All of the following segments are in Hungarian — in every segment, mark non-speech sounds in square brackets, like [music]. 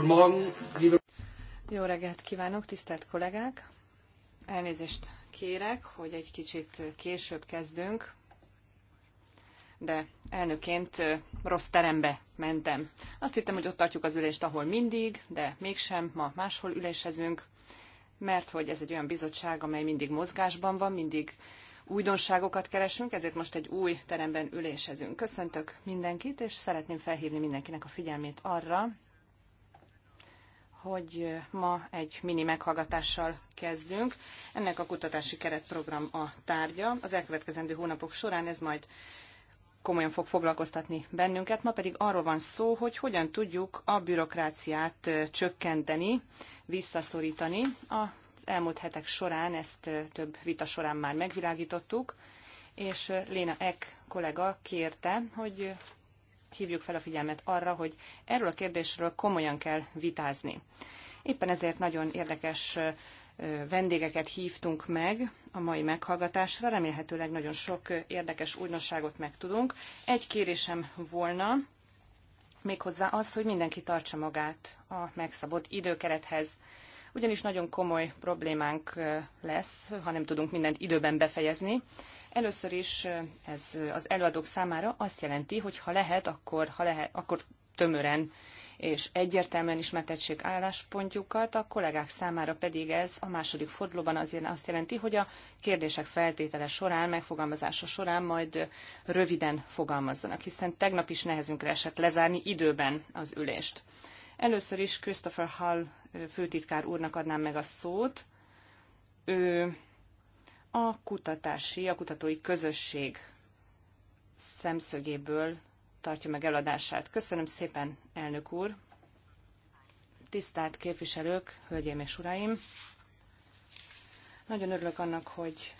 Guten Morgen, liebe Jó reggelt kívánok, tisztelt kollégák! Elnézést kérek, hogy egy kicsit később kezdünk, de elnöként rossz terembe mentem. Azt hittem, hogy ott tartjuk az ülést, ahol mindig, de mégsem, ma máshol ülésezünk, mert hogy ez egy olyan bizottság, amely mindig mozgásban van, mindig újdonságokat keresünk, ezért most egy új teremben ülésezünk. Köszöntök mindenkit, és szeretném felhívni mindenkinek a figyelmét arra, hogy ma egy mini meghallgatással kezdünk. Ennek a kutatási keretprogram a tárgya. Az elkövetkezendő hónapok során ez majd komolyan fog foglalkoztatni bennünket. Ma pedig arról van szó, hogy hogyan tudjuk a bürokráciát csökkenteni, visszaszorítani. Az elmúlt hetek során ezt több vita során már megvilágítottuk, és Léna Ek kollega kérte, hogy hívjuk fel a figyelmet arra, hogy erről a kérdésről komolyan kell vitázni. Éppen ezért nagyon érdekes vendégeket hívtunk meg a mai meghallgatásra, remélhetőleg nagyon sok érdekes újdonságot megtudunk. Egy kérésem volna, méghozzá az, hogy mindenki tartsa magát a megszabott időkerethez. Ugyanis nagyon komoly problémánk lesz, ha nem tudunk mindent időben befejezni. Először is ez az előadók számára azt jelenti, hogy ha lehet, akkor, ha lehet, akkor tömören és egyértelműen ismertetség álláspontjukat, a kollégák számára pedig ez a második fordulóban azért azt jelenti, hogy a kérdések feltétele során, megfogalmazása során majd röviden fogalmazzanak, hiszen tegnap is nehezünkre esett lezárni időben az ülést. Először is Christopher Hall főtitkár úrnak adnám meg a szót. Ő a kutatási, a kutatói közösség szemszögéből tartja meg eladását. Köszönöm szépen, elnök úr! Tisztelt képviselők, hölgyeim és uraim! Nagyon örülök annak, hogy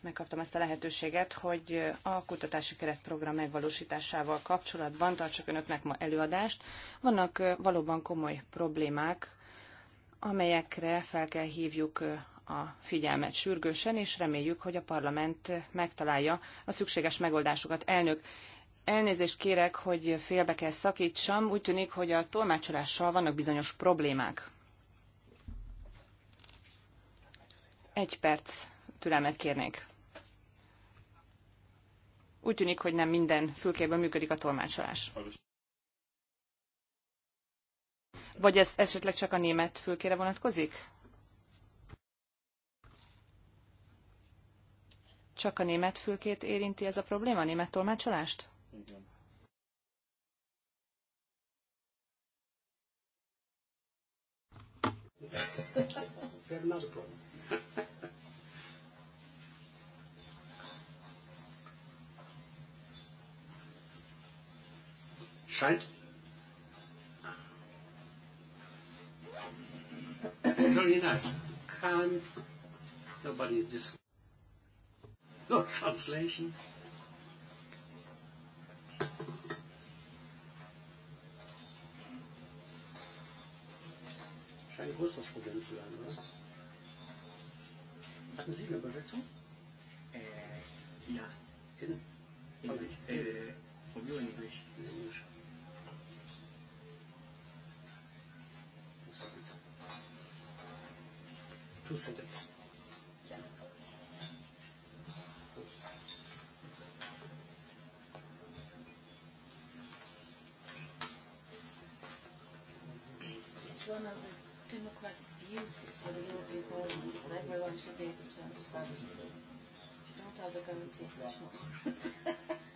megkaptam ezt a lehetőséget, hogy a kutatási keretprogram megvalósításával kapcsolatban tartsak önöknek ma előadást. Vannak valóban komoly problémák, amelyekre fel kell hívjuk a figyelmet sürgősen, és reméljük, hogy a parlament megtalálja a szükséges megoldásokat. Elnök, elnézést kérek, hogy félbe kell szakítsam. Úgy tűnik, hogy a tolmácsolással vannak bizonyos problémák. Egy perc türelmet kérnék. Úgy tűnik, hogy nem minden fülkében működik a tolmácsolás. Vagy ez esetleg csak a német fülkére vonatkozik? Csak a német fülkét érinti ez a probléma, a német tolmácsolást? Igen. Scheint. Nobody just no translation. Scheint ein größeres Problem zu sein, oder? Hatten Sie eine Übersetzung? Äh, ja. In? Englisch. Äh, von nur Englisch. In Englisch. Two sentences. one of the democratic beauties of the European Parliament that everyone should be able to understand. you don't have the guarantee, it's [laughs] not.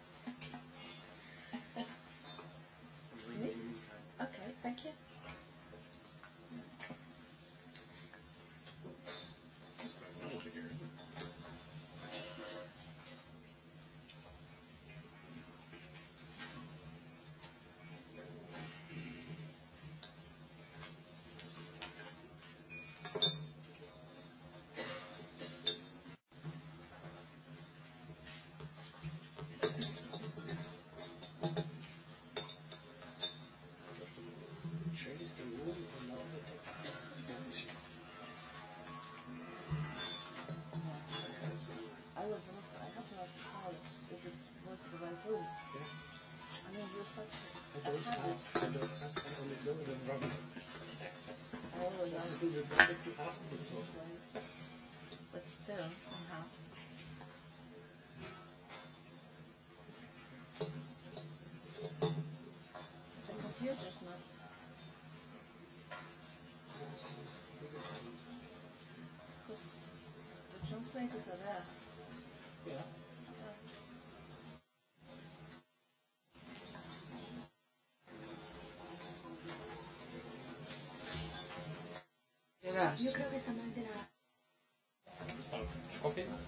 But still, somehow. The computer's not. Because the translators are there. Verás. Yo creo que esta madera. ¿Os confirmo?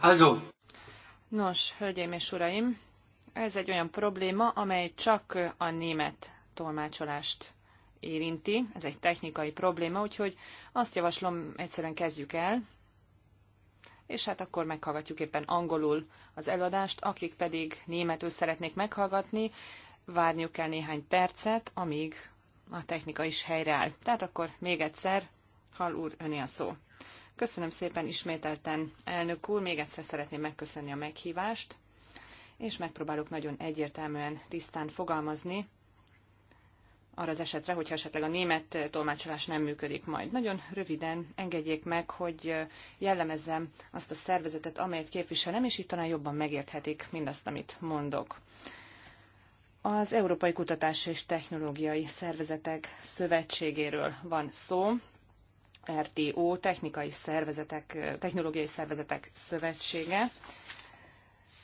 Also. Nos, hölgyeim és uraim, ez egy olyan probléma, amely csak a német tolmácsolást érinti. Ez egy technikai probléma, úgyhogy azt javaslom, egyszerűen kezdjük el, és hát akkor meghallgatjuk éppen angolul az előadást, akik pedig németül szeretnék meghallgatni, várniuk kell néhány percet, amíg a technika is helyreáll. Tehát akkor még egyszer Hal úr, öné a szó. Köszönöm szépen ismételten, elnök úr, még egyszer szeretném megköszönni a meghívást, és megpróbálok nagyon egyértelműen tisztán fogalmazni, arra az esetre, hogyha esetleg a német tolmácsolás nem működik majd. Nagyon röviden engedjék meg, hogy jellemezzem azt a szervezetet, amelyet képviselem, és itt talán jobban megérthetik mindazt, amit mondok. Az Európai Kutatás és Technológiai Szervezetek Szövetségéről van szó, RTO, technikai szervezetek, technológiai szervezetek szövetsége.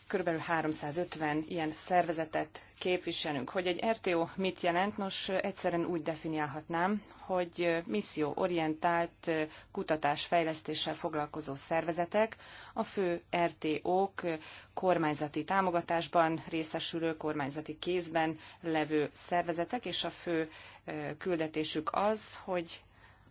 Körülbelül 350 ilyen szervezetet képviselünk. Hogy egy RTO mit jelent? Nos, egyszerűen úgy definiálhatnám, hogy misszióorientált kutatásfejlesztéssel foglalkozó szervezetek, a fő RTO-k kormányzati támogatásban részesülő, kormányzati kézben levő szervezetek, és a fő eh, küldetésük az, hogy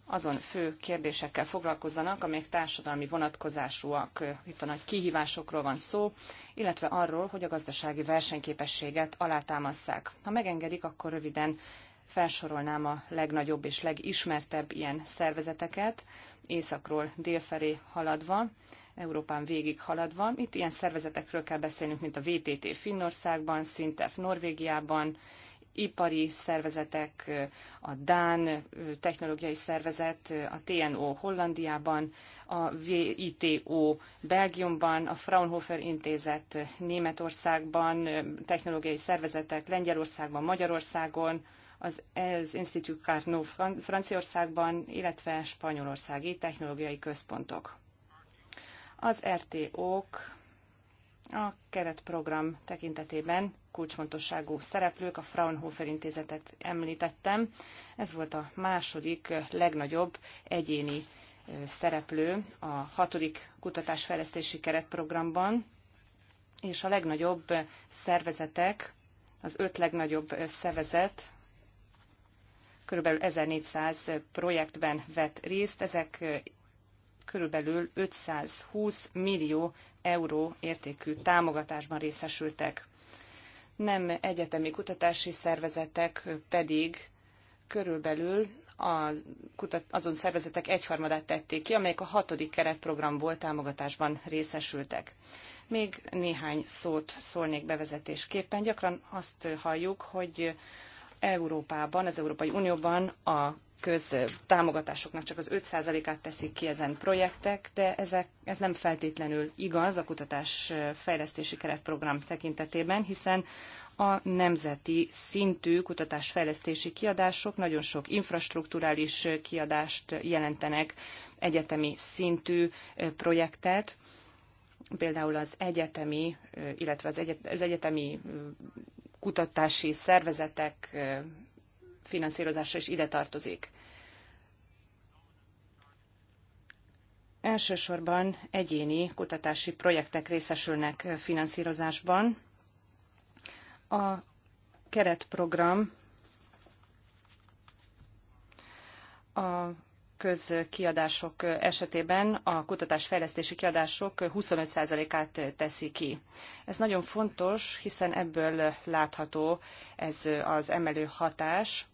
azon fő kérdésekkel foglalkozzanak, amelyek társadalmi vonatkozásúak, itt a nagy kihívásokról van szó, illetve arról, hogy a gazdasági versenyképességet alátámasszák. Ha megengedik, akkor röviden felsorolnám a legnagyobb és legismertebb ilyen szervezeteket, északról délfelé haladva, Európán végig haladva. Itt ilyen szervezetekről kell beszélnünk, mint a VTT Finnországban, Szintef Norvégiában, ipari szervezetek, a Dán technológiai szervezet, a TNO Hollandiában, a VITO Belgiumban, a Fraunhofer Intézet Németországban, technológiai szervezetek Lengyelországban, Magyarországon, az ELS Institut Carnot Franciaországban, illetve spanyolországi technológiai központok. Az RTO-k a keretprogram tekintetében kulcsfontosságú szereplők, a Fraunhofer intézetet említettem. Ez volt a második legnagyobb egyéni szereplő a hatodik kutatásfejlesztési keretprogramban, és a legnagyobb szervezetek, az öt legnagyobb szervezet körülbelül 1400 projektben vett részt, ezek körülbelül 520 millió euró értékű támogatásban részesültek. Nem egyetemi kutatási szervezetek pedig körülbelül a kutat, azon szervezetek egyharmadát tették ki, amelyek a hatodik keretprogramból támogatásban részesültek. Még néhány szót szólnék bevezetésképpen. Gyakran azt halljuk, hogy Európában, az Európai Unióban a köztámogatásoknak csak az 5%-át teszik ki ezen projektek, de ezek, ez nem feltétlenül igaz a kutatás fejlesztési keretprogram tekintetében, hiszen a nemzeti szintű kutatásfejlesztési kiadások nagyon sok infrastrukturális kiadást jelentenek, egyetemi szintű projektet, például az egyetemi, illetve az, egyet, az egyetemi kutatási szervezetek finanszírozása is ide tartozik. Elsősorban egyéni kutatási projektek részesülnek finanszírozásban. A keretprogram a közkiadások esetében a kutatásfejlesztési kiadások 25%-át teszi ki. Ez nagyon fontos, hiszen ebből látható ez az emelő hatás,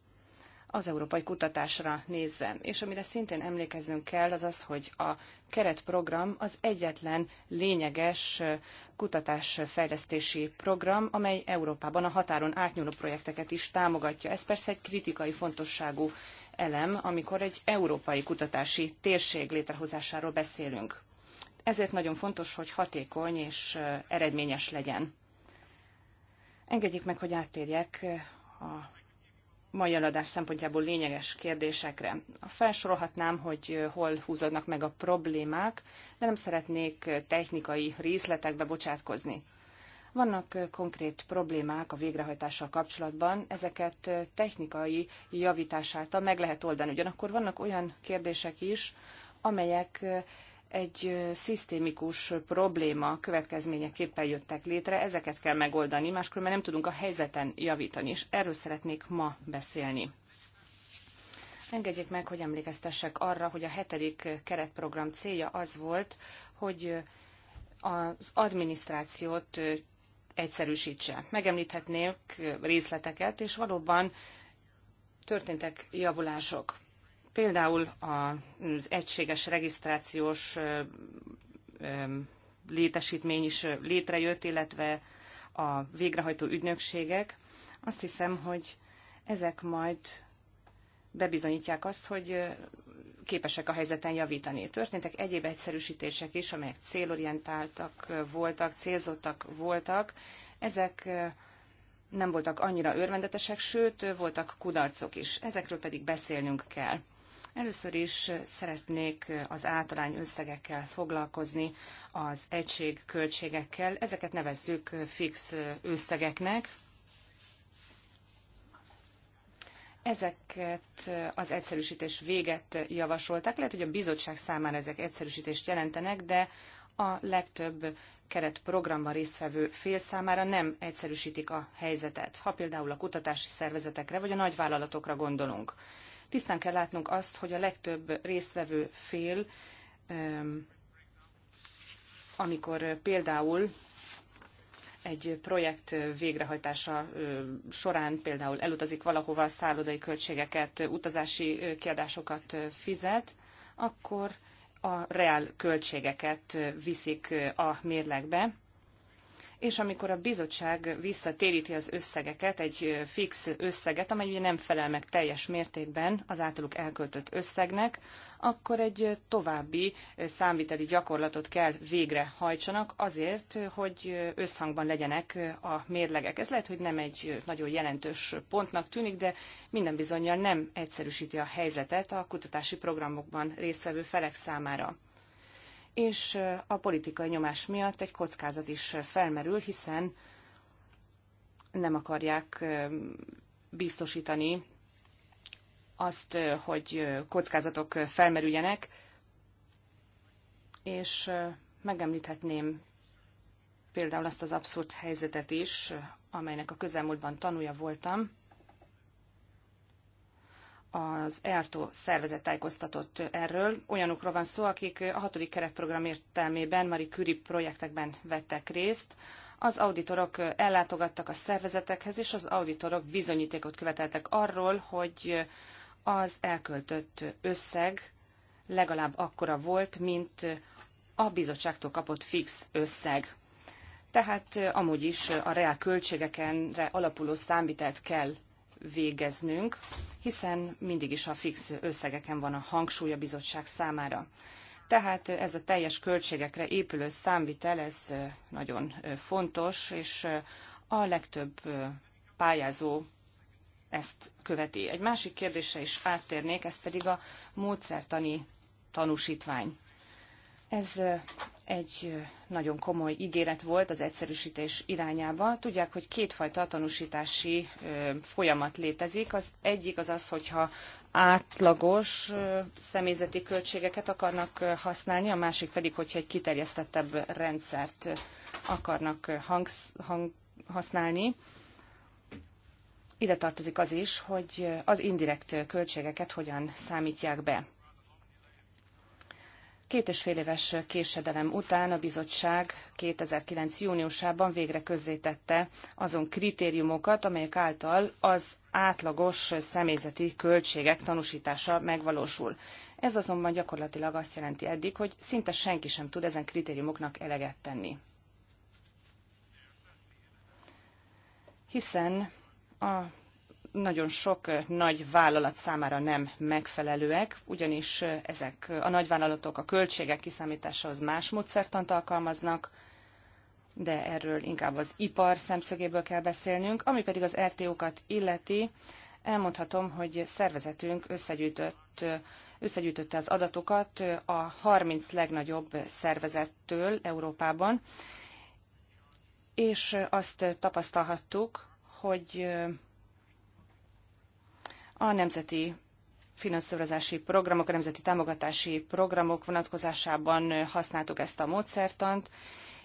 az európai kutatásra nézve. És amire szintén emlékeznünk kell, az az, hogy a keretprogram az egyetlen lényeges kutatásfejlesztési program, amely Európában a határon átnyúló projekteket is támogatja. Ez persze egy kritikai fontosságú elem, amikor egy európai kutatási térség létrehozásáról beszélünk. Ezért nagyon fontos, hogy hatékony és eredményes legyen. Engedjék meg, hogy áttérjek a mai eladás szempontjából lényeges kérdésekre. Felsorolhatnám, hogy hol húzódnak meg a problémák, de nem szeretnék technikai részletekbe bocsátkozni. Vannak konkrét problémák a végrehajtással kapcsolatban, ezeket technikai javítás által meg lehet oldani. Ugyanakkor vannak olyan kérdések is, amelyek egy szisztémikus probléma következményeképpen jöttek létre, ezeket kell megoldani, máskülönben nem tudunk a helyzeten javítani, és erről szeretnék ma beszélni. Engedjék meg, hogy emlékeztessek arra, hogy a hetedik keretprogram célja az volt, hogy az adminisztrációt egyszerűsítse. Megemlíthetnék részleteket, és valóban történtek javulások. Például az egységes regisztrációs létesítmény is létrejött, illetve a végrehajtó ügynökségek. Azt hiszem, hogy ezek majd bebizonyítják azt, hogy képesek a helyzeten javítani. Történtek egyéb egyszerűsítések is, amelyek célorientáltak voltak, célzottak voltak. Ezek nem voltak annyira örvendetesek, sőt, voltak kudarcok is. Ezekről pedig beszélnünk kell. Először is szeretnék az általány összegekkel foglalkozni, az egység költségekkel. Ezeket nevezzük fix összegeknek. Ezeket az egyszerűsítés véget javasolták. Lehet, hogy a bizottság számára ezek egyszerűsítést jelentenek, de a legtöbb keretprogramban résztvevő fél számára nem egyszerűsítik a helyzetet, ha például a kutatási szervezetekre vagy a nagyvállalatokra gondolunk. Tisztán kell látnunk azt, hogy a legtöbb résztvevő fél, amikor például egy projekt végrehajtása során például elutazik valahova, szállodai költségeket, utazási kiadásokat fizet, akkor a reál költségeket viszik a mérlegbe, és amikor a bizottság visszatéríti az összegeket, egy fix összeget, amely ugye nem felel meg teljes mértékben az általuk elköltött összegnek, akkor egy további számviteli gyakorlatot kell végrehajtsanak azért, hogy összhangban legyenek a mérlegek. Ez lehet, hogy nem egy nagyon jelentős pontnak tűnik, de minden bizonyal nem egyszerűsíti a helyzetet a kutatási programokban résztvevő felek számára és a politikai nyomás miatt egy kockázat is felmerül, hiszen nem akarják biztosítani azt, hogy kockázatok felmerüljenek, és megemlíthetném például azt az abszurd helyzetet is, amelynek a közelmúltban tanúja voltam, az ERTO szervezet tájékoztatott erről. Olyanokról van szó, akik a hatodik keretprogram értelmében Marie Curie projektekben vettek részt. Az auditorok ellátogattak a szervezetekhez, és az auditorok bizonyítékot követeltek arról, hogy az elköltött összeg legalább akkora volt, mint a bizottságtól kapott fix összeg. Tehát amúgy is a reál költségekenre alapuló számvitelt kell végeznünk, hiszen mindig is a fix összegeken van a hangsúly a bizottság számára. Tehát ez a teljes költségekre épülő számvitel, ez nagyon fontos, és a legtöbb pályázó ezt követi. Egy másik kérdése is áttérnék, ez pedig a módszertani tanúsítvány. Ez egy nagyon komoly ígéret volt az egyszerűsítés irányába. Tudják, hogy kétfajta tanúsítási folyamat létezik. Az egyik az az, hogyha átlagos személyzeti költségeket akarnak használni, a másik pedig, hogyha egy kiterjesztettebb rendszert akarnak hangsz, hang, használni. Ide tartozik az is, hogy az indirekt költségeket hogyan számítják be. Két és fél éves késedelem után a bizottság 2009. júniusában végre közzétette azon kritériumokat, amelyek által az átlagos személyzeti költségek tanúsítása megvalósul. Ez azonban gyakorlatilag azt jelenti eddig, hogy szinte senki sem tud ezen kritériumoknak eleget tenni. Hiszen a nagyon sok eh, nagy vállalat számára nem megfelelőek, ugyanis eh, ezek a nagyvállalatok a költségek kiszámításához más módszertant alkalmaznak, de erről inkább az ipar szemszögéből kell beszélnünk. Ami pedig az RTO-kat illeti, elmondhatom, hogy szervezetünk összegyűjtött, eh, összegyűjtötte az adatokat a 30 legnagyobb szervezettől Európában, és azt tapasztalhattuk, hogy a nemzeti finanszírozási programok, a nemzeti támogatási programok vonatkozásában használtuk ezt a módszertant,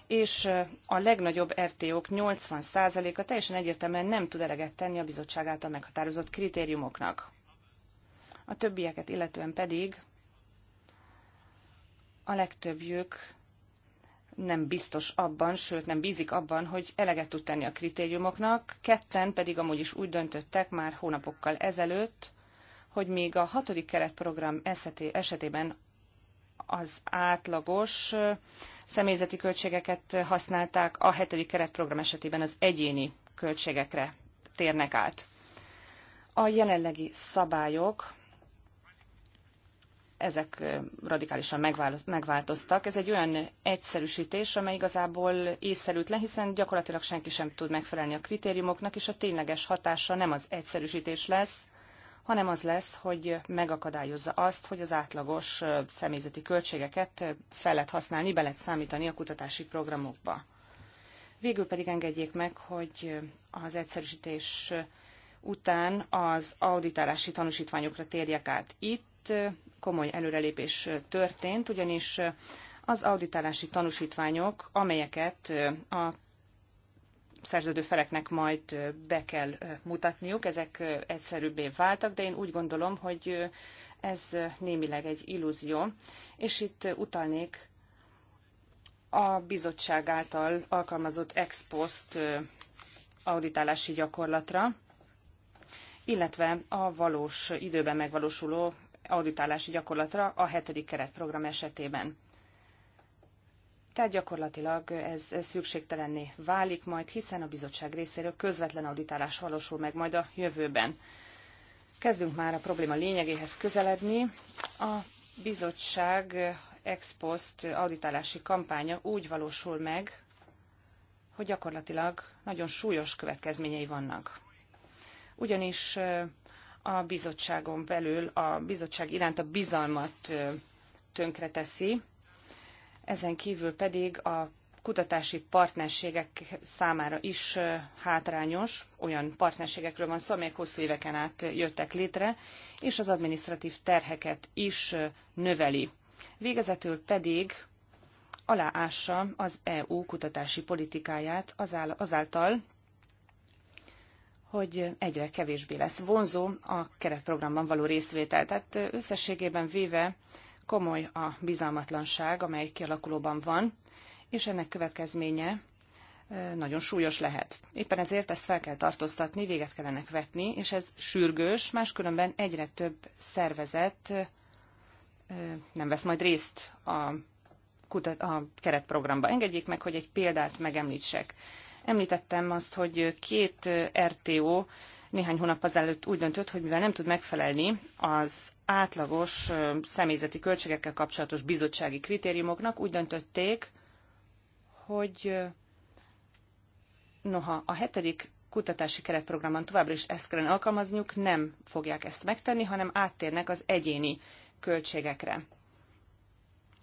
és a legnagyobb RTO-k 80%-a teljesen egyértelműen nem tud eleget tenni a bizottság által meghatározott kritériumoknak. A többieket illetően pedig a legtöbbjük nem biztos abban, sőt nem bízik abban, hogy eleget tud tenni a kritériumoknak, ketten pedig amúgy is úgy döntöttek már hónapokkal ezelőtt, hogy még a hatodik keretprogram esetében az átlagos személyzeti költségeket használták, a hetedik keretprogram esetében az egyéni költségekre térnek át. A jelenlegi szabályok ezek radikálisan megváltoztak. Ez egy olyan egyszerűsítés, amely igazából észszerűtlen, hiszen gyakorlatilag senki sem tud megfelelni a kritériumoknak, és a tényleges hatása nem az egyszerűsítés lesz, hanem az lesz, hogy megakadályozza azt, hogy az átlagos személyzeti költségeket fel lehet használni, be lehet számítani a kutatási programokba. Végül pedig engedjék meg, hogy az egyszerűsítés után az auditálási tanúsítványokra térjek át. Itt itt komoly előrelépés történt, ugyanis az auditálási tanúsítványok, amelyeket a szerződő feleknek majd be kell mutatniuk, ezek egyszerűbbé váltak, de én úgy gondolom, hogy ez némileg egy illúzió, és itt utalnék a bizottság által alkalmazott ex post auditálási gyakorlatra, illetve a valós időben megvalósuló auditálási gyakorlatra a hetedik keretprogram esetében. Tehát gyakorlatilag ez szükségtelenné válik majd, hiszen a bizottság részéről közvetlen auditálás valósul meg majd a jövőben. Kezdünk már a probléma lényegéhez közeledni. A bizottság ex post auditálási kampánya úgy valósul meg, hogy gyakorlatilag nagyon súlyos következményei vannak. Ugyanis a bizottságon belül a bizottság iránt a bizalmat tönkreteszi, ezen kívül pedig a kutatási partnerségek számára is hátrányos, olyan partnerségekről van szó, amelyek hosszú éveken át jöttek létre, és az administratív terheket is növeli. Végezetül pedig aláássa az EU kutatási politikáját azáltal, hogy egyre kevésbé lesz vonzó a keretprogramban való részvétel. Tehát összességében véve komoly a bizalmatlanság, amely kialakulóban van, és ennek következménye nagyon súlyos lehet. Éppen ezért ezt fel kell tartóztatni, véget kellene vetni, és ez sürgős, máskülönben egyre több szervezet nem vesz majd részt a, kutat, a keretprogramba. Engedjék meg, hogy egy példát megemlítsek. Említettem azt, hogy két RTO néhány hónap azelőtt úgy döntött, hogy mivel nem tud megfelelni az átlagos személyzeti költségekkel kapcsolatos bizottsági kritériumoknak, úgy döntötték, hogy noha a hetedik kutatási keretprogramban továbbra is ezt kellene alkalmazniuk, nem fogják ezt megtenni, hanem áttérnek az egyéni költségekre.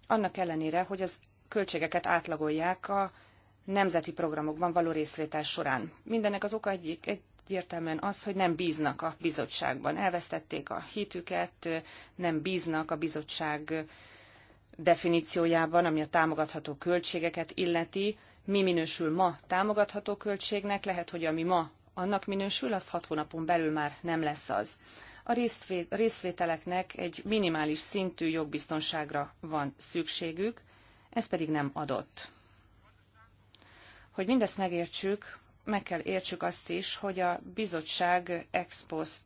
Annak ellenére, hogy az költségeket átlagolják a nemzeti programokban való részvétel során. Mindennek az oka egyik, egyértelműen az, hogy nem bíznak a bizottságban. Elvesztették a hitüket, nem bíznak a bizottság definíciójában, ami a támogatható költségeket illeti. Mi minősül ma támogatható költségnek, lehet, hogy ami ma annak minősül, az hat hónapon belül már nem lesz az. A részvételeknek egy minimális szintű jogbiztonságra van szükségük, ez pedig nem adott. Hogy mindezt megértsük, meg kell értsük azt is, hogy a bizottság ex post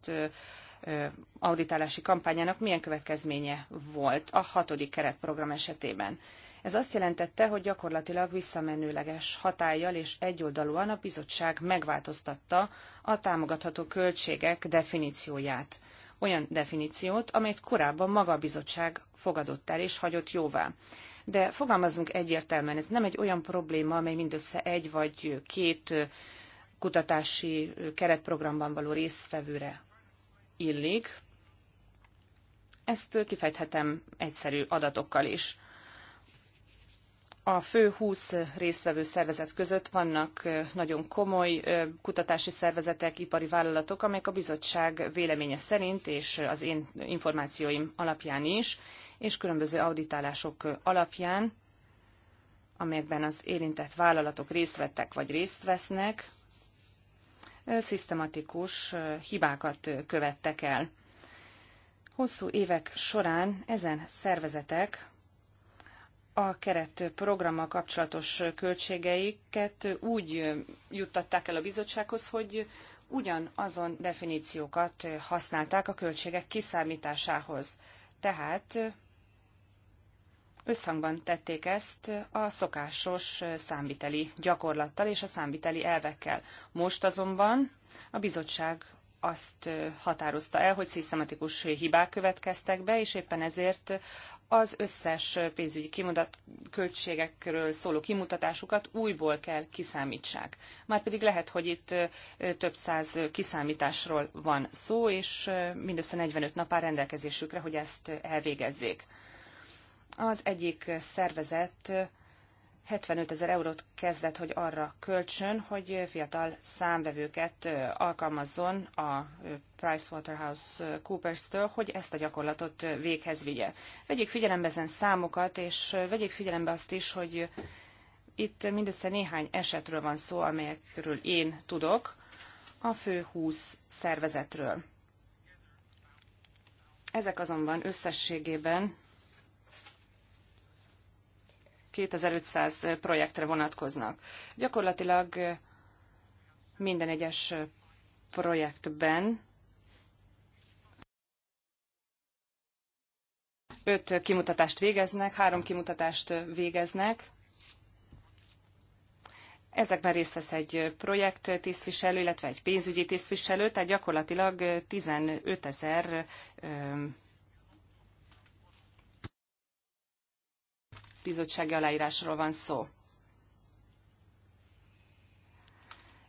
auditálási kampányának milyen következménye volt a hatodik keretprogram esetében. Ez azt jelentette, hogy gyakorlatilag visszamenőleges hatállyal és egyoldalúan a bizottság megváltoztatta a támogatható költségek definícióját. Olyan definíciót, amelyet korábban maga a bizottság fogadott el és hagyott jóvá de fogalmazunk egyértelműen, ez nem egy olyan probléma, amely mindössze egy vagy két kutatási keretprogramban való résztvevőre illik. Ezt kifejthetem egyszerű adatokkal is. A fő 20 résztvevő szervezet között vannak nagyon komoly kutatási szervezetek, ipari vállalatok, amelyek a bizottság véleménye szerint és az én információim alapján is és különböző auditálások alapján, amelyekben az érintett vállalatok részt vettek vagy részt vesznek, szisztematikus hibákat követtek el. Hosszú évek során ezen szervezetek a keret programmal kapcsolatos költségeiket úgy juttatták el a bizottsághoz, hogy ugyanazon definíciókat használták a költségek kiszámításához. Tehát összhangban tették ezt a szokásos számviteli gyakorlattal és a számviteli elvekkel. Most azonban a bizottság azt határozta el, hogy szisztematikus hibák következtek be, és éppen ezért az összes pénzügyi kimutat, költségekről szóló kimutatásukat újból kell kiszámítsák. Márpedig lehet, hogy itt több száz kiszámításról van szó, és mindössze 45 nap áll rendelkezésükre, hogy ezt elvégezzék. Az egyik szervezet 75 ezer eurót kezdett, hogy arra költsön, hogy fiatal számvevőket alkalmazzon a PricewaterhouseCoopers-től, hogy ezt a gyakorlatot véghez vigye. Vegyék figyelembe ezen számokat, és vegyék figyelembe azt is, hogy itt mindössze néhány esetről van szó, amelyekről én tudok, a fő 20 szervezetről. Ezek azonban összességében 2500 projektre vonatkoznak. Gyakorlatilag minden egyes projektben öt kimutatást végeznek, három kimutatást végeznek. Ezekben részt vesz egy projekt tisztviselő, illetve egy pénzügyi tisztviselő, tehát gyakorlatilag 15 ezer bizottsági aláírásról van szó.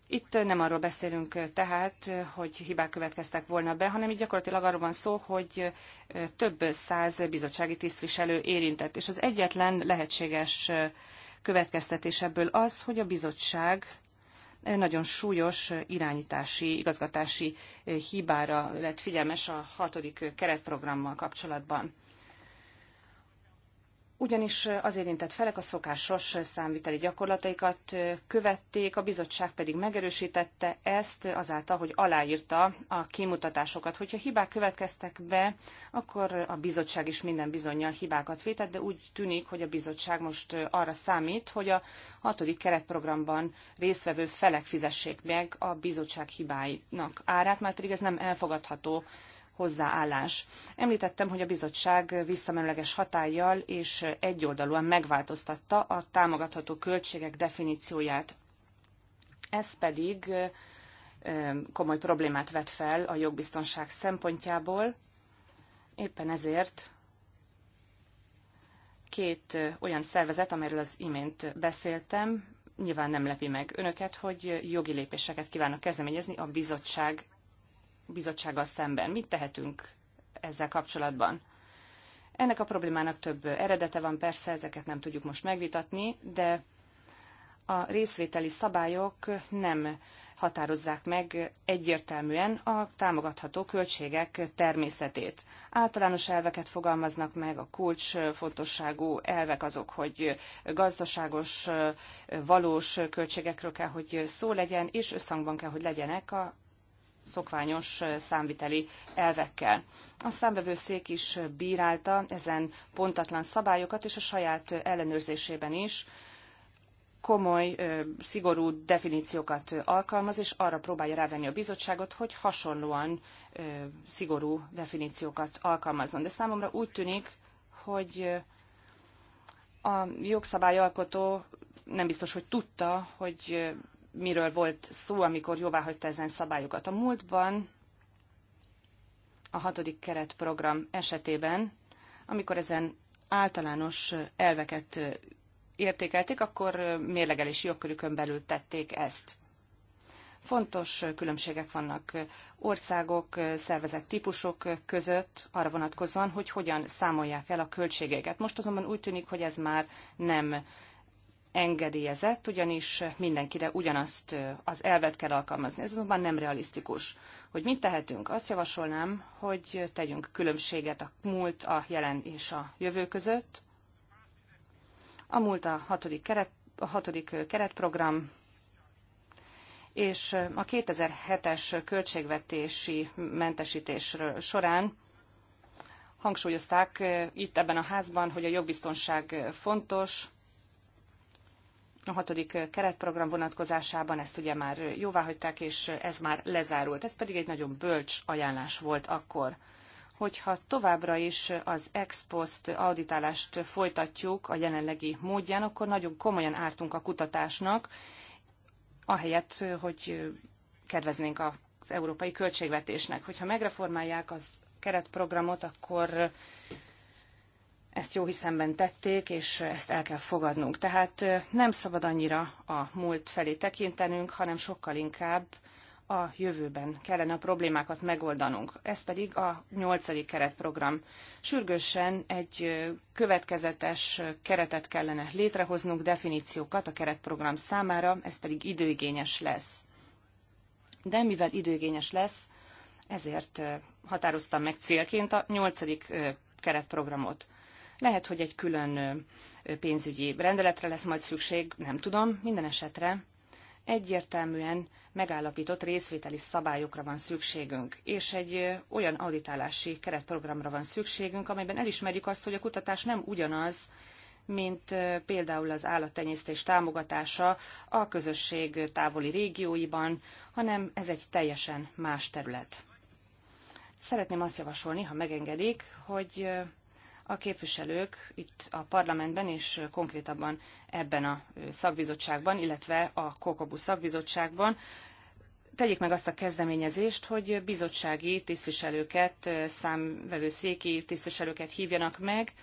Itt nem arról beszélünk eh, tehát, eh, hogy hibák következtek volna be, hanem itt gyakorlatilag arról van szó, hogy eh, több száz bizottsági tisztviselő érintett, és az egyetlen lehetséges következtetés ebből az, hogy a bizottság nagyon súlyos irányítási, igazgatási hibára lett figyelmes a hatodik keretprogrammal kapcsolatban ugyanis az érintett felek a szokásos számviteli gyakorlataikat követték, a bizottság pedig megerősítette ezt azáltal, hogy aláírta a kimutatásokat. Hogyha hibák következtek be, akkor a bizottság is minden bizonyal hibákat vétett, de úgy tűnik, hogy a bizottság most arra számít, hogy a hatodik keretprogramban résztvevő felek fizessék meg a bizottság hibáinak árát, már pedig ez nem elfogadható hozzáállás. Említettem, hogy a bizottság visszamenőleges hatállyal és egyoldalúan megváltoztatta a támogatható költségek definícióját. Ez pedig komoly problémát vet fel a jogbiztonság szempontjából. Éppen ezért két olyan szervezet, amelyről az imént beszéltem, nyilván nem lepi meg önöket, hogy jogi lépéseket kívánnak kezdeményezni a bizottság bizottsággal szemben. Mit tehetünk ezzel kapcsolatban? Ennek a problémának több eredete van, persze ezeket nem tudjuk most megvitatni, de a részvételi szabályok nem határozzák meg egyértelműen a támogatható költségek természetét. Általános elveket fogalmaznak meg, a fontosságú elvek azok, hogy gazdaságos, valós költségekről kell, hogy szó legyen, és összhangban kell, hogy legyenek a szokványos számviteli elvekkel. A számvevőszék is bírálta ezen pontatlan szabályokat, és a saját ellenőrzésében is komoly, szigorú definíciókat alkalmaz, és arra próbálja rávenni a bizottságot, hogy hasonlóan szigorú definíciókat alkalmazzon. De számomra úgy tűnik, hogy a jogszabályalkotó nem biztos, hogy tudta, hogy miről volt szó, amikor jóváhagyta ezen szabályokat. A múltban a hatodik keretprogram esetében, amikor ezen általános elveket értékelték, akkor mérlegelési jogkörükön belül tették ezt. Fontos különbségek vannak országok, szervezet típusok között arra vonatkozóan, hogy hogyan számolják el a költségeket. Most azonban úgy tűnik, hogy ez már nem engedélyezett, ugyanis mindenkire ugyanazt az elvet kell alkalmazni. Ez azonban nem realisztikus. Hogy mit tehetünk? Azt javasolnám, hogy tegyünk különbséget a múlt, a jelen és a jövő között. A múlt a hatodik, keret, a hatodik keretprogram, és a 2007-es költségvetési mentesítés során hangsúlyozták itt ebben a házban, hogy a jogbiztonság fontos, a hatodik keretprogram vonatkozásában ezt ugye már jóváhagyták, és ez már lezárult. Ez pedig egy nagyon bölcs ajánlás volt akkor hogyha továbbra is az ex post auditálást folytatjuk a jelenlegi módján, akkor nagyon komolyan ártunk a kutatásnak, ahelyett, hogy kedveznénk az európai költségvetésnek. Hogyha megreformálják az keretprogramot, akkor ezt jó hiszemben tették, és ezt el kell fogadnunk. Tehát nem szabad annyira a múlt felé tekintenünk, hanem sokkal inkább a jövőben kellene a problémákat megoldanunk. Ez pedig a nyolcadik keretprogram. Sürgősen egy következetes keretet kellene létrehoznunk, definíciókat a keretprogram számára, ez pedig időigényes lesz. De mivel időigényes lesz, ezért határoztam meg célként a nyolcadik keretprogramot. Lehet, hogy egy külön pénzügyi rendeletre lesz majd szükség, nem tudom, minden esetre egyértelműen megállapított részvételi szabályokra van szükségünk, és egy olyan auditálási keretprogramra van szükségünk, amelyben elismerjük azt, hogy a kutatás nem ugyanaz, mint például az állattenyésztés támogatása a közösség távoli régióiban, hanem ez egy teljesen más terület. Szeretném azt javasolni, ha megengedik, hogy a képviselők itt a parlamentben és konkrétabban ebben a szakbizottságban, illetve a Kokobu szakbizottságban tegyék meg azt a kezdeményezést, hogy bizottsági tisztviselőket, számvevőszéki tisztviselőket hívjanak meg,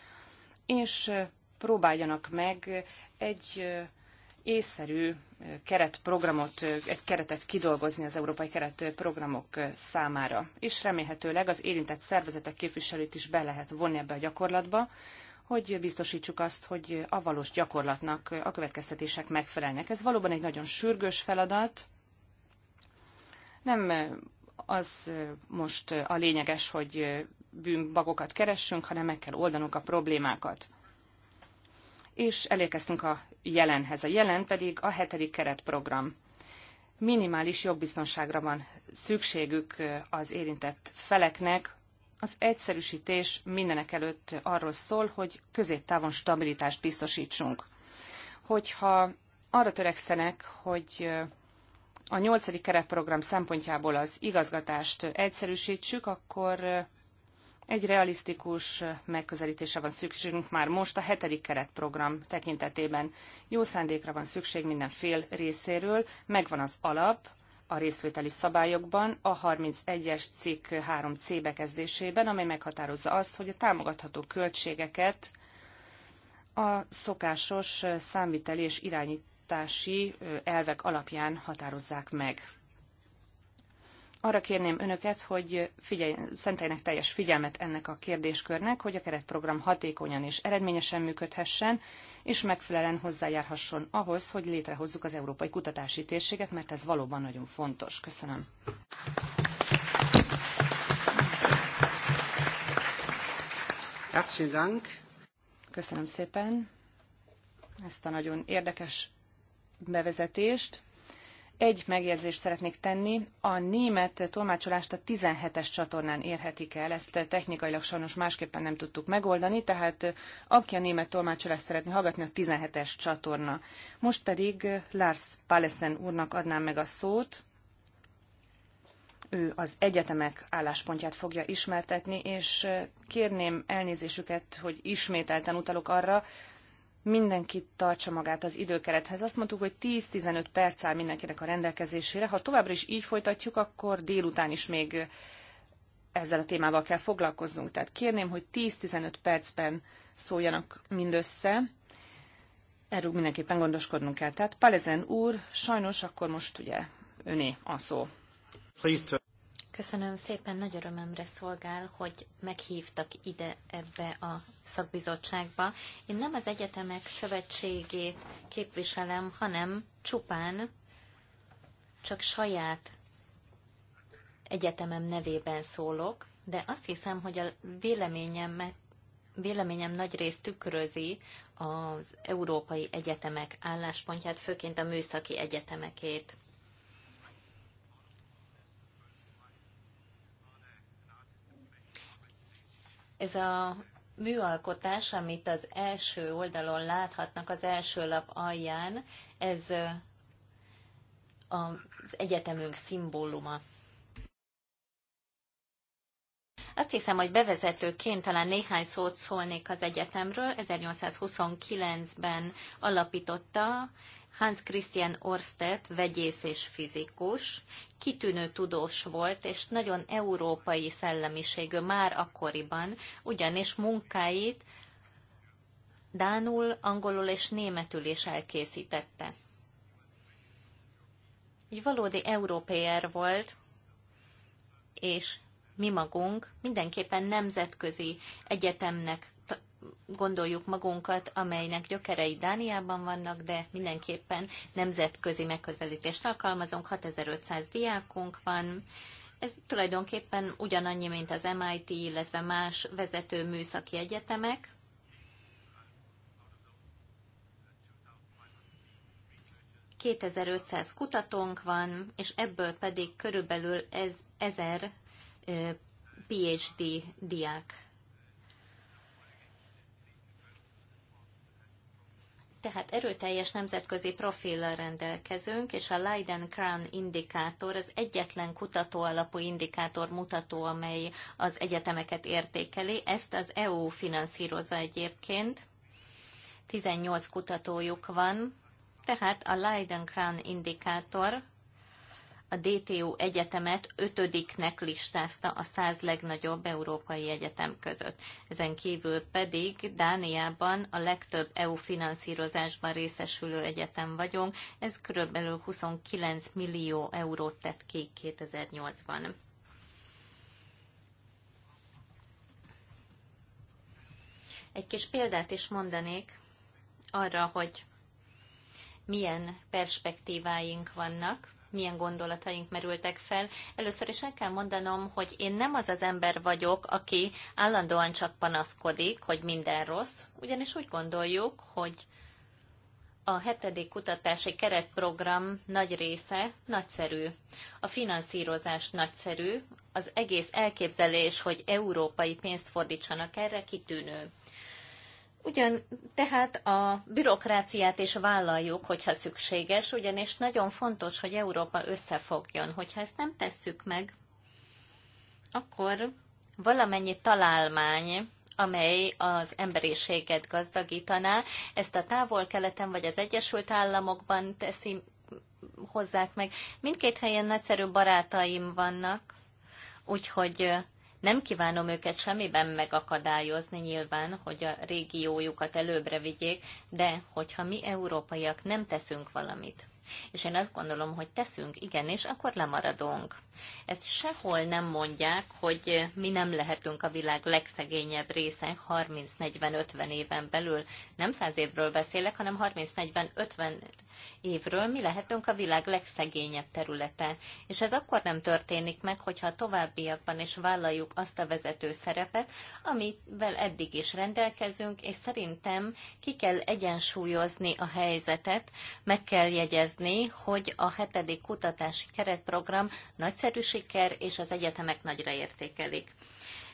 és próbáljanak meg egy észszerű keretprogramot, egy keretet kidolgozni az európai keretprogramok számára. És remélhetőleg az érintett szervezetek képviselőit is be lehet vonni ebbe a gyakorlatba, hogy biztosítsuk azt, hogy a valós gyakorlatnak a következtetések megfelelnek. Ez valóban egy nagyon sürgős feladat. Nem az most a lényeges, hogy bűnbagokat keressünk, hanem meg kell oldanunk a problémákat. És elérkeztünk a jelenhez. A jelen pedig a hetedik keretprogram. Minimális jogbiztonságra van szükségük az érintett feleknek. Az egyszerűsítés mindenek előtt arról szól, hogy középtávon stabilitást biztosítsunk. Hogyha arra törekszenek, hogy a nyolcadik keretprogram szempontjából az igazgatást egyszerűsítsük, akkor egy realisztikus megközelítése van szükségünk már most a hetedik keretprogram tekintetében. Jó szándékra van szükség minden fél részéről, megvan az alap, a részvételi szabályokban a 31-es cikk 3C bekezdésében, amely meghatározza azt, hogy a támogatható költségeket a szokásos számviteli és irányítási elvek alapján határozzák meg arra kérném önöket, hogy figyelj, szenteljenek teljes figyelmet ennek a kérdéskörnek, hogy a keretprogram hatékonyan és eredményesen működhessen, és megfelelően hozzájárhasson ahhoz, hogy létrehozzuk az európai kutatási térséget, mert ez valóban nagyon fontos. Köszönöm. Köszönöm szépen ezt a nagyon érdekes bevezetést. Egy megjegyzést szeretnék tenni, a német tolmácsolást a 17-es csatornán érhetik el, ezt technikailag sajnos másképpen nem tudtuk megoldani, tehát aki a német tolmácsolást szeretné hallgatni, a 17-es csatorna. Most pedig Lars Palesen úrnak adnám meg a szót, ő az egyetemek álláspontját fogja ismertetni, és kérném elnézésüket, hogy ismételten utalok arra, mindenki tartsa magát az időkerethez. Azt mondtuk, hogy 10-15 perc áll mindenkinek a rendelkezésére. Ha továbbra is így folytatjuk, akkor délután is még ezzel a témával kell foglalkoznunk. Tehát kérném, hogy 10-15 percben szóljanak mindössze. Erről mindenképpen gondoskodnunk kell. Tehát Palezen úr, sajnos akkor most ugye öné a szó. Köszönöm szépen, nagy örömömre szolgál, hogy meghívtak ide ebbe a szakbizottságba. Én nem az egyetemek szövetségét képviselem, hanem csupán csak saját egyetemem nevében szólok, de azt hiszem, hogy a véleményem, véleményem nagy részt tükrözi az európai egyetemek álláspontját, főként a műszaki egyetemekét. Ez a műalkotás, amit az első oldalon láthatnak, az első lap alján, ez az egyetemünk szimbóluma. Azt hiszem, hogy bevezetőként talán néhány szót szólnék az egyetemről. 1829-ben alapította Hans Christian Orsted vegyész és fizikus, kitűnő tudós volt, és nagyon európai szellemiségű már akkoriban, ugyanis munkáit dánul, angolul és németül is elkészítette. Egy valódi európér volt, és mi magunk mindenképpen nemzetközi egyetemnek gondoljuk magunkat, amelynek gyökerei Dániában vannak, de mindenképpen nemzetközi megközelítést alkalmazunk, 6500 diákunk van, ez tulajdonképpen ugyanannyi, mint az MIT, illetve más vezető műszaki egyetemek. ...2500 kutatónk van, és ebből pedig körülbelül ez, 1000 PhD diák tehát erőteljes nemzetközi profillal rendelkezünk, és a leiden Crown indikátor az egyetlen kutatóalapú indikátor mutató, amely az egyetemeket értékeli. Ezt az EU finanszírozza egyébként. 18 kutatójuk van, tehát a leiden Crown indikátor a DTU egyetemet ötödiknek listázta a száz legnagyobb európai egyetem között. Ezen kívül pedig Dániában a legtöbb EU finanszírozásban részesülő egyetem vagyunk, ez kb. 29 millió eurót tett ki 2008-ban. Egy kis példát is mondanék arra, hogy milyen perspektíváink vannak milyen gondolataink merültek fel. Először is el kell mondanom, hogy én nem az az ember vagyok, aki állandóan csak panaszkodik, hogy minden rossz, ugyanis úgy gondoljuk, hogy a hetedik kutatási keretprogram nagy része nagyszerű. A finanszírozás nagyszerű, az egész elképzelés, hogy európai pénzt fordítsanak erre kitűnő. Ugyan, tehát a bürokráciát is vállaljuk, hogyha szükséges, ugyanis nagyon fontos, hogy Európa összefogjon. Hogyha ezt nem tesszük meg, akkor valamennyi találmány, amely az emberiséget gazdagítaná, ezt a távol-keleten vagy az Egyesült Államokban teszi, hozzák meg. Mindkét helyen nagyszerű barátaim vannak, úgyhogy nem kívánom őket semmiben megakadályozni nyilván, hogy a régiójukat előbbre vigyék, de hogyha mi európaiak nem teszünk valamit, és én azt gondolom, hogy teszünk, igen, és akkor lemaradunk. Ezt sehol nem mondják, hogy mi nem lehetünk a világ legszegényebb része 30-40-50 éven belül. Nem 100 évről beszélek, hanem 30-40-50 évről mi lehetünk a világ legszegényebb területe. És ez akkor nem történik meg, hogyha továbbiakban is vállaljuk azt a vezető szerepet, amivel eddig is rendelkezünk, és szerintem ki kell egyensúlyozni a helyzetet, meg kell jegyezni, hogy a hetedik kutatási keretprogram nagyszerű siker, és az egyetemek nagyra értékelik.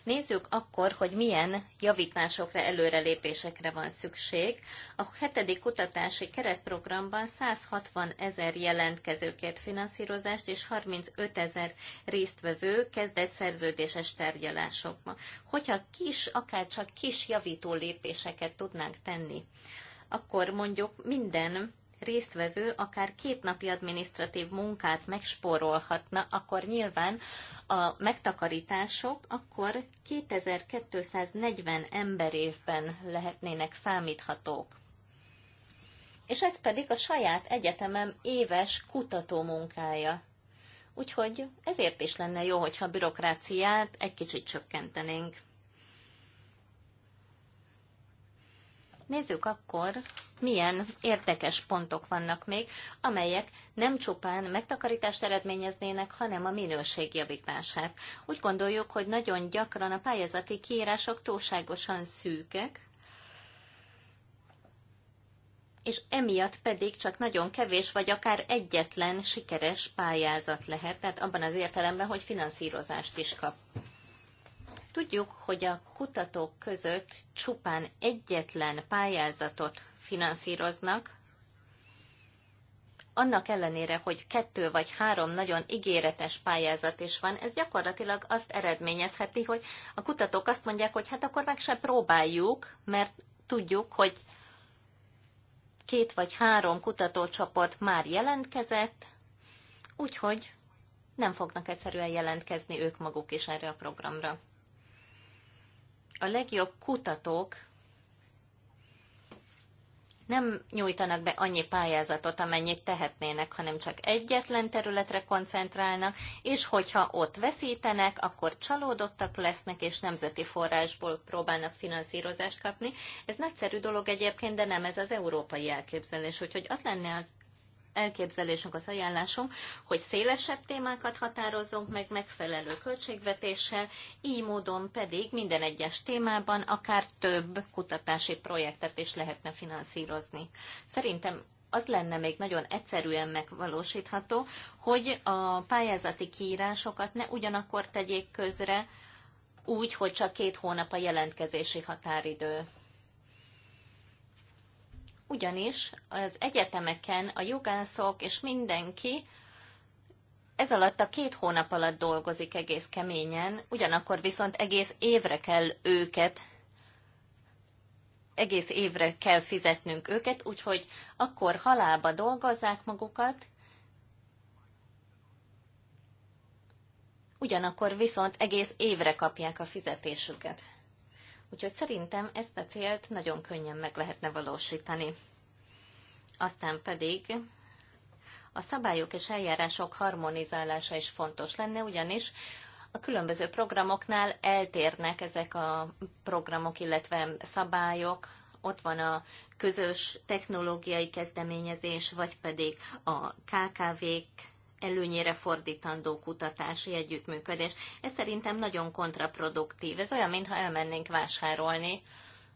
Nézzük akkor, hogy milyen javításokra, előrelépésekre van szükség. A hetedik kutatási keretprogramban 160 ezer jelentkezőkért finanszírozást és 35 ezer résztvevő kezdett szerződéses tárgyalásokba. Hogyha kis, akár csak kis javító lépéseket tudnánk tenni, akkor mondjuk minden résztvevő akár két napi adminisztratív munkát megspórolhatna, akkor nyilván a megtakarítások akkor 2240 évben lehetnének számíthatók. És ez pedig a saját egyetemem éves kutatómunkája. Úgyhogy ezért is lenne jó, hogyha a bürokráciát egy kicsit csökkentenénk. Nézzük akkor, milyen érdekes pontok vannak még, amelyek nem csupán megtakarítást eredményeznének, hanem a minőség javítását. Úgy gondoljuk, hogy nagyon gyakran a pályázati kiírások túlságosan szűkek, és emiatt pedig csak nagyon kevés, vagy akár egyetlen sikeres pályázat lehet, tehát abban az értelemben, hogy finanszírozást is kap. Tudjuk, hogy a kutatók között csupán egyetlen pályázatot finanszíroznak, annak ellenére, hogy kettő vagy három nagyon ígéretes pályázat is van, ez gyakorlatilag azt eredményezheti, hogy a kutatók azt mondják, hogy hát akkor meg se próbáljuk, mert tudjuk, hogy két vagy három kutatócsoport már jelentkezett, úgyhogy nem fognak egyszerűen jelentkezni ők maguk is erre a programra a legjobb kutatók nem nyújtanak be annyi pályázatot, amennyit tehetnének, hanem csak egyetlen területre koncentrálnak, és hogyha ott veszítenek, akkor csalódottak lesznek, és nemzeti forrásból próbálnak finanszírozást kapni. Ez nagyszerű dolog egyébként, de nem ez az európai elképzelés. Úgyhogy az lenne az elképzelésünk, az ajánlásunk, hogy szélesebb témákat határozzunk meg megfelelő költségvetéssel, így módon pedig minden egyes témában akár több kutatási projektet is lehetne finanszírozni. Szerintem az lenne még nagyon egyszerűen megvalósítható, hogy a pályázati kiírásokat ne ugyanakkor tegyék közre, úgy, hogy csak két hónap a jelentkezési határidő ugyanis az egyetemeken a jogászok és mindenki ez alatt a két hónap alatt dolgozik egész keményen, ugyanakkor viszont egész évre kell őket, egész évre kell fizetnünk őket, úgyhogy akkor halálba dolgozzák magukat, ugyanakkor viszont egész évre kapják a fizetésüket. Úgyhogy szerintem ezt a célt nagyon könnyen meg lehetne valósítani. Aztán pedig a szabályok és eljárások harmonizálása is fontos lenne, ugyanis a különböző programoknál eltérnek ezek a programok, illetve szabályok, ott van a közös technológiai kezdeményezés, vagy pedig a KKV-k előnyére fordítandó kutatási együttműködés. Ez szerintem nagyon kontraproduktív. Ez olyan, mintha elmennénk vásárolni.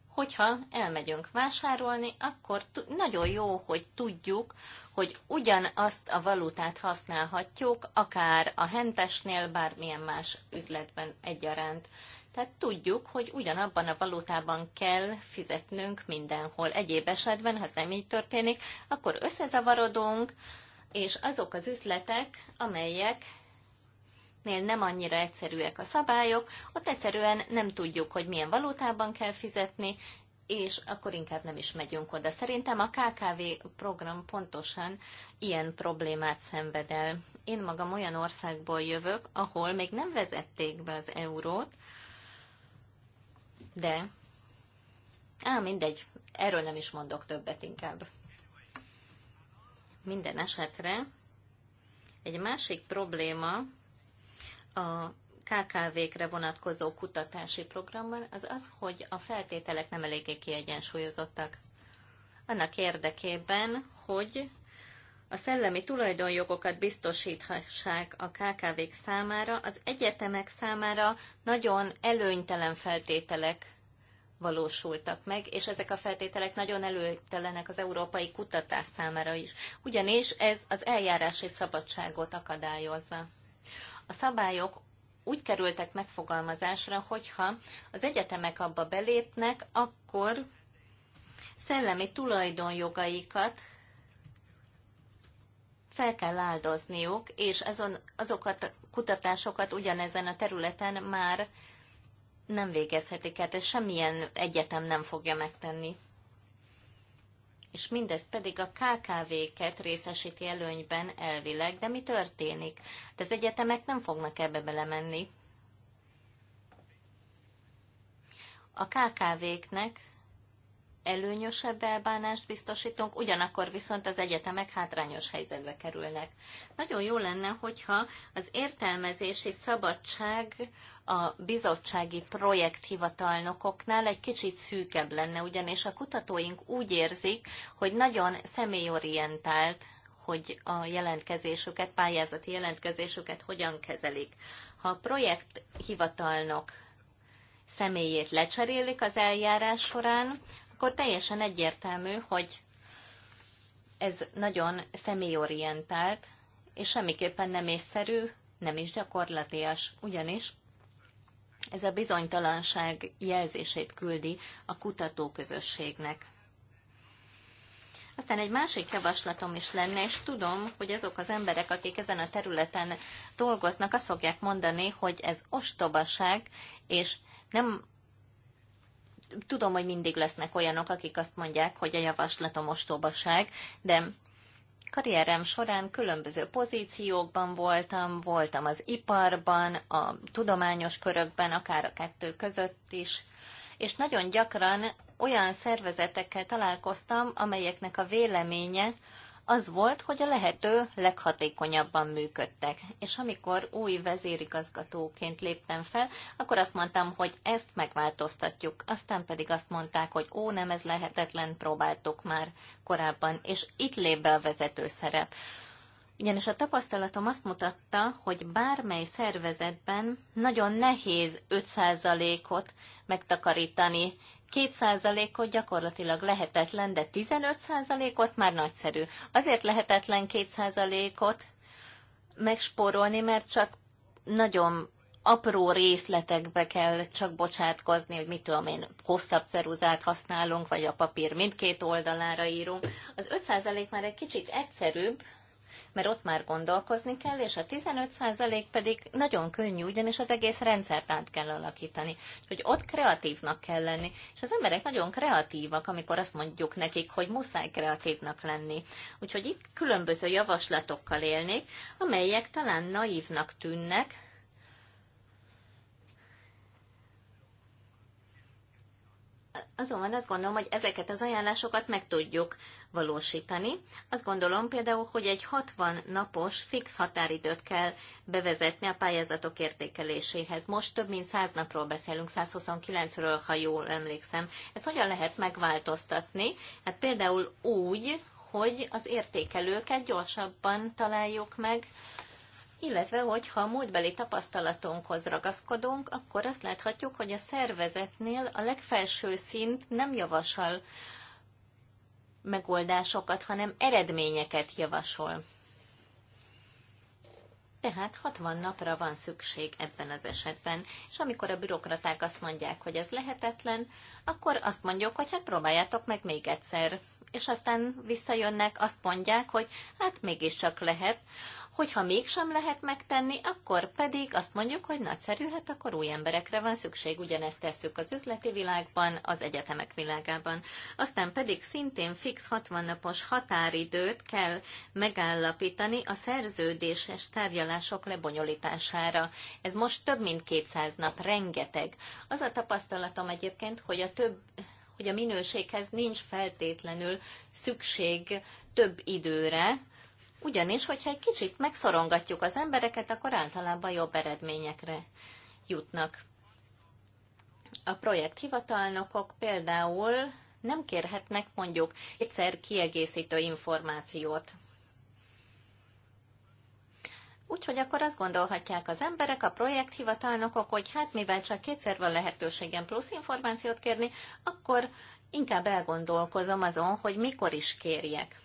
Hogyha elmegyünk vásárolni, akkor nagyon jó, hogy tudjuk, hogy ugyanazt a valutát használhatjuk, akár a hentesnél, bármilyen más üzletben egyaránt. Tehát tudjuk, hogy ugyanabban a valutában kell fizetnünk mindenhol. Egyéb esetben, ha ez nem így történik, akkor összezavarodunk, és azok az üzletek, amelyek nél nem annyira egyszerűek a szabályok, ott egyszerűen nem tudjuk, hogy milyen valutában kell fizetni, és akkor inkább nem is megyünk oda. Szerintem a KKV program pontosan ilyen problémát szenved el. Én magam olyan országból jövök, ahol még nem vezették be az eurót, de... Á, mindegy, erről nem is mondok többet inkább. Minden esetre egy másik probléma a KKV-kre vonatkozó kutatási programban az az, hogy a feltételek nem eléggé kiegyensúlyozottak. Annak érdekében, hogy a szellemi tulajdonjogokat biztosíthassák a KKV-k számára, az egyetemek számára nagyon előnytelen feltételek valósultak meg, és ezek a feltételek nagyon előtelenek az európai kutatás számára is, ugyanis ez az eljárási szabadságot akadályozza. A szabályok úgy kerültek megfogalmazásra, hogyha az egyetemek abba belépnek, akkor szellemi tulajdonjogaikat fel kell áldozniuk, és azon, azokat a kutatásokat ugyanezen a területen már nem végezhetik el, és semmilyen egyetem nem fogja megtenni. És mindez pedig a KKV-ket részesíti előnyben elvileg, de mi történik? De hát az egyetemek nem fognak ebbe belemenni. A KKV-knek előnyösebb elbánást biztosítunk, ugyanakkor viszont az egyetemek hátrányos helyzetbe kerülnek. Nagyon jó lenne, hogyha az értelmezési szabadság a bizottsági projekthivatalnokoknál egy kicsit szűkebb lenne, ugyanis a kutatóink úgy érzik, hogy nagyon személyorientált hogy a jelentkezésüket, pályázati jelentkezésüket hogyan kezelik. Ha a projekthivatalnok személyét lecserélik az eljárás során, akkor teljesen egyértelmű, hogy ez nagyon személyorientált, és semmiképpen nem észszerű, nem is gyakorlatias, ugyanis ez a bizonytalanság jelzését küldi a kutatóközösségnek. Aztán egy másik javaslatom is lenne, és tudom, hogy azok az emberek, akik ezen a területen dolgoznak, azt fogják mondani, hogy ez ostobaság, és nem tudom, hogy mindig lesznek olyanok, akik azt mondják, hogy a javaslatom ostobaság, de karrierem során különböző pozíciókban voltam, voltam az iparban, a tudományos körökben, akár a kettő között is, és nagyon gyakran olyan szervezetekkel találkoztam, amelyeknek a véleménye, az volt, hogy a lehető leghatékonyabban működtek. És amikor új vezérigazgatóként léptem fel, akkor azt mondtam, hogy ezt megváltoztatjuk. Aztán pedig azt mondták, hogy ó, nem ez lehetetlen, próbáltuk már korábban, és itt lép be a vezető szerep. Ugyanis a tapasztalatom azt mutatta, hogy bármely szervezetben nagyon nehéz 5%-ot megtakarítani 2%-ot gyakorlatilag lehetetlen, de 15%-ot már nagyszerű. Azért lehetetlen 2%-ot megspórolni, mert csak nagyon apró részletekbe kell csak bocsátkozni, hogy mit tudom én, hosszabb ceruzát használunk, vagy a papír mindkét oldalára írunk. Az 5% már egy kicsit egyszerűbb, mert ott már gondolkozni kell, és a 15% pedig nagyon könnyű, ugyanis az egész rendszert át kell alakítani. Hogy ott kreatívnak kell lenni, és az emberek nagyon kreatívak, amikor azt mondjuk nekik, hogy muszáj kreatívnak lenni. Úgyhogy itt különböző javaslatokkal élnék, amelyek talán naívnak tűnnek, azonban azt gondolom, hogy ezeket az ajánlásokat meg tudjuk valósítani. Azt gondolom például, hogy egy 60 napos fix határidőt kell bevezetni a pályázatok értékeléséhez. Most több mint 100 napról beszélünk, 129-ről, ha jól emlékszem. Ezt hogyan lehet megváltoztatni? Hát például úgy, hogy az értékelőket gyorsabban találjuk meg, illetve hogyha a múltbeli tapasztalatunkhoz ragaszkodunk, akkor azt láthatjuk, hogy a szervezetnél a legfelső szint nem javasol megoldásokat, hanem eredményeket javasol. Tehát 60 napra van szükség ebben az esetben, és amikor a bürokraták azt mondják, hogy ez lehetetlen, akkor azt mondjuk, hogy hát próbáljátok meg még egyszer. És aztán visszajönnek, azt mondják, hogy hát mégiscsak lehet. Hogyha mégsem lehet megtenni, akkor pedig azt mondjuk, hogy nagyszerű, hát akkor új emberekre van szükség, ugyanezt tesszük az üzleti világban, az egyetemek világában. Aztán pedig szintén fix 60 napos határidőt kell megállapítani a szerződéses tárgyalások lebonyolítására. Ez most több mint 200 nap, rengeteg. Az a tapasztalatom egyébként, hogy a több hogy a minőséghez nincs feltétlenül szükség több időre, ugyanis, hogyha egy kicsit megszorongatjuk az embereket, akkor általában jobb eredményekre jutnak. A projekt hivatalnokok, például nem kérhetnek mondjuk egyszer kiegészítő információt. Úgyhogy akkor azt gondolhatják az emberek, a projekthivatalnokok, hogy hát mivel csak kétszer van lehetőségem plusz információt kérni, akkor inkább elgondolkozom azon, hogy mikor is kérjek.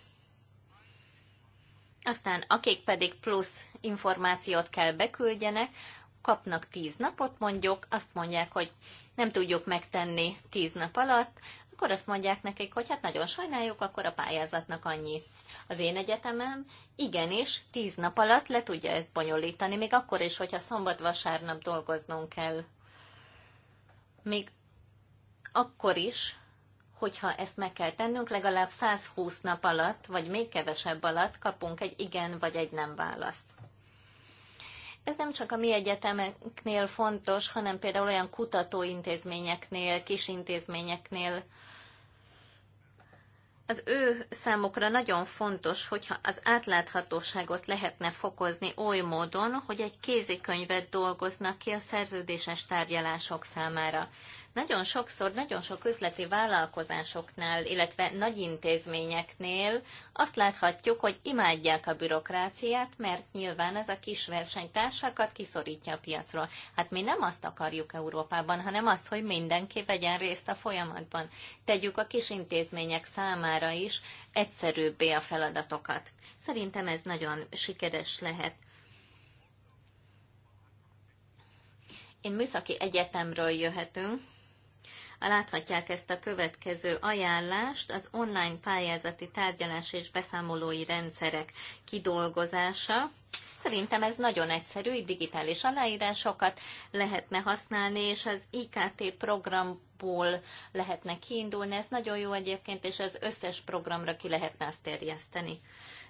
Aztán akik pedig plusz információt kell beküldjenek, kapnak 10 napot mondjuk, azt mondják, hogy nem tudjuk megtenni 10 nap alatt, akkor azt mondják nekik, hogy hát nagyon sajnáljuk, akkor a pályázatnak annyi. Az én egyetemem igenis 10 nap alatt le tudja ezt bonyolítani, még akkor is, hogyha szombat-vasárnap dolgoznunk kell. Még akkor is, hogyha ezt meg kell tennünk, legalább 120 nap alatt, vagy még kevesebb alatt kapunk egy igen vagy egy nem választ. Ez nem csak a mi egyetemeknél fontos, hanem például olyan kutatóintézményeknél, kisintézményeknél. Az ő számukra nagyon fontos, hogyha az átláthatóságot lehetne fokozni oly módon, hogy egy kézikönyvet dolgoznak ki a szerződéses tárgyalások számára. Nagyon sokszor, nagyon sok üzleti vállalkozásoknál, illetve nagy intézményeknél azt láthatjuk, hogy imádják a bürokráciát, mert nyilván ez a kis versenytársakat kiszorítja a piacról. Hát mi nem azt akarjuk Európában, hanem azt, hogy mindenki vegyen részt a folyamatban. Tegyük a kis intézmények számára is egyszerűbbé a feladatokat. Szerintem ez nagyon sikeres lehet. Én műszaki egyetemről jöhetünk, láthatják ezt a következő ajánlást, az online pályázati tárgyalás és beszámolói rendszerek kidolgozása. Szerintem ez nagyon egyszerű, digitális aláírásokat lehetne használni, és az IKT programból lehetne kiindulni. Ez nagyon jó egyébként, és az összes programra ki lehetne azt terjeszteni.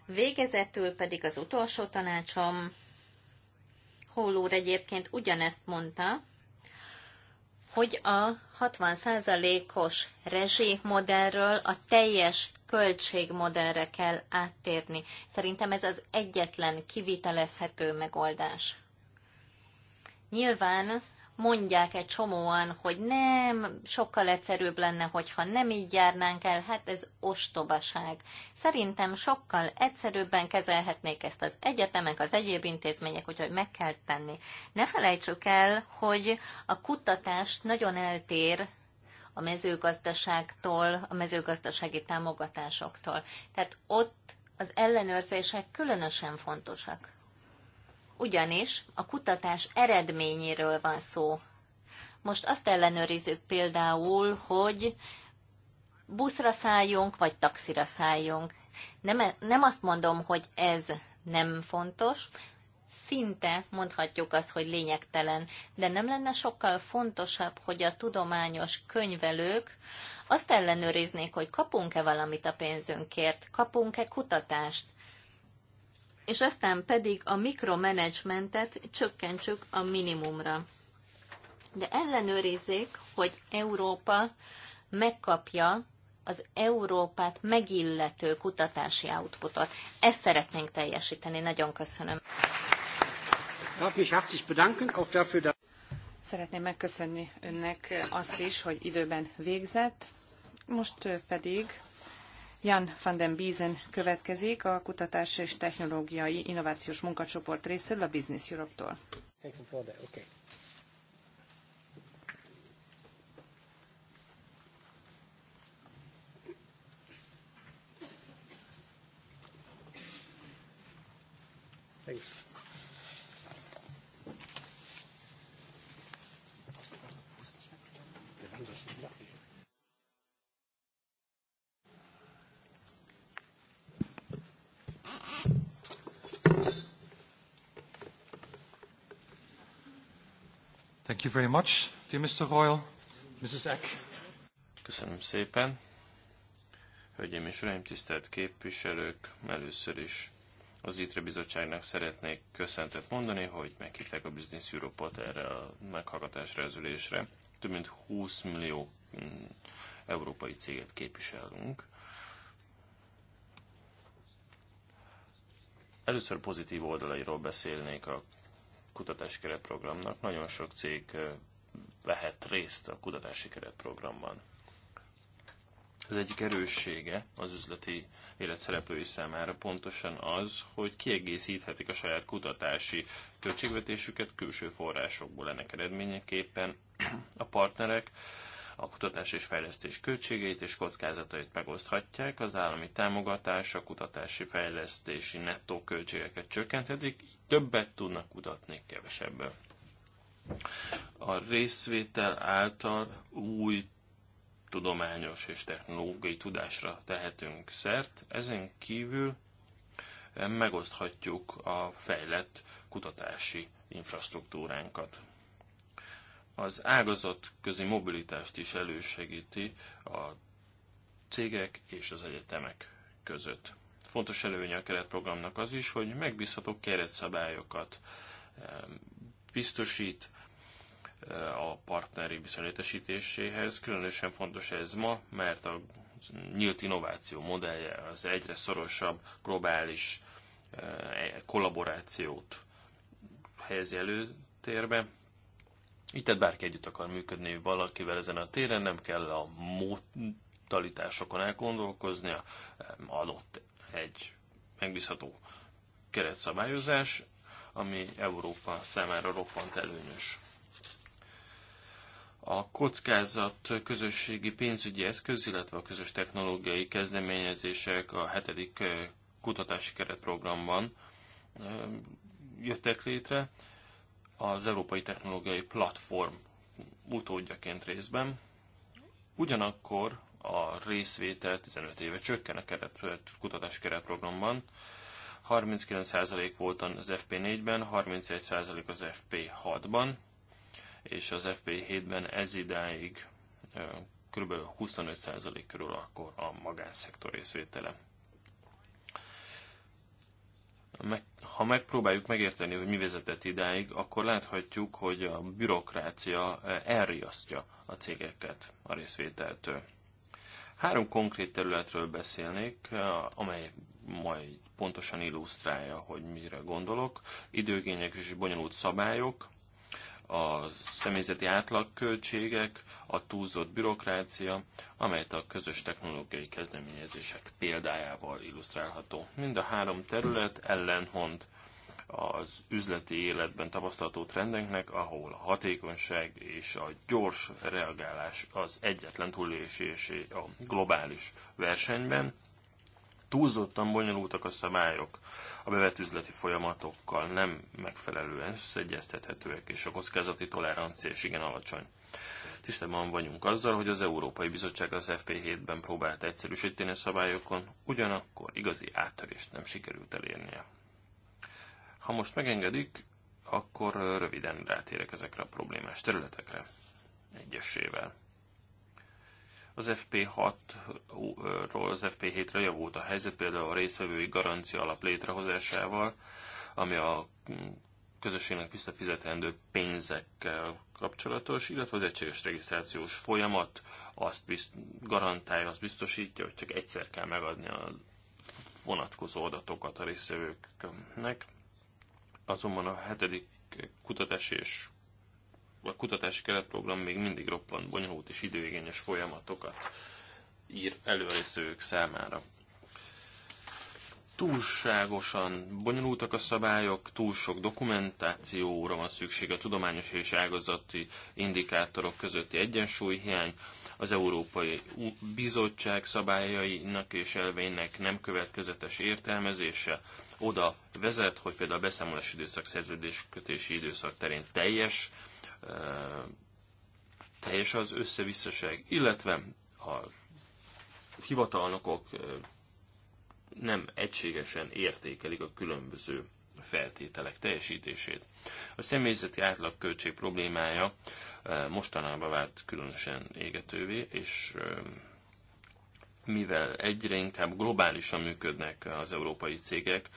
Végezetül pedig az utolsó tanácsom, Hólúr egyébként ugyanezt mondta, hogy a 60%-os rezsimodellről a teljes költségmodellre kell áttérni. Szerintem ez az egyetlen kivitelezhető megoldás. Nyilván mondják egy csomóan, hogy nem, sokkal egyszerűbb lenne, hogyha nem így járnánk el, hát ez ostobaság. Szerintem sokkal egyszerűbben kezelhetnék ezt az egyetemek, az egyéb intézmények, úgyhogy meg kell tenni. Ne felejtsük el, hogy a kutatás nagyon eltér a mezőgazdaságtól, a mezőgazdasági támogatásoktól. Tehát ott az ellenőrzések különösen fontosak ugyanis a kutatás eredményéről van szó. Most azt ellenőrizzük például, hogy buszra szálljunk, vagy taxira szálljunk. Nem, e- nem azt mondom, hogy ez nem fontos, szinte mondhatjuk azt, hogy lényegtelen, de nem lenne sokkal fontosabb, hogy a tudományos könyvelők azt ellenőriznék, hogy kapunk-e valamit a pénzünkért, kapunk-e kutatást, és aztán pedig a mikromanagementet csökkentsük a minimumra. De ellenőrizzék, hogy Európa megkapja az Európát megillető kutatási outputot. Ezt szeretnénk teljesíteni. Nagyon köszönöm. Szeretném megköszönni önnek azt is, hogy időben végzett. Most pedig Jan van den Biesen következik a Kutatás és Technológiai Innovációs Munkacsoport részéről a Business Europe-tól. Thanks. Thank you very much, dear Mr. Royal, Mrs. Eck. Köszönöm szépen. Hölgyeim és Uraim, tisztelt képviselők, először is az ITRE bizottságnak szeretnék köszöntet mondani, hogy meghívták a Business europe erre a meghallgatásra, az ülésre. Több mint 20 millió mm, európai céget képviselünk. Először pozitív oldalairól beszélnék a kutatási keretprogramnak. Nagyon sok cég vehet részt a kutatási keretprogramban. Az egyik erőssége az üzleti élet szereplői számára pontosan az, hogy kiegészíthetik a saját kutatási költségvetésüket külső forrásokból. Ennek eredményeképpen a partnerek a kutatás és fejlesztés költségeit és kockázatait megoszthatják, az állami támogatás, a kutatási fejlesztési nettó költségeket csökkenthetik, többet tudnak kutatni kevesebben. A részvétel által új tudományos és technológiai tudásra tehetünk szert, ezen kívül eh, megoszthatjuk a fejlett kutatási infrastruktúránkat az ágazat közi mobilitást is elősegíti a cégek és az egyetemek között. Fontos előnye a keretprogramnak az is, hogy megbízható keretszabályokat eh, biztosít eh, a partneri viszonylétesítéséhez. Különösen fontos ez ma, mert a nyílt innováció modellje az egyre szorosabb globális eh, kollaborációt helyezi előtérbe, itt tehát bárki együtt akar működni valakivel ezen a téren, nem kell a modalitásokon elgondolkoznia, adott egy megbízható keretszabályozás, ami Európa számára roppant előnyös. A kockázat közösségi pénzügyi eszköz, illetve a közös technológiai kezdeményezések a hetedik eh, kutatási keretprogramban jöttek létre az Európai Technológiai Platform utódjaként részben. Ugyanakkor a részvétel 15 éve csökken a keret, kutatási keretprogramban. 39% volt az FP4-ben, 31% az FP6-ban, és az FP7-ben ez idáig kb. 25% körül akkor a magánszektor részvétele ha megpróbáljuk megérteni, hogy mi vezetett idáig, akkor láthatjuk, hogy a bürokrácia eh, elriasztja a cégeket a részvételtől. Három konkrét területről beszélnék, eh, amely majd pontosan illusztrálja, hogy mire gondolok. Időgények és bonyolult szabályok, a személyzeti átlagköltségek, a túlzott bürokrácia, amelyet a közös technológiai kezdeményezések példájával illusztrálható. Mind a három terület ellenhont az üzleti életben tapasztalható trendeknek, ahol a hatékonyság és a gyors reagálás az egyetlen túlélési a globális versenyben, túlzottan bonyolultak a szabályok, a bevett üzleti folyamatokkal nem megfelelően összeegyeztethetőek, és a kockázati tolerancia is igen alacsony. Tisztában vagyunk azzal, hogy az Európai Bizottság az FP7-ben próbált egyszerűsíteni a szabályokon, ugyanakkor igazi áttörést nem sikerült elérnie. Ha most megengedik, akkor röviden rátérek ezekre a problémás területekre egyesével. Az FP6-ról az FP7-re javult a helyzet, például a részvevői garancia alap létrehozásával, ami a közösségnek visszafizetendő pénzekkel kapcsolatos, illetve az egységes regisztrációs folyamat azt bizt, garantálja, azt biztosítja, hogy csak egyszer kell megadni a vonatkozó adatokat a részvevőknek. Azonban a hetedik kutatási és a kutatási keretprogram még mindig roppant bonyolult és időigényes folyamatokat ír előrészők számára. Túlságosan bonyolultak a szabályok, túl sok dokumentációra van szükség, a tudományos és ágazati indikátorok közötti egyensúlyhiány, az Európai Bizottság szabályainak és elveinek nem következetes értelmezése oda vezet, hogy például a beszámolási időszak szerződéskötési időszak terén teljes teljes az összevisszaság, illetve a hivatalnokok nem egységesen értékelik a különböző feltételek teljesítését. A személyzeti átlagköltség problémája mostanában vált különösen égetővé, és mivel egyre inkább globálisan működnek az európai cégek,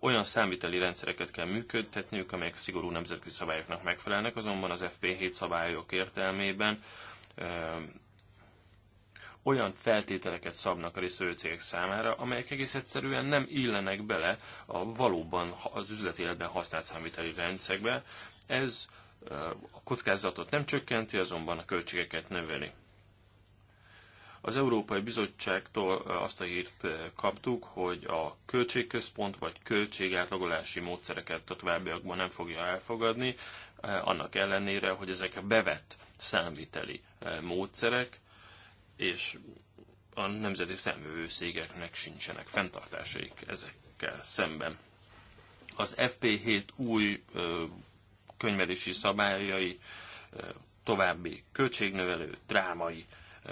olyan számviteli rendszereket kell működtetniük, amelyek szigorú nemzetközi szabályoknak megfelelnek, azonban az FP7 szabályok értelmében olyan feltételeket szabnak a részvevő cégek számára, amelyek egész egyszerűen nem illenek bele a valóban az üzleti életben használt számviteli rendszerekbe. Ez a kockázatot nem csökkenti, azonban a költségeket növeli. Az Európai Bizottságtól azt a hírt kaptuk, hogy a költségközpont vagy költségátlagolási módszereket a továbbiakban nem fogja elfogadni, annak ellenére, hogy ezek a bevett számviteli módszerek, és a nemzeti számvevőszégeknek sincsenek fenntartásaik ezekkel szemben. Az FP7 új könyvelési szabályai további költségnövelő, drámai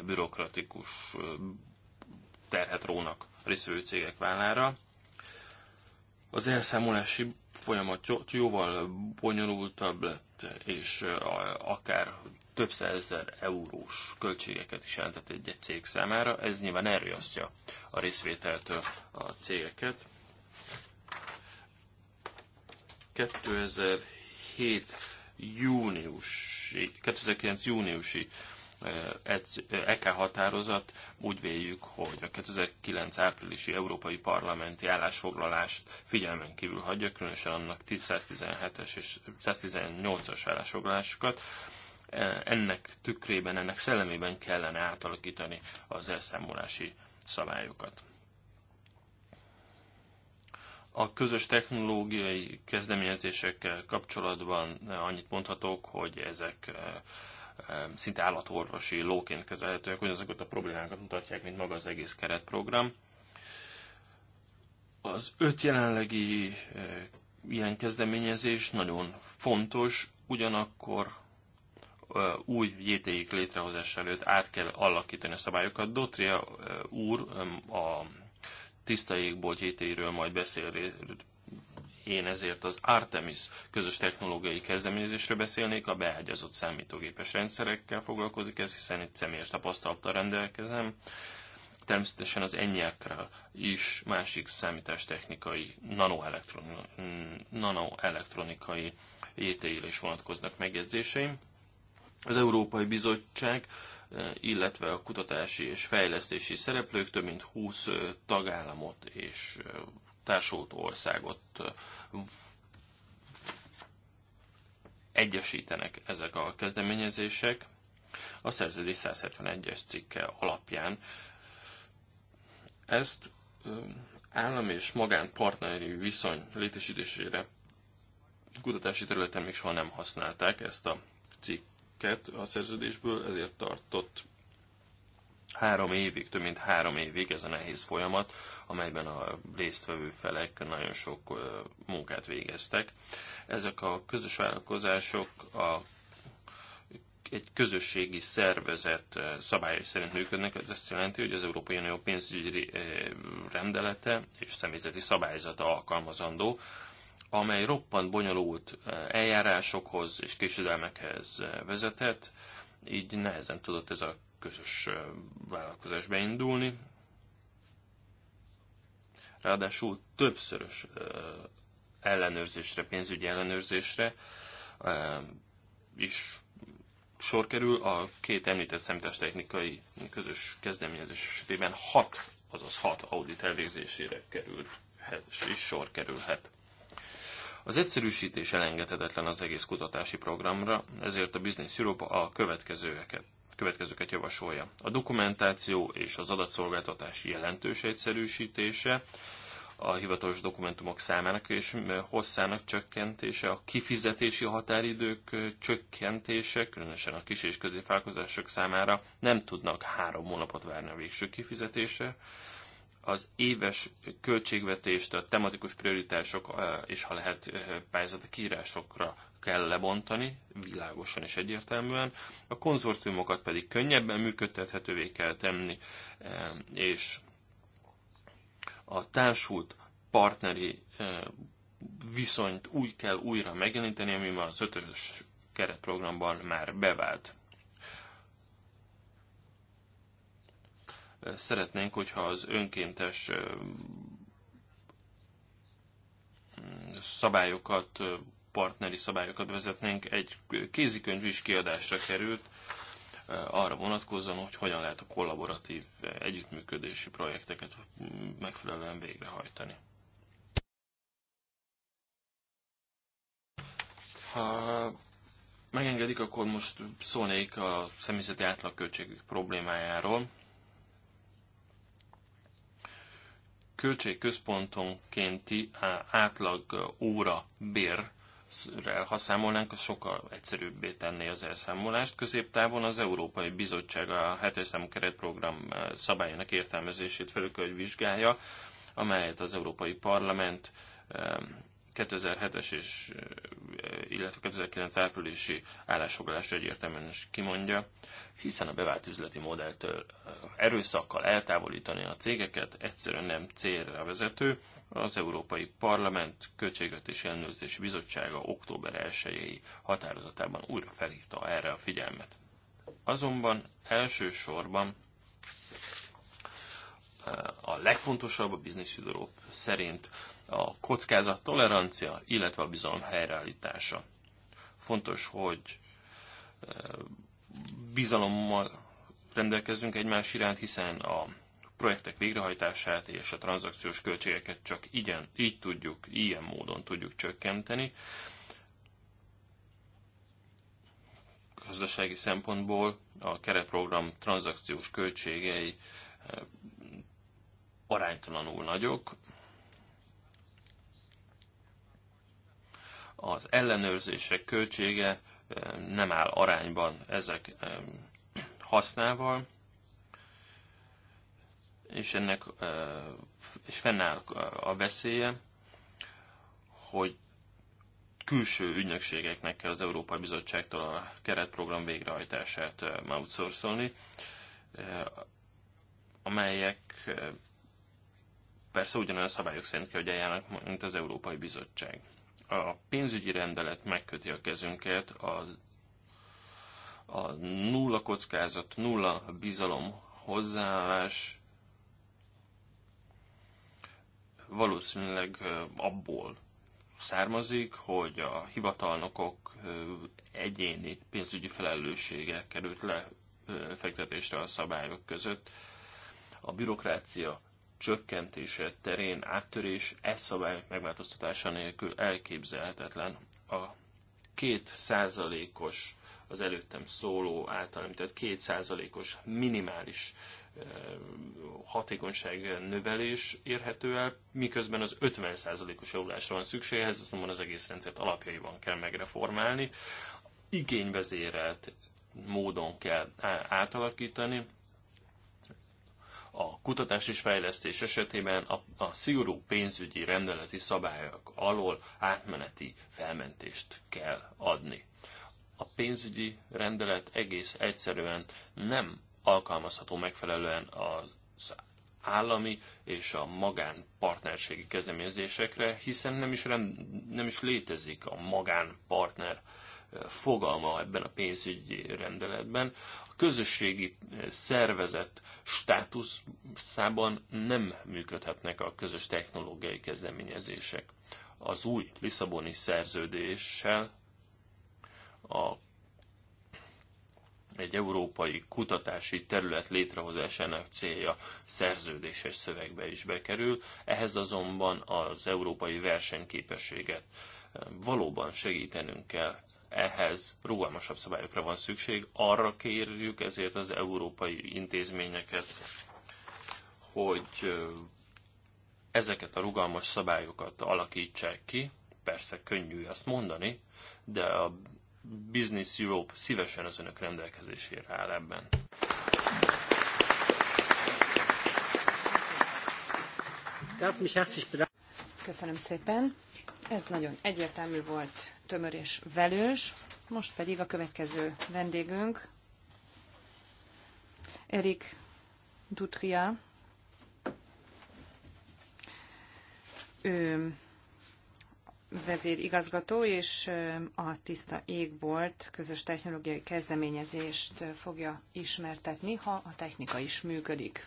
bürokratikus terhet rónak a részvevő cégek vállára. Az elszámolási folyamat jóval bonyolultabb lett, és akár több százezer eurós költségeket is jelentett egy, egy cég számára. Ez nyilván elriasztja a részvételtől a cégeket. 2007 júniusi, 2009 júniusi EKE határozat úgy véljük, hogy a 2009 áprilisi Európai Parlamenti állásfoglalást figyelmen kívül hagyja, különösen annak 117-es és 118-as állásfoglalásokat. Ennek tükrében, ennek szellemében kellene átalakítani az elszámolási szabályokat a közös technológiai kezdeményezésekkel kapcsolatban annyit mondhatok, hogy ezek Ehm, szinte állatorvosi lóként kezelhetőek, azokat a problémákat mutatják, mint maga az egész keretprogram. Az öt jelenlegi eh, ilyen kezdeményezés nagyon fontos, ugyanakkor eh, új JTI-k létrehozás előtt át kell alakítani a szabályokat. Dotria eh, úr ehm, a tiszta égbolt JTI-ről majd beszél én ezért az Artemis közös technológiai kezdeményezésről beszélnék, a beágyazott számítógépes rendszerekkel foglalkozik ez, hiszen itt személyes tapasztalattal rendelkezem. Természetesen az ennyekre is másik számítástechnikai, nanoelektronikai, nanoelektronikai is vonatkoznak megjegyzéseim. Az Európai Bizottság eh, illetve a kutatási és fejlesztési szereplők több mint 20 eh, tagállamot és eh, társult országot egyesítenek ezek a kezdeményezések. A szerződés 171-es cikke alapján ezt állam és magán partneri viszony létesítésére kutatási területen még soha nem használták ezt a cikket a szerződésből, ezért tartott három évig, több mint három évig ez a nehéz folyamat, amelyben a résztvevő felek nagyon sok munkát végeztek. Ezek a közös vállalkozások a egy közösségi szervezet szabályai szerint működnek, ez azt jelenti, hogy az Európai Unió pénzügyi rendelete és személyzeti szabályzata alkalmazandó, amely roppant bonyolult eljárásokhoz és késődelmekhez vezetett, így nehezen tudott ez a közös vállalkozásba indulni. Ráadásul többszörös ellenőrzésre, pénzügyi ellenőrzésre is sor kerül. A két említett technikai közös kezdeményezés esetében hat, azaz hat audit elvégzésére került és sor kerülhet. Az egyszerűsítés elengedhetetlen az egész kutatási programra, ezért a Business Europe a következőeket következőket javasolja. A dokumentáció és az adatszolgáltatás jelentős egyszerűsítése, a hivatalos dokumentumok számának és hosszának csökkentése, a kifizetési határidők csökkentése, különösen a kis és középvállalkozások számára nem tudnak három hónapot várni a végső kifizetésre, az éves költségvetést a tematikus prioritások eh, és ha lehet eh, pályázati kiírásokra kell lebontani, világosan és egyértelműen, a konzorciumokat pedig könnyebben működtethetővé kell tenni, e, és a társult partneri e, viszonyt úgy kell újra megjeleníteni, ami már az ötös keretprogramban már bevált. Szeretnénk, hogyha az önkéntes e, szabályokat partneri szabályokat vezetnénk. Egy kézikönyv is kiadásra került, eh, arra vonatkozóan, hogy hogyan lehet a kollaboratív eh, együttműködési projekteket mm, megfelelően végrehajtani. Ha megengedik, akkor most szólnék a személyzeti átlagköltségük problémájáról. Költségközpontonkénti átlag óra bér számolnánk, az sokkal egyszerűbbé tenné az elszámolást. Középtávon az Európai Bizottság a hetőszámú keretprogram eh, szabályának értelmezését felül kell, hogy vizsgálja, amelyet az Európai Parlament eh, 2007-es és eh, illetve 2009 áprilisi állásfoglalás egyértelműen is kimondja, hiszen a bevált üzleti modelltől eh, erőszakkal eltávolítani a cégeket egyszerűen nem célra vezető. Az Európai Parlament Költségvetési Ellenőrzési Bizottsága október 1-i határozatában újra felhívta erre a figyelmet. Azonban elsősorban eh, a legfontosabb a Business Europe szerint a kockázat tolerancia, illetve a bizalom helyreállítása. Fontos, hogy bizalommal rendelkezünk egymás iránt, hiszen a projektek végrehajtását és a tranzakciós költségeket csak igen, így tudjuk, ilyen módon tudjuk csökkenteni. Gazdasági szempontból a keretprogram tranzakciós költségei aránytalanul nagyok, az ellenőrzések költsége nem áll arányban ezek hasznával, és ennek és fennáll a veszélye, hogy külső ügynökségeknek kell az Európai Bizottságtól a keretprogram végrehajtását outsourcolni, amelyek persze ugyanolyan szabályok szerint kell, hogy eljárnak, mint az Európai Bizottság. A pénzügyi rendelet megköti a kezünket a, a nulla kockázat, nulla bizalom hozzáállás valószínűleg abból származik, hogy a hivatalnokok egyéni pénzügyi felelőssége került le fektetésre a szabályok között. A bürokrácia csökkentése terén áttörés e szabály megváltoztatása nélkül elképzelhetetlen. A két százalékos, az előttem szóló által tehát két százalékos minimális hatékonyság növelés érhető el, miközben az 50 százalékos javulásra van szükség, ehhez azonban az egész rendszert alapjaiban kell megreformálni, igényvezérelt módon kell átalakítani, a kutatás és fejlesztés esetében a, a szigorú pénzügyi rendeleti szabályok alól átmeneti felmentést kell adni. A pénzügyi rendelet egész egyszerűen nem alkalmazható megfelelően az állami és a magánpartnerségi kezdeményezésekre, hiszen nem is, rend, nem is létezik a magánpartner fogalma ebben a pénzügyi rendeletben. A közösségi eh, szervezet státuszában nem működhetnek a közös technológiai kezdeményezések. Az új Lisszaboni szerződéssel a egy európai kutatási terület létrehozásának célja szerződéses szövegbe is bekerül, ehhez azonban az európai versenyképességet eh, valóban segítenünk kell ehhez rugalmasabb szabályokra van szükség. Arra kérjük ezért az európai intézményeket, hogy ezeket a rugalmas szabályokat alakítsák ki. Persze könnyű azt mondani, de a Business Europe szívesen az önök rendelkezésére áll ebben. Köszönöm szépen. Ez nagyon egyértelmű volt, tömör és velős. Most pedig a következő vendégünk, Erik Dutria. Ő vezérigazgató és a Tiszta Égbolt közös technológiai kezdeményezést fogja ismertetni, ha a technika is működik.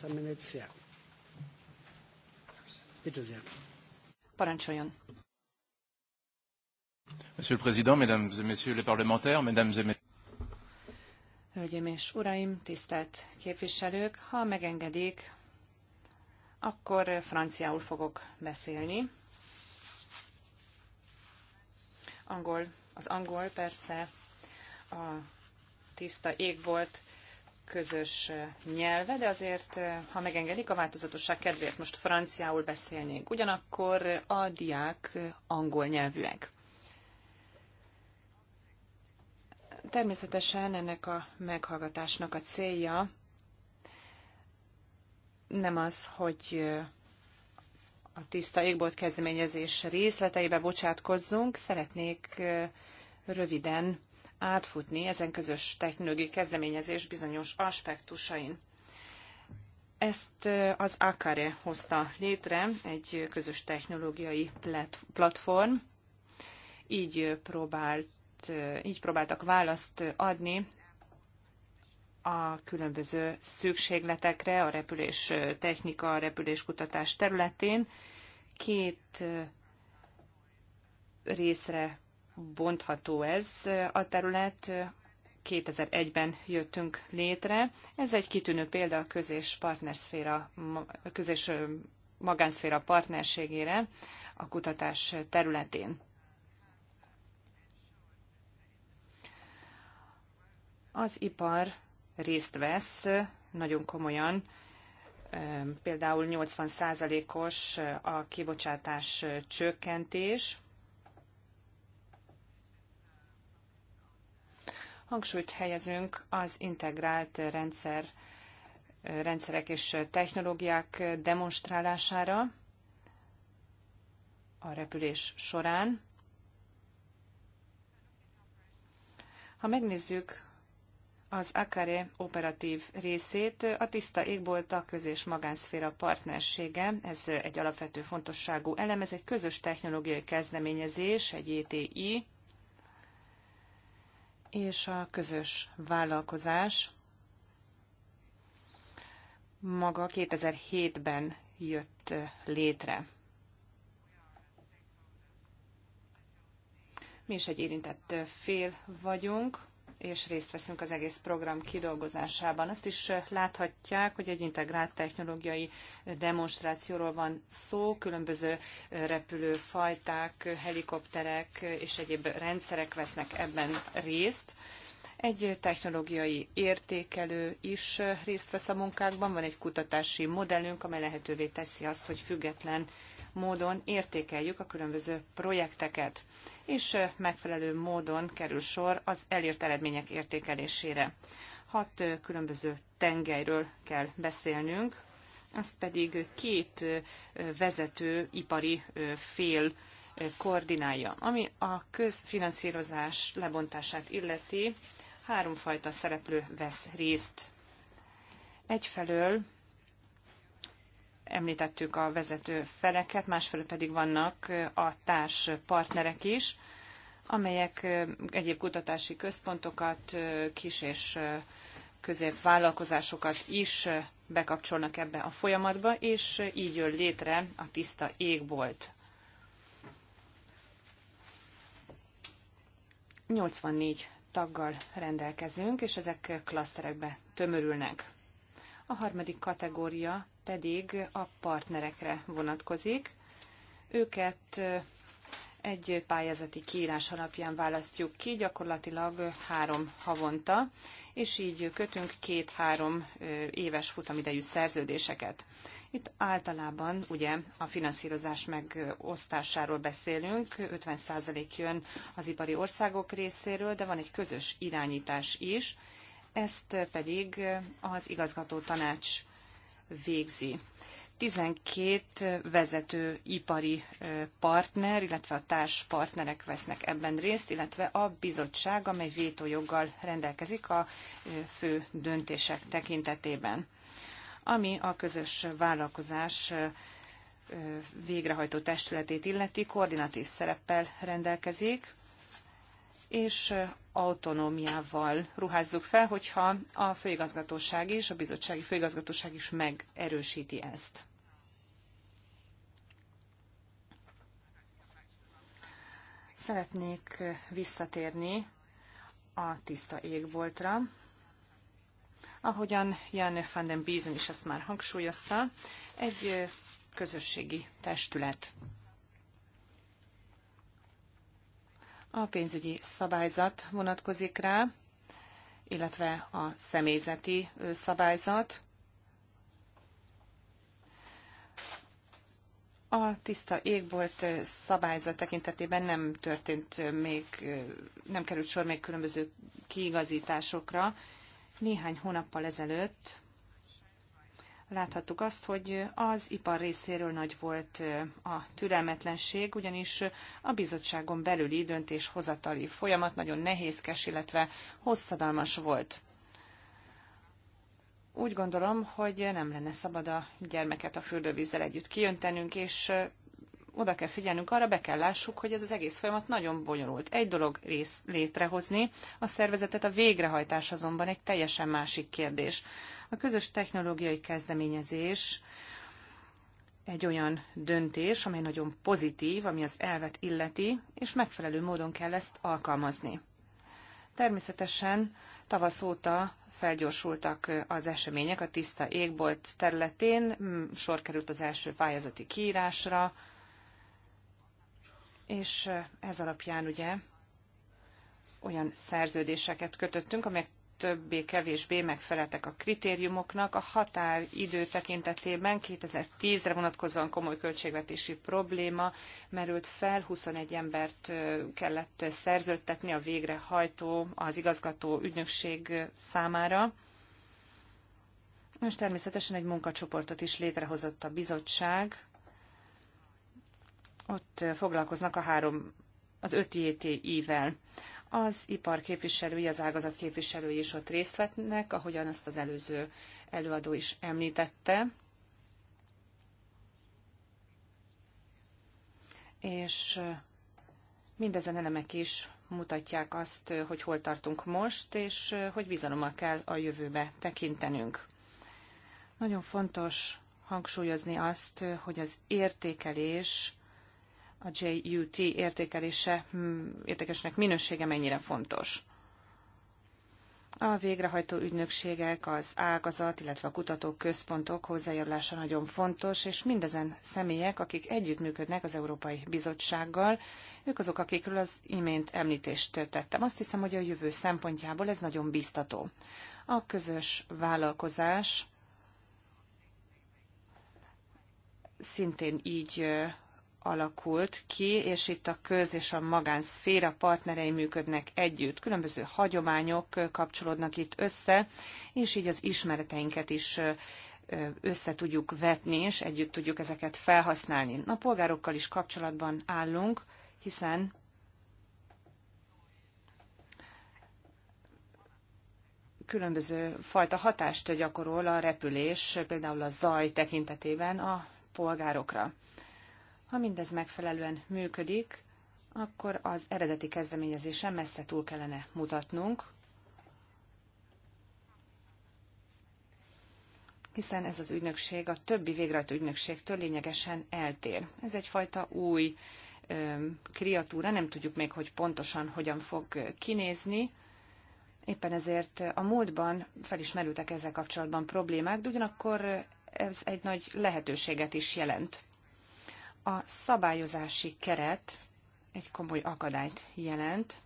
Some minutes, yeah. Bitte Parancsoljon. Monsieur le Président, Mesdames et Messieurs les parlementaires, Mesdames et Messieurs. Hölgyeim és uraim, tisztelt képviselők, ha megengedik, akkor franciául fogok beszélni. Angol, az angol persze a tiszta égbolt, közös nyelve, de azért, ha megengedik, a változatosság kedvéért most franciául beszélnénk. Ugyanakkor a diák angol nyelvűek. Természetesen ennek a meghallgatásnak a célja nem az, hogy a tiszta égbolt kezdeményezés részleteibe bocsátkozzunk, szeretnék röviden átfutni ezen közös technológiai kezdeményezés bizonyos aspektusain. Ezt az AKARE hozta létre, egy közös technológiai platform. Így, próbált, így próbáltak választ adni a különböző szükségletekre a repülés technika, a repüléskutatás területén. Két részre bontható ez a terület. 2001-ben jöttünk létre. Ez egy kitűnő példa a közés, partnerszféra, közés magánszféra partnerségére a kutatás területén. Az ipar részt vesz nagyon komolyan, például 80%-os a kibocsátás csökkentés, hangsúlyt helyezünk az integrált rendszer, rendszerek és technológiák demonstrálására a repülés során. Ha megnézzük az Akare operatív részét, a tiszta égbolt a köz- és magánszféra partnersége. Ez egy alapvető fontosságú elem, ez egy közös technológiai kezdeményezés, egy ETI, és a közös vállalkozás maga 2007-ben jött létre. Mi is egy érintett fél vagyunk, és részt veszünk az egész program kidolgozásában. Azt is láthatják, hogy egy integrált technológiai demonstrációról van szó, különböző repülőfajták, helikopterek és egyéb rendszerek vesznek ebben részt. Egy technológiai értékelő is részt vesz a munkákban, van egy kutatási modellünk, amely lehetővé teszi azt, hogy független módon értékeljük a különböző projekteket, és megfelelő módon kerül sor az elért eredmények értékelésére. Hat különböző tengelyről kell beszélnünk, azt pedig két vezető ipari fél koordinálja. Ami a közfinanszírozás lebontását illeti, háromfajta szereplő vesz részt. Egyfelől említettük a vezető feleket, másfelől pedig vannak a társ partnerek is, amelyek egyéb kutatási központokat, kis és középvállalkozásokat is bekapcsolnak ebbe a folyamatba, és így jön létre a tiszta égbolt. 84 taggal rendelkezünk, és ezek klaszterekbe tömörülnek a harmadik kategória pedig a partnerekre vonatkozik. Őket egy pályázati kiírás alapján választjuk ki, gyakorlatilag három havonta, és így kötünk két-három éves futamidejű szerződéseket. Itt általában ugye a finanszírozás megosztásáról beszélünk, 50% jön az ipari országok részéről, de van egy közös irányítás is, ezt pedig az igazgató tanács végzi. 12 vezető ipari partner, illetve a társpartnerek vesznek ebben részt, illetve a bizottság, amely vétójoggal rendelkezik a fő döntések tekintetében. Ami a közös vállalkozás végrehajtó testületét illeti, koordinatív szereppel rendelkezik, és autonómiával ruházzuk fel, hogyha a főigazgatóság is, a bizottsági főigazgatóság is megerősíti ezt. Szeretnék visszatérni a tiszta égboltra. Ahogyan Jan van den Biesen is ezt már hangsúlyozta, egy közösségi testület A pénzügyi szabályzat vonatkozik rá, illetve a személyzeti szabályzat. A tiszta égbolt szabályzat tekintetében nem történt még, nem került sor még különböző kiigazításokra. Néhány hónappal ezelőtt láthattuk azt, hogy az ipar részéről nagy volt a türelmetlenség, ugyanis a bizottságon belüli döntéshozatali folyamat nagyon nehézkes, illetve hosszadalmas volt. Úgy gondolom, hogy nem lenne szabad a gyermeket a fürdővízzel együtt kijöntenünk, és oda kell figyelnünk arra, be kell lássuk, hogy ez az egész folyamat nagyon bonyolult. Egy dolog rész létrehozni, a szervezetet a végrehajtás azonban egy teljesen másik kérdés. A közös technológiai kezdeményezés egy olyan döntés, amely nagyon pozitív, ami az elvet illeti, és megfelelő módon kell ezt alkalmazni. Természetesen tavasz óta felgyorsultak az események a tiszta égbolt területén, sor került az első pályázati kiírásra, és ez alapján ugye olyan szerződéseket kötöttünk, amelyek többé-kevésbé megfeleltek a kritériumoknak. A határidő tekintetében 2010-re vonatkozóan komoly költségvetési probléma merült fel, 21 embert kellett szerződtetni a végrehajtó, az igazgató ügynökség számára. Most természetesen egy munkacsoportot is létrehozott a bizottság, ott foglalkoznak a három, az öt JTI-vel. Az ipar képviselői, az ágazat képviselői is ott részt vetnek, ahogyan azt az előző előadó is említette. És mindezen elemek is mutatják azt, hogy hol tartunk most, és hogy bizalommal kell a jövőbe tekintenünk. Nagyon fontos hangsúlyozni azt, hogy az értékelés a JUT értékelése, hm, értékesnek minősége mennyire fontos. A végrehajtó ügynökségek, az ágazat, illetve a központok hozzájárulása nagyon fontos, és mindezen személyek, akik együttműködnek az Európai Bizottsággal, ők azok, akikről az imént említést tettem. Azt hiszem, hogy a jövő szempontjából ez nagyon biztató. A közös vállalkozás szintén így alakult ki, és itt a köz és a magánszféra partnerei működnek együtt. Különböző hagyományok kapcsolódnak itt össze, és így az ismereteinket is össze tudjuk vetni, és együtt tudjuk ezeket felhasználni. A polgárokkal is kapcsolatban állunk, hiszen különböző fajta hatást gyakorol a repülés, például a zaj tekintetében a polgárokra. Ha mindez megfelelően működik, akkor az eredeti kezdeményezésen messze túl kellene mutatnunk, hiszen ez az ügynökség a többi végrehajtó ügynökségtől lényegesen eltér. Ez egyfajta új ö, kreatúra, nem tudjuk még, hogy pontosan hogyan fog kinézni, Éppen ezért a múltban felismerültek ezzel kapcsolatban problémák, de ugyanakkor ez egy nagy lehetőséget is jelent. A szabályozási keret egy komoly akadályt jelent.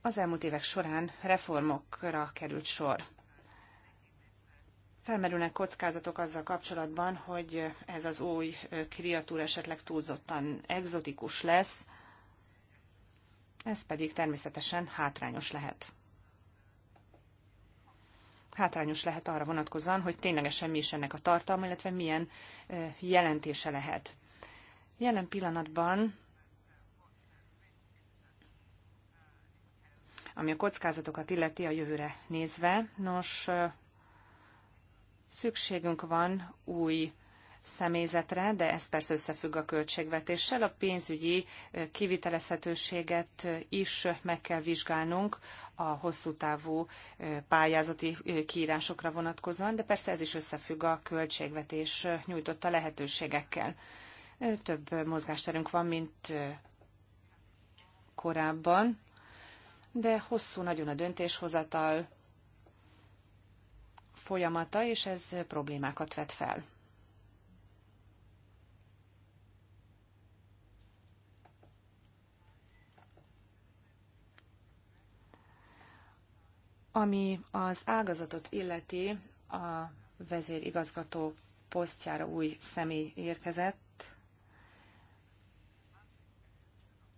Az elmúlt évek során reformokra került sor. Felmerülnek kockázatok azzal kapcsolatban, hogy ez az új kreatúra esetleg túlzottan egzotikus lesz, ez pedig természetesen hátrányos lehet hátrányos lehet arra vonatkozóan, hogy ténylegesen mi is ennek a tartalma, illetve milyen jelentése lehet. Jelen pillanatban, ami a kockázatokat illeti a jövőre nézve, nos, szükségünk van új személyzetre, de ez persze összefügg a költségvetéssel. A pénzügyi kivitelezhetőséget is meg kell vizsgálnunk a hosszú távú pályázati kiírásokra vonatkozóan, de persze ez is összefügg a költségvetés nyújtotta lehetőségekkel. Több mozgásterünk van, mint korábban, de hosszú nagyon a döntéshozatal folyamata, és ez problémákat vet fel. Ami az ágazatot illeti, a vezérigazgató posztjára új személy érkezett.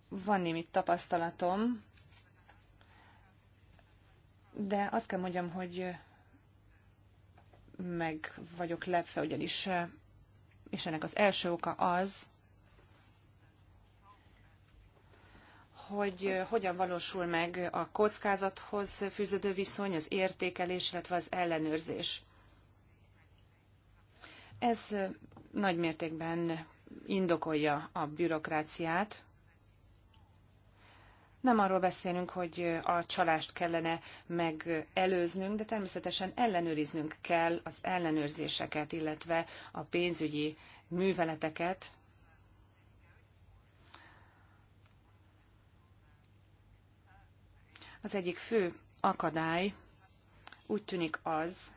Van némi tapasztalatom, de azt kell mondjam, hogy meg vagyok lepve, ugyanis és ennek az első oka az, hogy hogyan valósul meg a kockázathoz fűződő viszony, az értékelés, illetve az ellenőrzés. Ez nagy mértékben indokolja a bürokráciát. Nem arról beszélünk, hogy a csalást kellene megelőznünk, de természetesen ellenőriznünk kell az ellenőrzéseket, illetve a pénzügyi műveleteket, Az egyik fő akadály úgy tűnik az,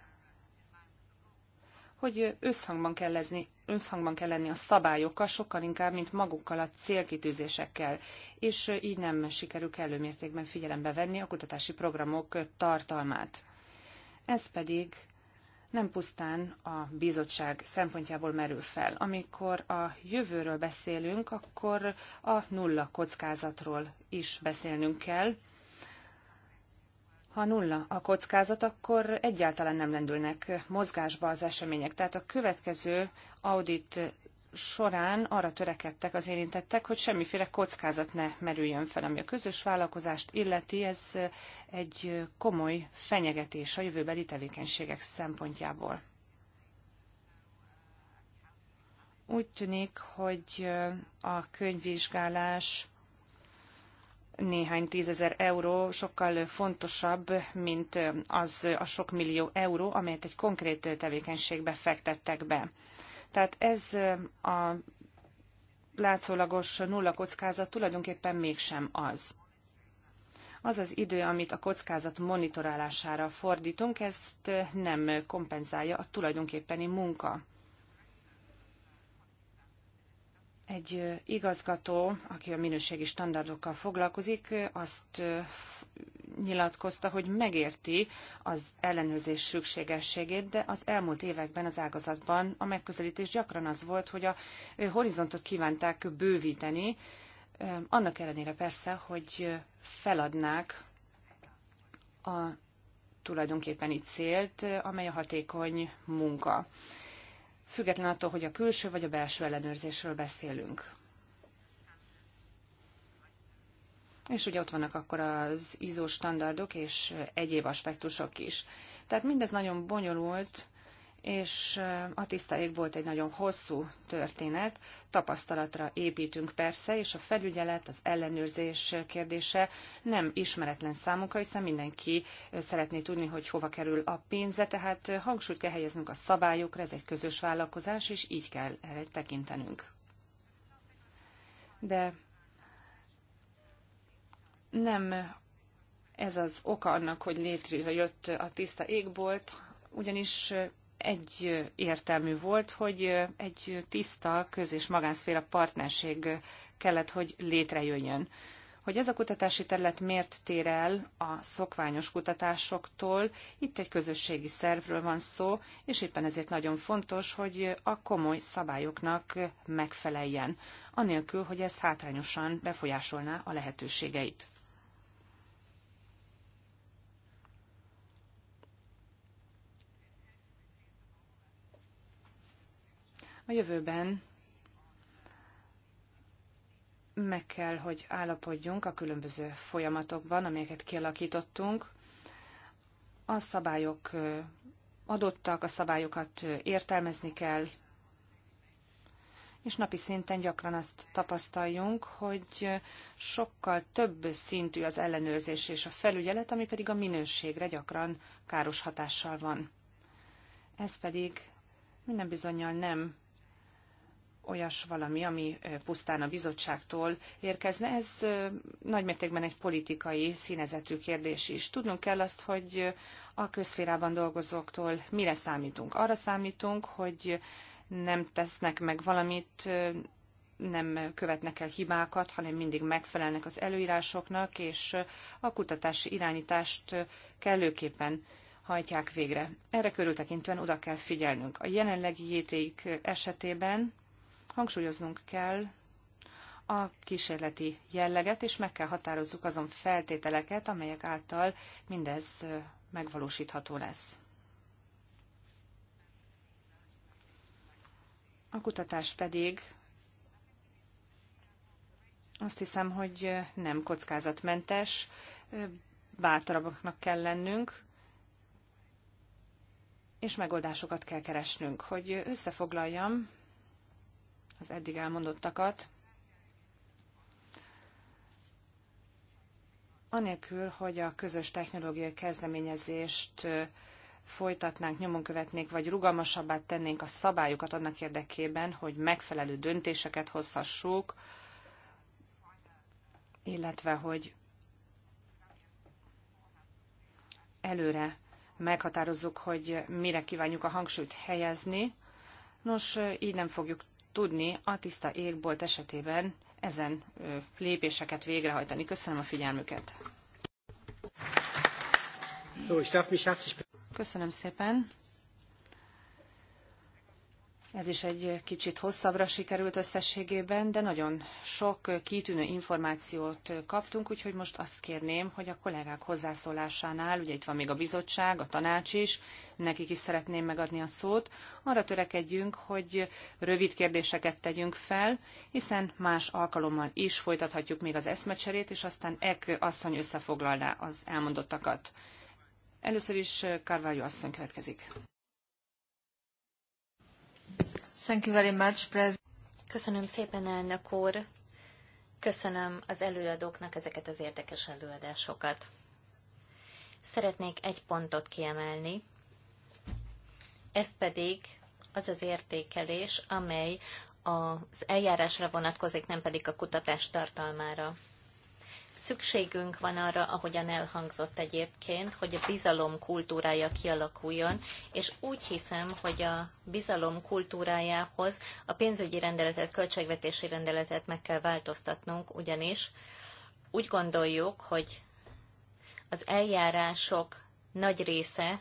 hogy összhangban kell, lezni, összhangban kell lenni a szabályokkal, sokkal inkább, mint magukkal a célkitűzésekkel, és így nem sikerül kellő mértékben figyelembe venni a kutatási programok tartalmát. Ez pedig nem pusztán a bizottság szempontjából merül fel. Amikor a jövőről beszélünk, akkor a nulla kockázatról is beszélnünk kell, ha nulla a kockázat, akkor egyáltalán nem lendülnek mozgásba az események. Tehát a következő audit során arra törekedtek az érintettek, hogy semmiféle kockázat ne merüljön fel, ami a közös vállalkozást illeti, ez egy komoly fenyegetés a jövőbeli tevékenységek szempontjából. Úgy tűnik, hogy a könyvvizsgálás néhány tízezer euró sokkal fontosabb, mint az a sok millió euró, amelyet egy konkrét tevékenységbe fektettek be. Tehát ez a látszólagos nulla kockázat tulajdonképpen mégsem az. Az az idő, amit a kockázat monitorálására fordítunk, ezt nem kompenzálja a tulajdonképpeni munka. Egy igazgató, aki a minőségi standardokkal foglalkozik, azt nyilatkozta, hogy megérti az ellenőrzés szükségességét, de az elmúlt években az ágazatban a megközelítés gyakran az volt, hogy a horizontot kívánták bővíteni, annak ellenére persze, hogy feladnák a tulajdonképpeni célt, amely a hatékony munka független attól, hogy a külső vagy a belső ellenőrzésről beszélünk. És ugye ott vannak akkor az ISO standardok és egyéb aspektusok is. Tehát mindez nagyon bonyolult, és a tisztaig volt egy nagyon hosszú történet. Tapasztalatra építünk persze, és a felügyelet, az ellenőrzés kérdése nem ismeretlen számunkra, hiszen mindenki szeretné tudni, hogy hova kerül a pénze, tehát hangsúlyt kell helyeznünk a szabályokra, ez egy közös vállalkozás, és így kell erre tekintenünk. De nem ez az oka annak, hogy létrejött a tiszta égbolt, ugyanis egy értelmű volt, hogy egy tiszta köz- és magánszféra partnerség kellett, hogy létrejöjjön. Hogy ez a kutatási terület miért tér el a szokványos kutatásoktól, itt egy közösségi szervről van szó, és éppen ezért nagyon fontos, hogy a komoly szabályoknak megfeleljen, anélkül, hogy ez hátrányosan befolyásolná a lehetőségeit. A jövőben meg kell, hogy állapodjunk a különböző folyamatokban, amelyeket kialakítottunk. A szabályok adottak, a szabályokat értelmezni kell, és napi szinten gyakran azt tapasztaljunk, hogy sokkal több szintű az ellenőrzés és a felügyelet, ami pedig a minőségre gyakran káros hatással van. Ez pedig minden bizonyal nem olyas valami, ami pusztán a bizottságtól érkezne. Ez nagymértékben egy politikai színezetű kérdés is. Tudnunk kell azt, hogy a közférában dolgozóktól mire számítunk. Arra számítunk, hogy nem tesznek meg valamit, nem követnek el hibákat, hanem mindig megfelelnek az előírásoknak, és a kutatási irányítást kellőképpen hajtják végre. Erre körültekintően oda kell figyelnünk. A jelenlegi JTIK esetében Hangsúlyoznunk kell a kísérleti jelleget, és meg kell határozzuk azon feltételeket, amelyek által mindez megvalósítható lesz. A kutatás pedig azt hiszem, hogy nem kockázatmentes, bátrabbaknak kell lennünk, és megoldásokat kell keresnünk. Hogy összefoglaljam, az eddig elmondottakat, anélkül, hogy a közös technológiai kezdeményezést folytatnánk, nyomon követnék, vagy rugalmasabbá tennénk a szabályokat annak érdekében, hogy megfelelő döntéseket hozhassuk, illetve hogy előre meghatározzuk, hogy mire kívánjuk a hangsúlyt helyezni. Nos, így nem fogjuk tudni a tiszta égbolt esetében ezen lépéseket végrehajtani. Köszönöm a figyelmüket. Köszönöm szépen. Ez is egy kicsit hosszabbra sikerült összességében, de nagyon sok kitűnő információt kaptunk, úgyhogy most azt kérném, hogy a kollégák hozzászólásánál, ugye itt van még a bizottság, a tanács is, nekik is szeretném megadni a szót, arra törekedjünk, hogy rövid kérdéseket tegyünk fel, hiszen más alkalommal is folytathatjuk még az eszmecserét, és aztán Ek asszony összefoglalná az elmondottakat. Először is Carvalho asszony következik. Thank you very much, Köszönöm szépen, elnök úr. Köszönöm az előadóknak ezeket az érdekes előadásokat. Szeretnék egy pontot kiemelni, ez pedig az az értékelés, amely az eljárásra vonatkozik, nem pedig a kutatás tartalmára. Szükségünk van arra, ahogyan elhangzott egyébként, hogy a bizalom kultúrája kialakuljon, és úgy hiszem, hogy a bizalom kultúrájához a pénzügyi rendeletet, költségvetési rendeletet meg kell változtatnunk, ugyanis úgy gondoljuk, hogy az eljárások nagy része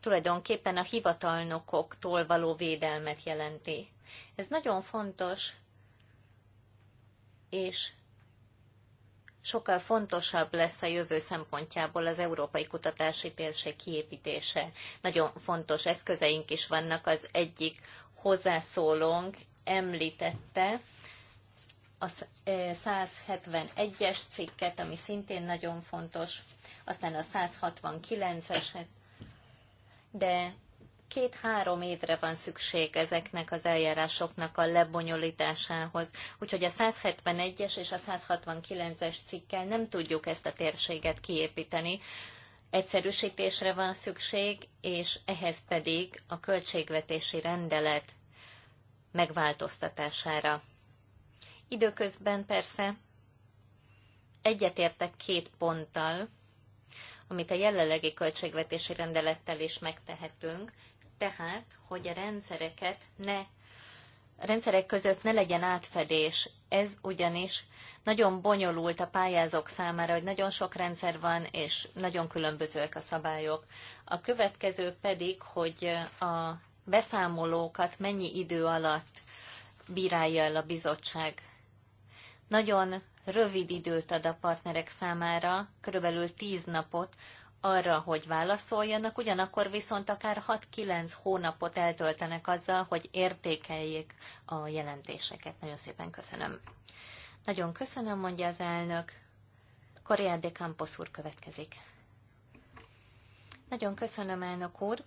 tulajdonképpen a hivatalnokoktól való védelmet jelenti. Ez nagyon fontos, és sokkal fontosabb lesz a jövő szempontjából az európai kutatási térség kiépítése. Nagyon fontos eszközeink is vannak. Az egyik hozzászólónk említette a 171-es eh, cikket, ami szintén nagyon fontos, aztán a 169-eset, de két-három évre van szükség ezeknek az eljárásoknak a lebonyolításához. Úgyhogy a 171-es és a 169-es cikkel nem tudjuk ezt a térséget kiépíteni. Egyszerűsítésre van szükség, és ehhez pedig a költségvetési rendelet megváltoztatására. Időközben persze egyetértek két ponttal, amit a jelenlegi költségvetési rendelettel is megtehetünk, tehát, hogy a rendszereket ne a rendszerek között ne legyen átfedés. Ez ugyanis nagyon bonyolult a pályázók számára, hogy nagyon sok rendszer van, és nagyon különbözőek a szabályok. A következő pedig, hogy a beszámolókat mennyi idő alatt bírálja el a bizottság. Nagyon rövid időt ad a partnerek számára, körülbelül 10 napot, arra, hogy válaszoljanak, ugyanakkor viszont akár 6-9 hónapot eltöltenek azzal, hogy értékeljék a jelentéseket. Nagyon szépen köszönöm. Nagyon köszönöm, mondja az elnök. Correa de Campos úr következik. Nagyon köszönöm, elnök úr.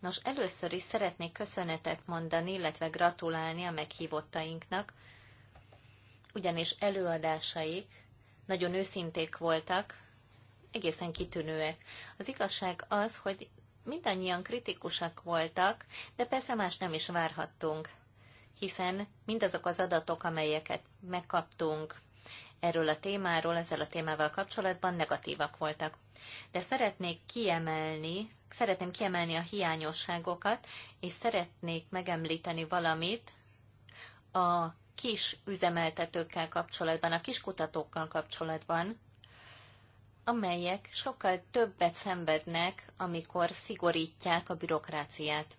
Nos, először is szeretnék köszönetet mondani, illetve gratulálni a meghívottainknak, ugyanis előadásaik nagyon őszinték voltak, egészen kitűnőek. Az igazság az, hogy mindannyian kritikusak voltak, de persze más nem is várhattunk, hiszen mindazok az adatok, amelyeket megkaptunk erről a témáról, ezzel a témával kapcsolatban negatívak voltak. De szeretnék kiemelni, szeretném kiemelni a hiányosságokat, és szeretnék megemlíteni valamit a kis üzemeltetőkkel kapcsolatban, a kis kutatókkal kapcsolatban, amelyek sokkal többet szenvednek, amikor szigorítják a bürokráciát.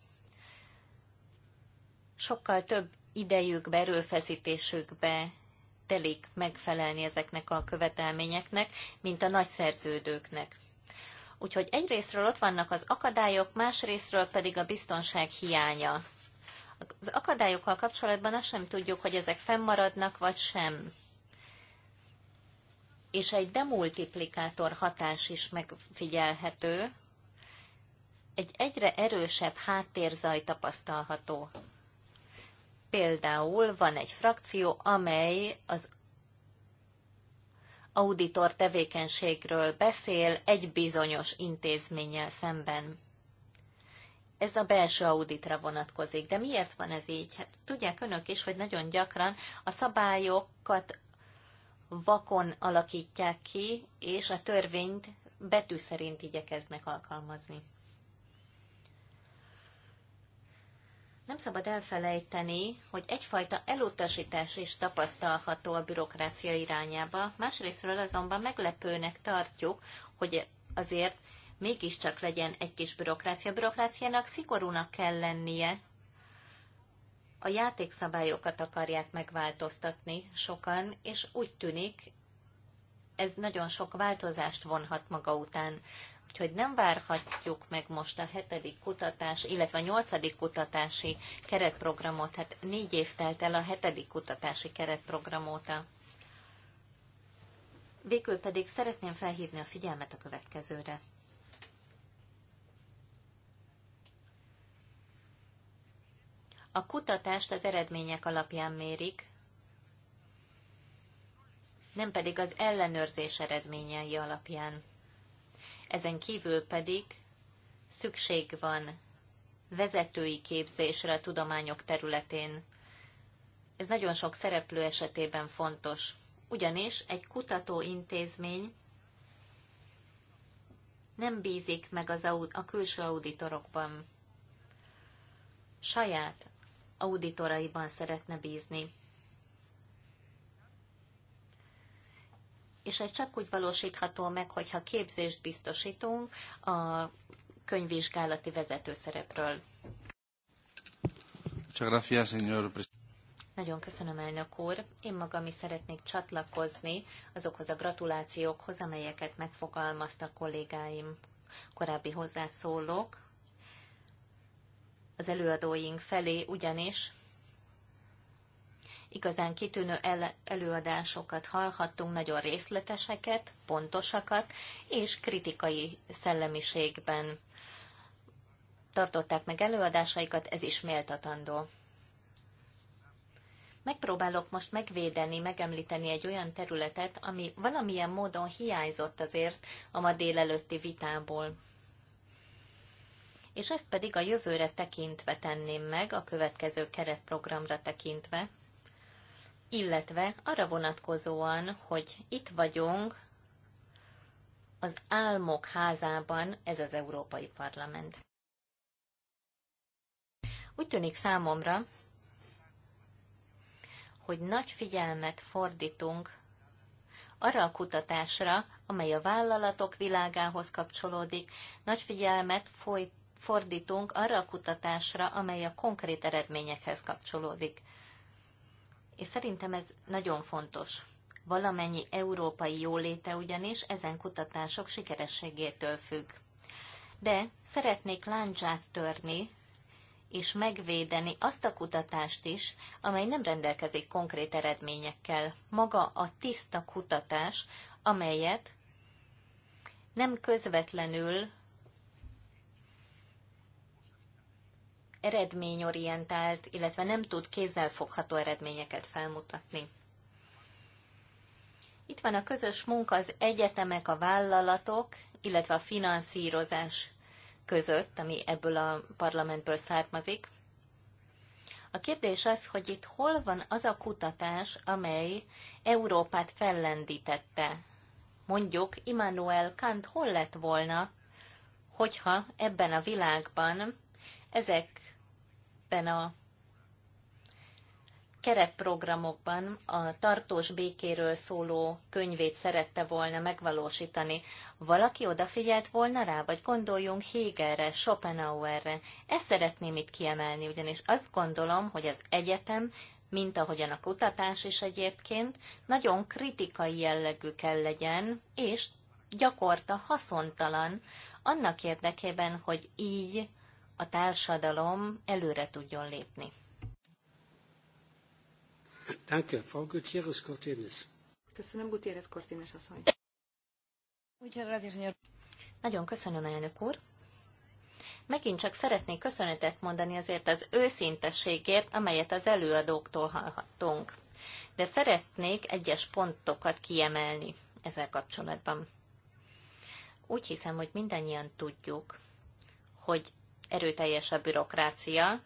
Sokkal több idejük erőfeszítésükbe telik megfelelni ezeknek a követelményeknek, mint a nagy szerződőknek. Úgyhogy egyrésztről ott vannak az akadályok, másrésztről pedig a biztonság hiánya. Az akadályokkal kapcsolatban azt sem tudjuk, hogy ezek fennmaradnak vagy sem és egy demultiplikátor hatás is megfigyelhető, egy egyre erősebb háttérzaj tapasztalható. Például van egy frakció, amely az auditor tevékenységről beszél egy bizonyos intézménnyel szemben. Ez a belső auditra vonatkozik. De miért van ez így? Hát tudják önök is, hogy nagyon gyakran a szabályokat vakon alakítják ki, és a törvényt betű szerint igyekeznek alkalmazni. Nem szabad elfelejteni, hogy egyfajta elutasítás is tapasztalható a bürokrácia irányába, másrésztről azonban meglepőnek tartjuk, hogy azért mégiscsak legyen egy kis bürokrácia. bürokráciának szigorúnak kell lennie, a játékszabályokat akarják megváltoztatni sokan, és úgy tűnik, ez nagyon sok változást vonhat maga után. Úgyhogy nem várhatjuk meg most a hetedik kutatás, illetve a nyolcadik kutatási keretprogramot. Hát négy év telt el a hetedik kutatási keretprogram óta. Végül pedig szeretném felhívni a figyelmet a következőre. A kutatást az eredmények alapján mérik, nem pedig az ellenőrzés eredményei alapján. Ezen kívül pedig szükség van vezetői képzésre a tudományok területén. Ez nagyon sok szereplő esetében fontos, ugyanis egy kutatóintézmény nem bízik meg az a külső auditorokban. Saját auditoraiban szeretne bízni. És ez csak úgy valósítható meg, hogyha képzést biztosítunk a könyvvizsgálati vezető szerepről. Nagyon köszönöm, elnök úr. Én magam is szeretnék csatlakozni azokhoz a gratulációkhoz, amelyeket megfogalmaztak kollégáim, korábbi hozzászólók az előadóink felé, ugyanis igazán kitűnő előadásokat hallhattunk, nagyon részleteseket, pontosakat, és kritikai szellemiségben tartották meg előadásaikat, ez is méltatandó. Megpróbálok most megvédeni, megemlíteni egy olyan területet, ami valamilyen módon hiányzott azért a ma délelőtti vitából és ezt pedig a jövőre tekintve tenném meg, a következő keretprogramra tekintve, illetve arra vonatkozóan, hogy itt vagyunk az álmok házában, ez az Európai Parlament. Úgy tűnik számomra, hogy nagy figyelmet fordítunk arra a kutatásra, amely a vállalatok világához kapcsolódik, nagy figyelmet folyt, fordítunk arra a kutatásra, amely a konkrét eredményekhez kapcsolódik. És szerintem ez nagyon fontos. Valamennyi európai jóléte ugyanis ezen kutatások sikerességétől függ. De szeretnék láncsát törni, és megvédeni azt a kutatást is, amely nem rendelkezik konkrét eredményekkel. Maga a tiszta kutatás, amelyet nem közvetlenül eredményorientált, illetve nem tud kézzelfogható eredményeket felmutatni. Itt van a közös munka az egyetemek, a vállalatok, illetve a finanszírozás között, ami ebből a parlamentből származik. A kérdés az, hogy itt hol van az a kutatás, amely Európát fellendítette. Mondjuk Immanuel Kant hol lett volna, hogyha ebben a világban ezek ebben a keretprogramokban a tartós békéről szóló könyvét szerette volna megvalósítani. Valaki odafigyelt volna rá, vagy gondoljunk Hegelre, Schopenhauerre. Ezt szeretném itt kiemelni, ugyanis azt gondolom, hogy az egyetem, mint ahogyan a kutatás is egyébként, nagyon kritikai jellegű kell legyen, és gyakorta haszontalan, annak érdekében, hogy így a társadalom előre tudjon lépni. Danke, Frau Gutierrez Cortines. Köszönöm, Gutierrez Cortines asszony. Nagyon köszönöm, elnök úr. Megint csak szeretnék köszönetet mondani azért az őszintességért, amelyet az előadóktól hallhattunk. De szeretnék egyes pontokat kiemelni ezzel kapcsolatban. Úgy hiszem, hogy mindannyian tudjuk, hogy erőteljesebb bürokrácia,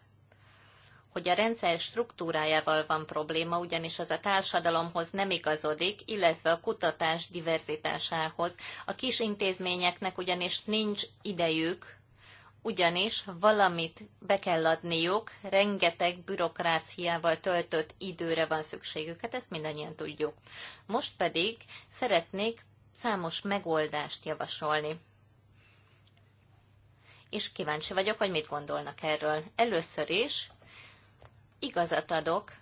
hogy a rendszer struktúrájával van probléma, ugyanis az a társadalomhoz nem igazodik, illetve a kutatás diverzitásához. A kis intézményeknek ugyanis nincs idejük, ugyanis valamit be kell adniuk, rengeteg bürokráciával töltött időre van szükségük, hát ezt mindannyian tudjuk. Most pedig szeretnék számos megoldást javasolni és kíváncsi vagyok, hogy mit gondolnak erről. Először is igazat adok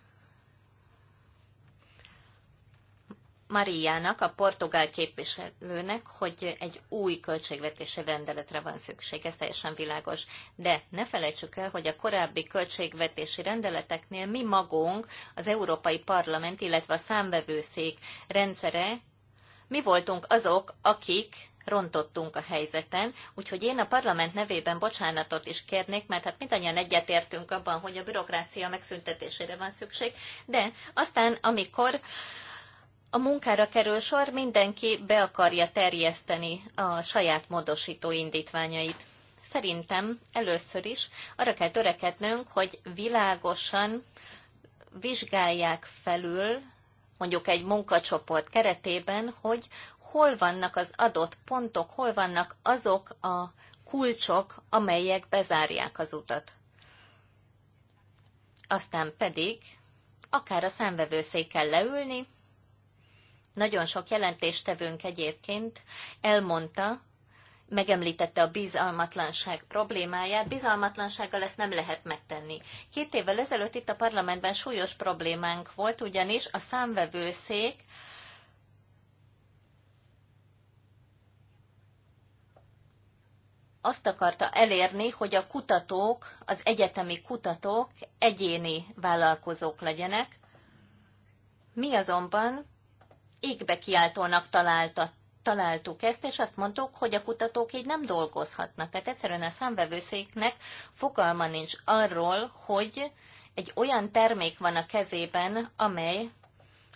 Mariának, a portugál képviselőnek, hogy egy új költségvetési rendeletre van szükség, ez teljesen világos. De ne felejtsük el, hogy a korábbi költségvetési rendeleteknél mi magunk, az Európai Parlament, illetve a számbevőszék rendszere, mi voltunk azok, akik rontottunk a helyzeten, úgyhogy én a parlament nevében bocsánatot is kérnék, mert hát mindannyian egyetértünk abban, hogy a bürokrácia megszüntetésére van szükség, de aztán amikor a munkára kerül sor, mindenki be akarja terjeszteni a saját módosító indítványait. Szerintem először is arra kell törekednünk, hogy világosan vizsgálják felül, mondjuk egy munkacsoport keretében, hogy hol vannak az adott pontok, hol vannak azok a kulcsok, amelyek bezárják az utat. Aztán pedig akár a számvevőszékkel leülni, nagyon sok jelentéstevőnk egyébként elmondta, megemlítette a bizalmatlanság problémáját, bizalmatlansággal ezt nem lehet megtenni. Két évvel ezelőtt itt a parlamentben súlyos problémánk volt, ugyanis a számvevőszék azt akarta elérni, hogy a kutatók, az egyetemi kutatók egyéni vállalkozók legyenek. Mi azonban égbe kiáltónak találta, találtuk ezt, és azt mondtuk, hogy a kutatók így nem dolgozhatnak. Tehát egyszerűen a számvevőszéknek fogalma nincs arról, hogy egy olyan termék van a kezében, amely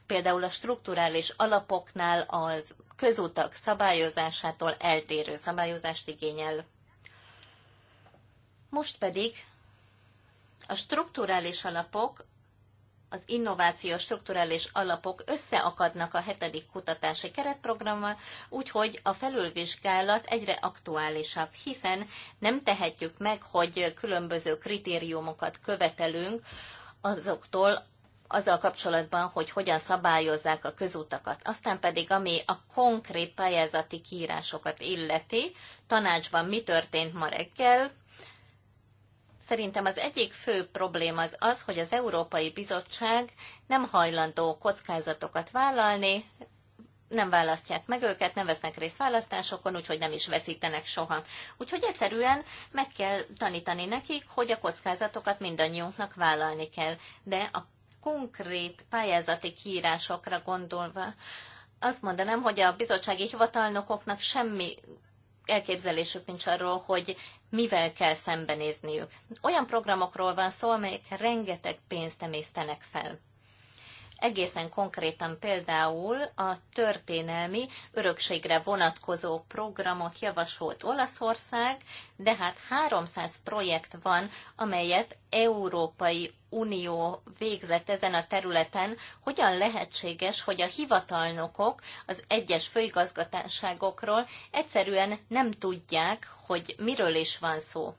például a strukturális alapoknál, az közutak szabályozásától eltérő szabályozást igényel. Most pedig a strukturális alapok, az innovációs strukturális alapok összeakadnak a hetedik kutatási keretprogrammal, úgyhogy a felülvizsgálat egyre aktuálisabb, hiszen nem tehetjük meg, hogy különböző kritériumokat követelünk azoktól, azzal kapcsolatban, hogy hogyan szabályozzák a közutakat. Aztán pedig, ami a konkrét pályázati kiírásokat illeti, tanácsban mi történt ma reggel, Szerintem az egyik fő probléma az az, hogy az Európai Bizottság nem hajlandó kockázatokat vállalni, nem választják meg őket, nem vesznek részt választásokon, úgyhogy nem is veszítenek soha. Úgyhogy egyszerűen meg kell tanítani nekik, hogy a kockázatokat mindannyiunknak vállalni kell, de a konkrét pályázati kiírásokra gondolva, azt mondanám, hogy a bizottsági hivatalnokoknak semmi elképzelésük nincs arról, hogy mivel kell szembenézniük. Olyan programokról van szó, amelyek rengeteg pénzt emésztenek fel egészen konkrétan például a történelmi örökségre vonatkozó programot javasolt Olaszország, de hát 300 projekt van, amelyet Európai Unió végzett ezen a területen, hogyan lehetséges, hogy a hivatalnokok az egyes főigazgatáságokról egyszerűen nem tudják, hogy miről is van szó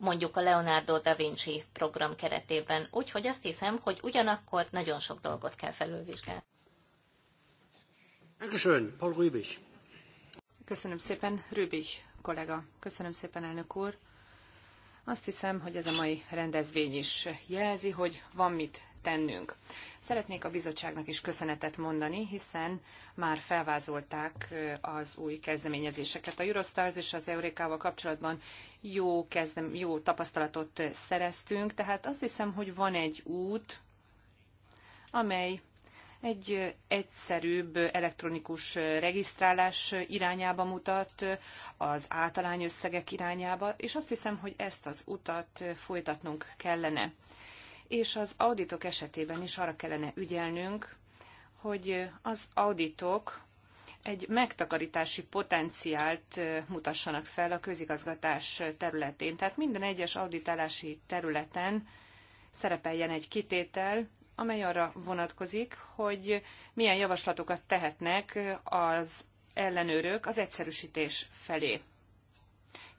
mondjuk a Leonardo da Vinci program keretében. Úgyhogy azt hiszem, hogy ugyanakkor nagyon sok dolgot kell felülvizsgálni. Köszönöm, Paul Rübig. Köszönöm szépen, Rübig kollega. Köszönöm szépen, elnök úr. Azt hiszem, hogy ez a mai rendezvény is jelzi, hogy van mit tennünk. Szeretnék a bizottságnak is köszönetet mondani, hiszen már felvázolták az új kezdeményezéseket. A Eurostars és az Eurékával kapcsolatban jó, kezdem, jó tapasztalatot szereztünk, tehát azt hiszem, hogy van egy út, amely egy egyszerűbb elektronikus regisztrálás irányába mutat, az általány összegek irányába, és azt hiszem, hogy ezt az utat folytatnunk kellene és az auditok esetében is arra kellene ügyelnünk, hogy az auditok egy megtakarítási potenciált mutassanak fel a közigazgatás területén. Tehát minden egyes auditálási területen szerepeljen egy kitétel, amely arra vonatkozik, hogy milyen javaslatokat tehetnek az ellenőrök az egyszerűsítés felé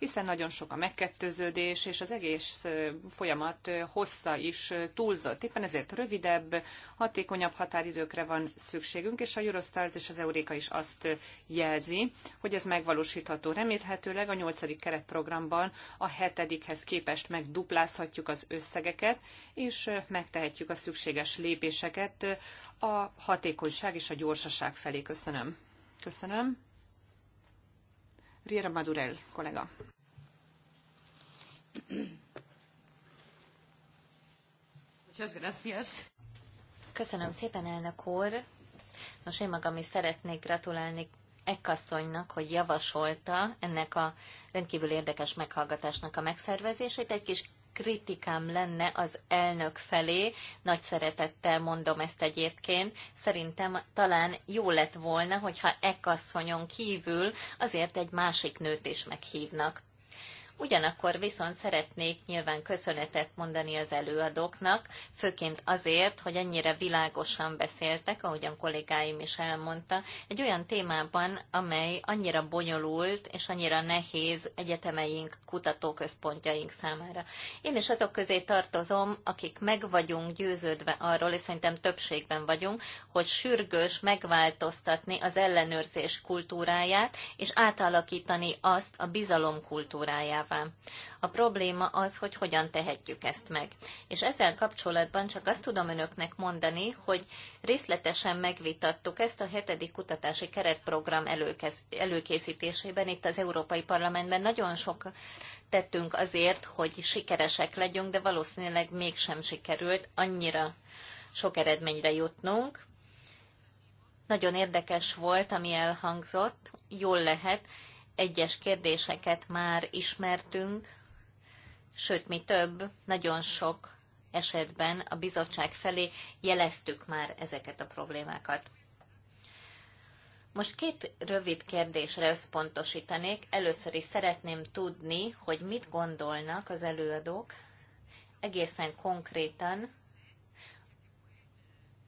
hiszen nagyon sok a megkettőződés, és az egész folyamat hossza is túlzott. Éppen ezért rövidebb, hatékonyabb határidőkre van szükségünk, és a Eurostars és az Euréka is azt jelzi, hogy ez megvalósítható. Remélhetőleg a nyolcadik keretprogramban a hetedikhez képest megduplázhatjuk az összegeket, és megtehetjük a szükséges lépéseket a hatékonyság és a gyorsaság felé. Köszönöm. Köszönöm. Riera Madurell kollega. Köszönöm szépen, elnök úr. Nos, én magam is szeretnék gratulálni Ekkasszonynak, hogy javasolta ennek a rendkívül érdekes meghallgatásnak a megszervezését. Egy kis kritikám lenne az elnök felé, nagy szeretettel mondom ezt egyébként, szerintem talán jó lett volna, hogyha ekasszonyon kívül azért egy másik nőt is meghívnak. Ugyanakkor viszont szeretnék nyilván köszönetet mondani az előadóknak, főként azért, hogy ennyire világosan beszéltek, ahogyan kollégáim is elmondta, egy olyan témában, amely annyira bonyolult és annyira nehéz egyetemeink, kutatóközpontjaink számára. Én is azok közé tartozom, akik meg vagyunk győződve arról, és szerintem többségben vagyunk, hogy sürgős megváltoztatni az ellenőrzés kultúráját, és átalakítani azt a bizalom kultúrájával nyilván. A probléma az, hogy hogyan tehetjük ezt meg. És ezzel kapcsolatban csak azt tudom önöknek mondani, hogy részletesen megvitattuk ezt a hetedik kutatási keretprogram előkészítésében itt az Európai Parlamentben. Nagyon sok tettünk azért, hogy sikeresek legyünk, de valószínűleg mégsem sikerült annyira sok eredményre jutnunk. Nagyon érdekes volt, ami elhangzott, jól lehet, egyes kérdéseket már ismertünk, sőt, mi több, nagyon sok esetben a bizottság felé jeleztük már ezeket a problémákat. Most két rövid kérdésre összpontosítanék. Először is szeretném tudni, hogy mit gondolnak az előadók egészen konkrétan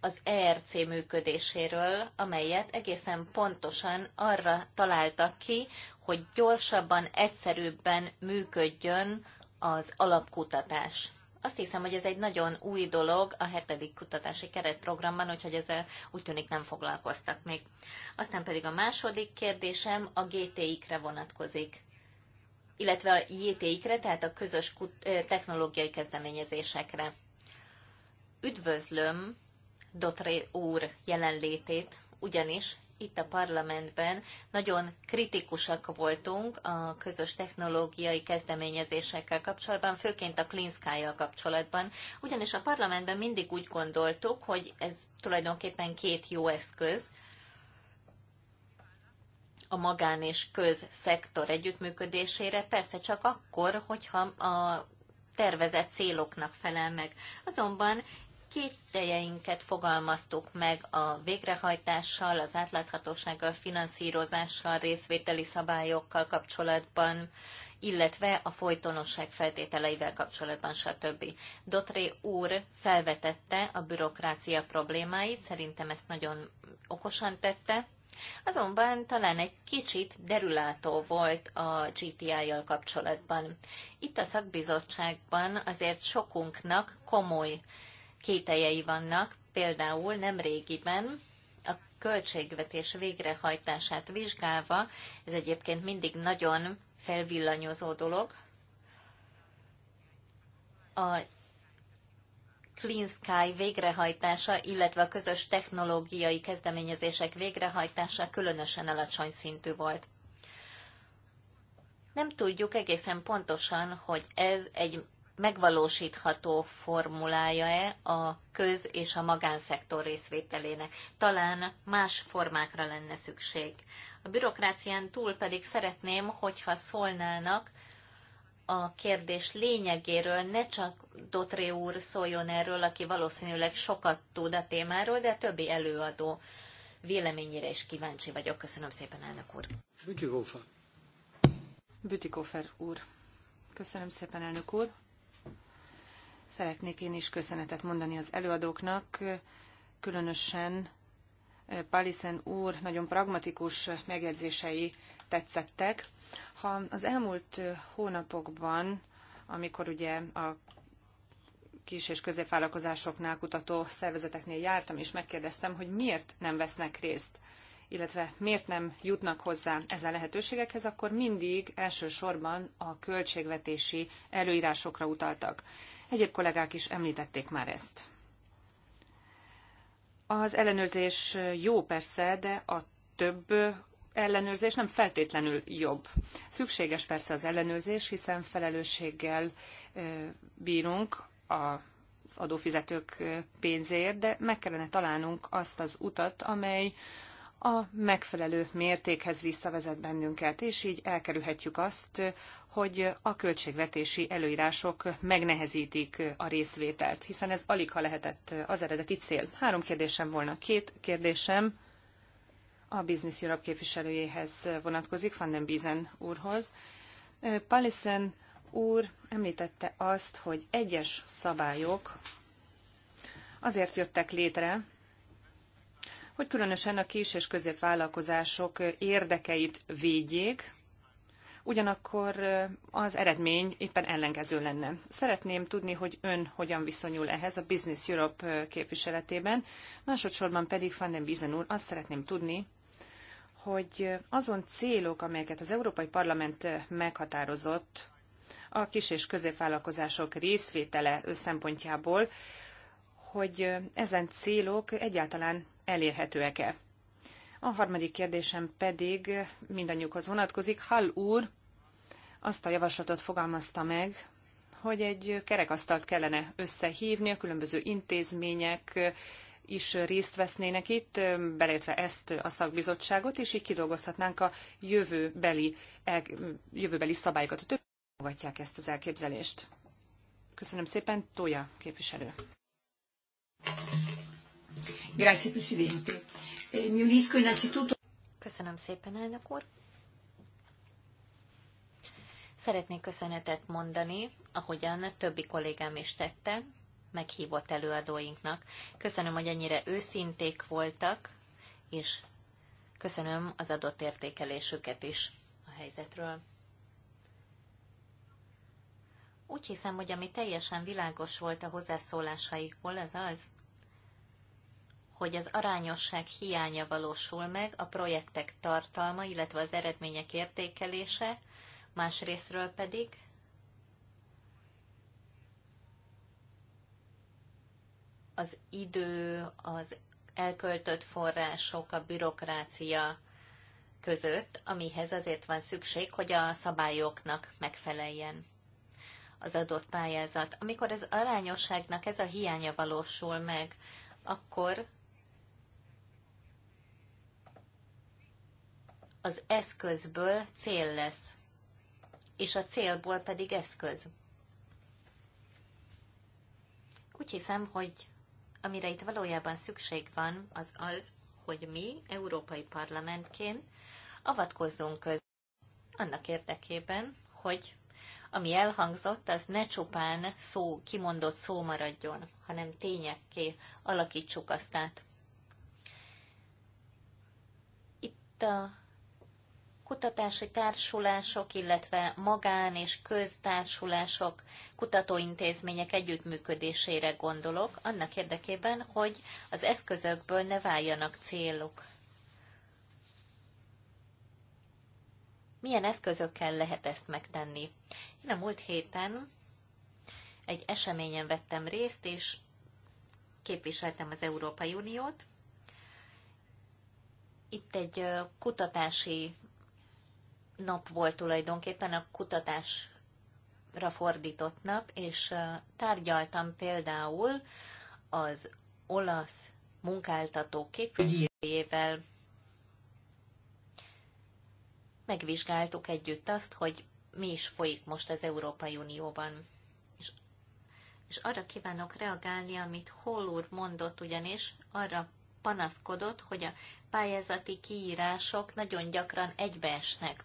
az ERC működéséről, amelyet egészen pontosan arra találtak ki, hogy gyorsabban, egyszerűbben működjön az alapkutatás. Azt hiszem, hogy ez egy nagyon új dolog a hetedik kutatási keretprogramban, úgyhogy ezzel úgy tűnik nem foglalkoztak még. Aztán pedig a második kérdésem a GTI-kre vonatkozik illetve a JTI-kre, tehát a közös technológiai kezdeményezésekre. Üdvözlöm Dotré úr jelenlétét, ugyanis itt a parlamentben nagyon kritikusak voltunk a közös technológiai kezdeményezésekkel kapcsolatban, főként a Clean sky kapcsolatban, ugyanis a parlamentben mindig úgy gondoltuk, hogy ez tulajdonképpen két jó eszköz, a magán és közszektor együttműködésére, persze csak akkor, hogyha a tervezett céloknak felel meg. Azonban kételjeinket fogalmaztuk meg a végrehajtással, az átláthatósággal, finanszírozással, részvételi szabályokkal kapcsolatban, illetve a folytonosság feltételeivel kapcsolatban, stb. Dotré úr felvetette a bürokrácia problémáit, szerintem ezt nagyon okosan tette, Azonban talán egy kicsit derülátó volt a GTI-jal kapcsolatban. Itt a szakbizottságban azért sokunknak komoly kételjei vannak, például nem régiben a költségvetés végrehajtását vizsgálva, ez egyébként mindig nagyon felvillanyozó dolog, a Clean Sky végrehajtása, illetve a közös technológiai kezdeményezések végrehajtása különösen alacsony szintű volt. Nem tudjuk egészen pontosan, hogy ez egy megvalósítható formulája-e a köz- és a magánszektor részvételének. Talán más formákra lenne szükség. A bürokrácián túl pedig szeretném, hogyha szólnának a kérdés lényegéről, ne csak Dotré úr szóljon erről, aki valószínűleg sokat tud a témáról, de a többi előadó véleményére is kíváncsi vagyok. Köszönöm szépen, elnök úr. Bütikofer. Bütikofer úr. Köszönöm szépen, elnök úr. Szeretnék én is köszönetet mondani az előadóknak, különösen eh, Palisen úr nagyon pragmatikus megjegyzései tetszettek. Ha az elmúlt eh, hónapokban, amikor ugye a kis és középvállalkozásoknál kutató szervezeteknél jártam, és megkérdeztem, hogy miért nem vesznek részt, illetve miért nem jutnak hozzá ezen lehetőségekhez, akkor mindig elsősorban a költségvetési előírásokra utaltak. Egyéb kollégák is említették már ezt. Az ellenőrzés jó persze, de a több ellenőrzés nem feltétlenül jobb. Szükséges persze az ellenőrzés, hiszen felelősséggel bírunk a az adófizetők pénzéért, de meg kellene találnunk azt az utat, amely a megfelelő mértékhez visszavezet bennünket, és így elkerülhetjük azt, hogy a költségvetési előírások megnehezítik a részvételt, hiszen ez alig ha lehetett az eredeti cél. Három kérdésem volna. Két kérdésem a Business Europe képviselőjéhez vonatkozik, Van den Biesen úrhoz. Palisen úr említette azt, hogy egyes szabályok azért jöttek létre, hogy különösen a kis és középvállalkozások érdekeit védjék, ugyanakkor az eredmény éppen ellenkező lenne. Szeretném tudni, hogy ön hogyan viszonyul ehhez a Business Europe képviseletében, másodszorban pedig Van den Bizen úr, azt szeretném tudni, hogy azon célok, amelyeket az Európai Parlament meghatározott a kis- és középvállalkozások részvétele szempontjából, hogy ezen célok egyáltalán elérhetőek-e. A harmadik kérdésem pedig mindannyiukhoz vonatkozik. Hall úr azt a javaslatot fogalmazta meg, hogy egy kerekasztalt kellene összehívni, a különböző intézmények is részt vesznének itt, beleértve ezt a szakbizottságot, és így kidolgozhatnánk a jövőbeli, jövőbeli szabályokat. A többiek támogatják ezt az elképzelést. Köszönöm szépen, Tója képviselő. Grazie, Presidente innanzitutto. Köszönöm szépen, elnök úr. Szeretnék köszönetet mondani, ahogyan többi kollégám is tette, meghívott előadóinknak. Köszönöm, hogy ennyire őszinték voltak, és köszönöm az adott értékelésüket is a helyzetről. Úgy hiszem, hogy ami teljesen világos volt a hozzászólásaikból, az az, hogy az arányosság hiánya valósul meg, a projektek tartalma, illetve az eredmények értékelése, másrésztről pedig az idő, az elköltött források, a bürokrácia között, amihez azért van szükség, hogy a szabályoknak megfeleljen az adott pályázat. Amikor az arányosságnak ez a hiánya valósul meg, akkor az eszközből cél lesz, és a célból pedig eszköz. Úgy hiszem, hogy amire itt valójában szükség van, az az, hogy mi, Európai Parlamentként avatkozzunk közé annak érdekében, hogy ami elhangzott, az ne csupán szó, kimondott szó maradjon, hanem tényekké alakítsuk azt át. Itt a kutatási társulások, illetve magán és köztársulások, kutatóintézmények együttműködésére gondolok, annak érdekében, hogy az eszközökből ne váljanak célok. Milyen eszközökkel lehet ezt megtenni? Én a múlt héten egy eseményen vettem részt, és képviseltem az Európai Uniót. Itt egy kutatási nap volt tulajdonképpen a kutatásra fordított nap, és tárgyaltam például az olasz munkáltató képviselőjével. Megvizsgáltuk együtt azt, hogy mi is folyik most az Európai Unióban. És, és arra kívánok reagálni, amit Hall úr mondott, ugyanis arra panaszkodott, hogy a pályázati kiírások nagyon gyakran egybeesnek.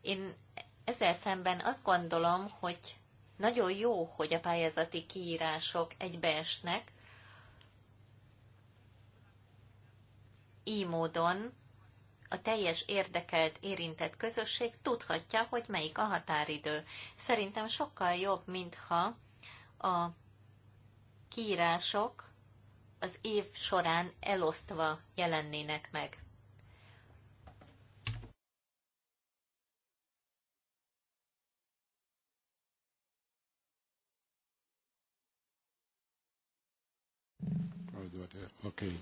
Én ezzel szemben azt gondolom, hogy nagyon jó, hogy a pályázati kiírások egybeesnek, így módon a teljes érdekelt, érintett közösség tudhatja, hogy melyik a határidő. Szerintem sokkal jobb, mintha a kiírások az év során elosztva jelennének meg. Okay.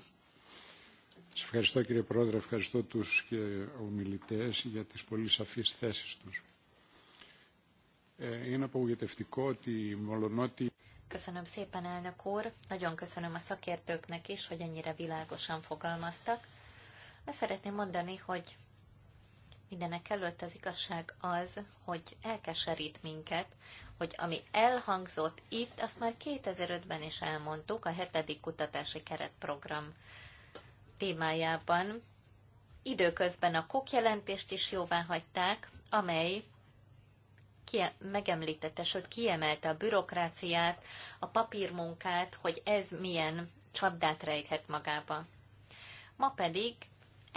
Σας ευχαριστώ κύριε Πρόεδρε, ευχαριστώ τους και ομιλητές για τις πολύ σαφείς θέσεις τους. Ε, είναι απογοητευτικό ότι μολονότι... Köszönöm szépen, elnök úr! Nagyon köszönöm a szakértőknek is, hogy ennyire világosan fogalmaztak. Ezt szeretném mondani, hogy Mindenek előtt az igazság az, hogy elkeserít minket, hogy ami elhangzott itt, azt már 2005-ben is elmondtuk a hetedik kutatási keretprogram témájában. Időközben a KOK jelentést is jóvá hagyták, amely megemlítette, sőt kiemelte a bürokráciát, a papírmunkát, hogy ez milyen csapdát rejthet magába. Ma pedig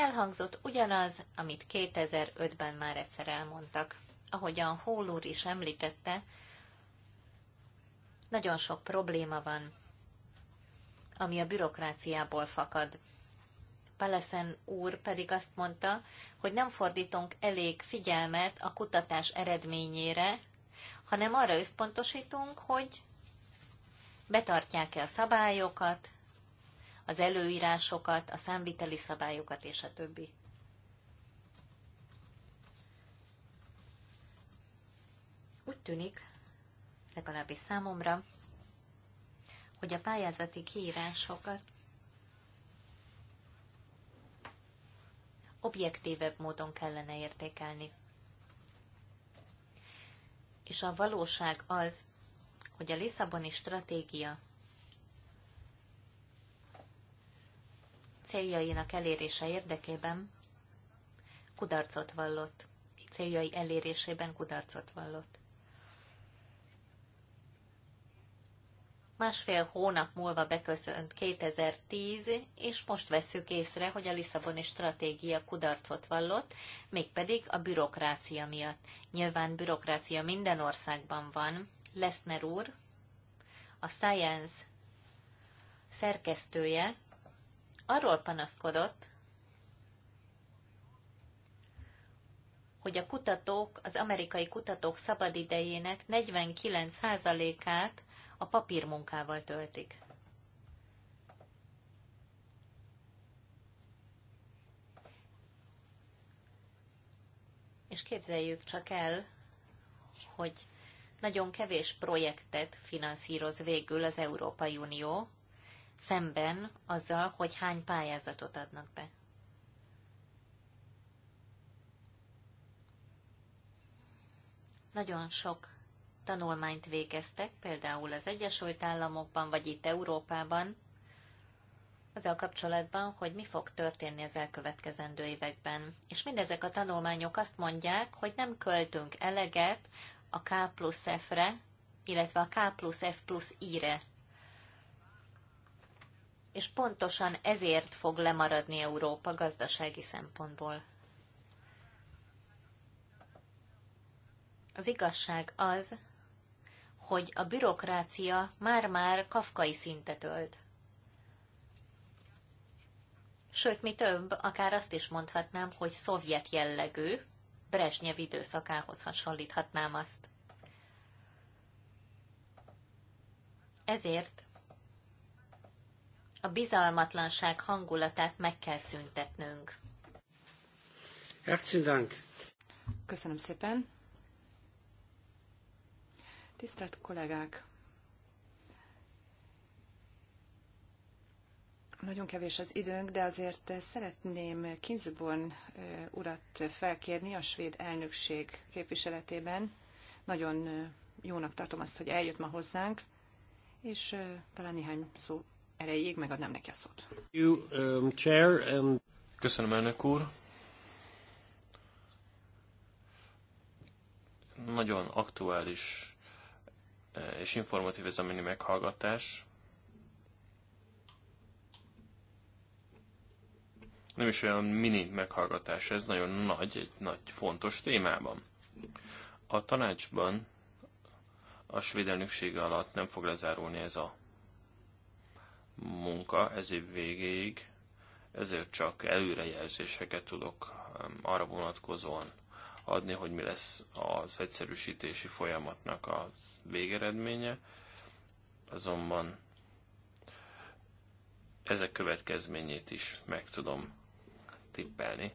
Elhangzott ugyanaz, amit 2005-ben már egyszer elmondtak. Ahogyan Hall úr is említette, nagyon sok probléma van, ami a bürokráciából fakad. Paleszen úr pedig azt mondta, hogy nem fordítunk elég figyelmet a kutatás eredményére, hanem arra összpontosítunk, hogy betartják-e a szabályokat, az előírásokat, a számviteli szabályokat és a többi. Úgy tűnik, legalábbis számomra, hogy a pályázati kiírásokat objektívebb módon kellene értékelni. És a valóság az, hogy a Lisszaboni stratégia céljainak elérése érdekében kudarcot vallott. Céljai elérésében kudarcot vallott. Másfél hónap múlva beköszönt 2010, és most veszük észre, hogy a Lisszaboni stratégia kudarcot vallott, mégpedig a bürokrácia miatt. Nyilván bürokrácia minden országban van. Leszner úr, a Science szerkesztője arról panaszkodott, hogy a kutatók, az amerikai kutatók szabadidejének 49%-át a papírmunkával töltik. És képzeljük csak el, hogy nagyon kevés projektet finanszíroz végül az Európai Unió, szemben azzal, hogy hány pályázatot adnak be. Nagyon sok tanulmányt végeztek, például az Egyesült Államokban, vagy itt Európában, azzal kapcsolatban, hogy mi fog történni az elkövetkezendő években. És mindezek a tanulmányok azt mondják, hogy nem költünk eleget a K plusz F-re, illetve a K plusz F plusz I-re és pontosan ezért fog lemaradni Európa gazdasági szempontból. Az igazság az, hogy a bürokrácia már-már kafkai szintet ölt. Sőt, mi több, akár azt is mondhatnám, hogy szovjet jellegű, Brezsnyev időszakához hasonlíthatnám azt. Ezért a bizalmatlanság hangulatát meg kell szüntetnünk. Herzlichen Dank. Köszönöm szépen. Tisztelt kollégák! Nagyon kevés az időnk, de azért szeretném Kinzborn urat felkérni a svéd elnökség képviseletében. Nagyon jónak tartom azt, hogy eljött ma hozzánk, és talán néhány szó erejéig megadnám neki a szót. Um, Köszönöm, elnök úr. Nagyon aktuális eh, és informatív ez a mini meghallgatás. Nem is olyan mini meghallgatás, ez nagyon nagy, egy nagy fontos témában. A tanácsban a svéd elnöksége alatt nem fog lezárulni ez a munka ez év végéig, ezért csak előrejelzéseket tudok um, arra vonatkozóan adni, hogy mi lesz az egyszerűsítési folyamatnak a végeredménye. Azonban ezek következményét is meg tudom tippelni.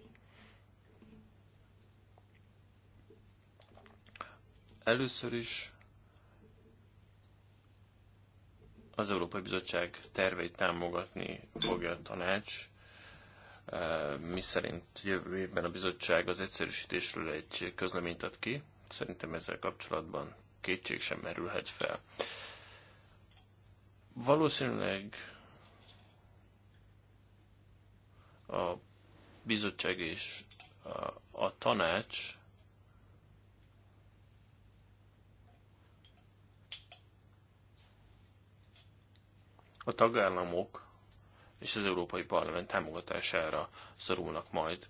Először is az Európai Bizottság terveit támogatni fogja a tanács, e, mi szerint jövő évben a bizottság az egyszerűsítésről egy közleményt ad ki. Szerintem ezzel kapcsolatban kétség sem merülhet fel. Valószínűleg a bizottság és a, a tanács A tagállamok és az Európai Parlament támogatására szorulnak majd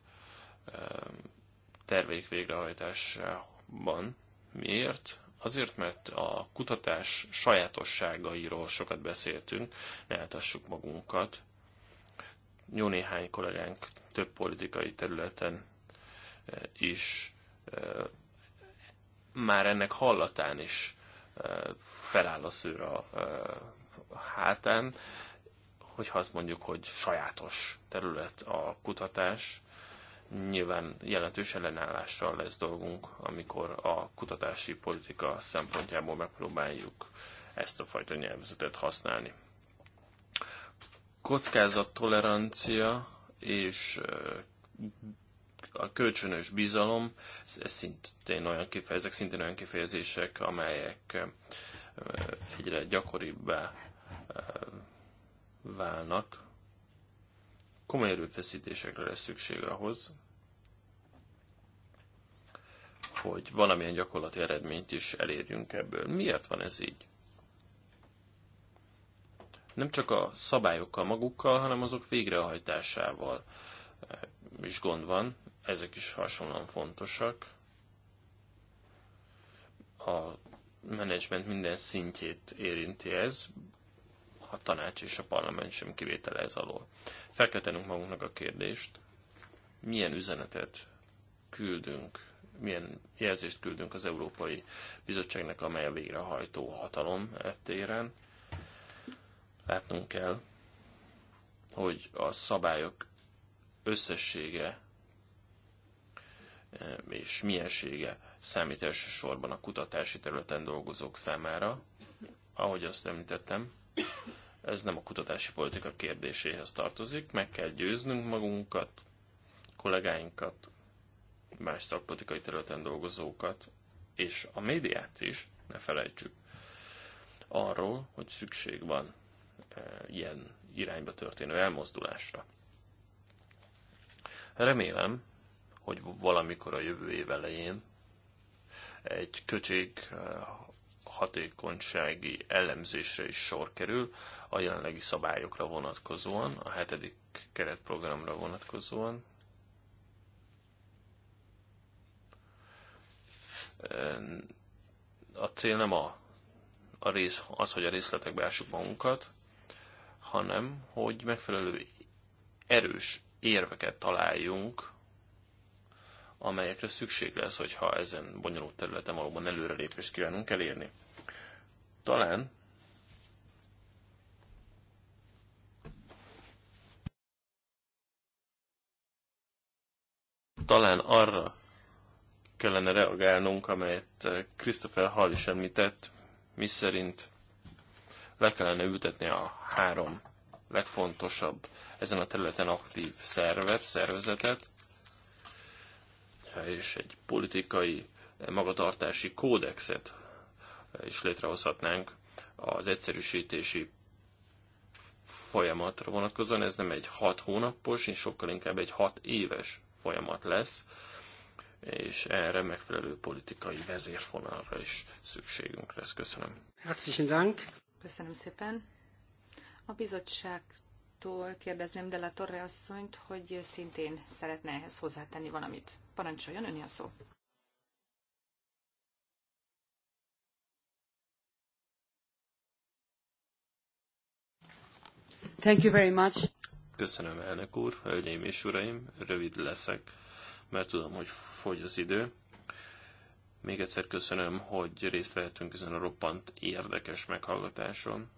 tervék végrehajtásában. Miért? Azért, mert a kutatás sajátosságairól sokat beszéltünk, ne eltassuk magunkat. Jó néhány kollégánk több politikai területen is már ennek hallatán is feláll a szőr a hátán, hogyha azt mondjuk, hogy sajátos terület a kutatás, nyilván jelentős ellenállással lesz dolgunk, amikor a kutatási politika szempontjából megpróbáljuk ezt a fajta nyelvezetet használni. Kockázat tolerancia és a kölcsönös bizalom, ez, szintén olyan kifejezek, szintén olyan kifejezések, amelyek egyre gyakoribbá válnak. Komoly erőfeszítésekre lesz szükség ahhoz, hogy valamilyen gyakorlati eredményt is elérjünk ebből. Miért van ez így? Nem csak a szabályokkal magukkal, hanem azok végrehajtásával eh, is gond van, ezek is hasonlóan fontosak. A menedzsment minden szintjét érinti ez, a tanács és a parlament sem kivétele ez alól. Fel kell tennünk magunknak a kérdést, milyen üzenetet küldünk, milyen jelzést küldünk az Európai Bizottságnak, amely a végrehajtó hatalom téren. Látnunk kell, hogy a szabályok összessége eh, és miensége számít elsősorban a kutatási területen dolgozók számára. Ahogy azt említettem, ez nem a kutatási politika kérdéséhez tartozik, meg kell győznünk magunkat, kollégáinkat, más szakpolitikai területen dolgozókat, és a médiát is, ne felejtsük, arról, hogy szükség van e, ilyen irányba történő elmozdulásra. Remélem, hogy valamikor a jövő év elején egy kötség e, hatékonysági elemzésre is sor kerül a jelenlegi szabályokra vonatkozóan, a hetedik keretprogramra vonatkozóan. A cél nem a, a rész, az, hogy a részletekbe ássuk magunkat, hanem hogy megfelelő erős érveket találjunk amelyekre szükség lesz, hogyha ezen bonyolult területen valóban előrelépést kívánunk elérni. Talán talán arra kellene reagálnunk, amelyet eh, Christopher Hall is említett, miszerint le kellene ültetni a három legfontosabb ezen a területen aktív szervet, szervezetet, és egy politikai magatartási kódexet is létrehozhatnánk az egyszerűsítési folyamatra vonatkozóan. Ez nem egy hat hónapos, és sokkal inkább egy hat éves folyamat lesz, és erre megfelelő politikai vezérfonalra is szükségünk lesz. Köszönöm. Herzlichen Dank. Köszönöm szépen. A bizottság Tól kérdezném la Torre asszonyt, hogy szintén szeretne ehhez hozzátenni valamit. Parancsoljon, önni a szó. Thank you very much. Köszönöm, elnök úr, hölgyeim és uraim, rövid leszek, mert tudom, hogy fogy az idő. Még egyszer köszönöm, hogy részt vehetünk ezen a roppant érdekes meghallgatáson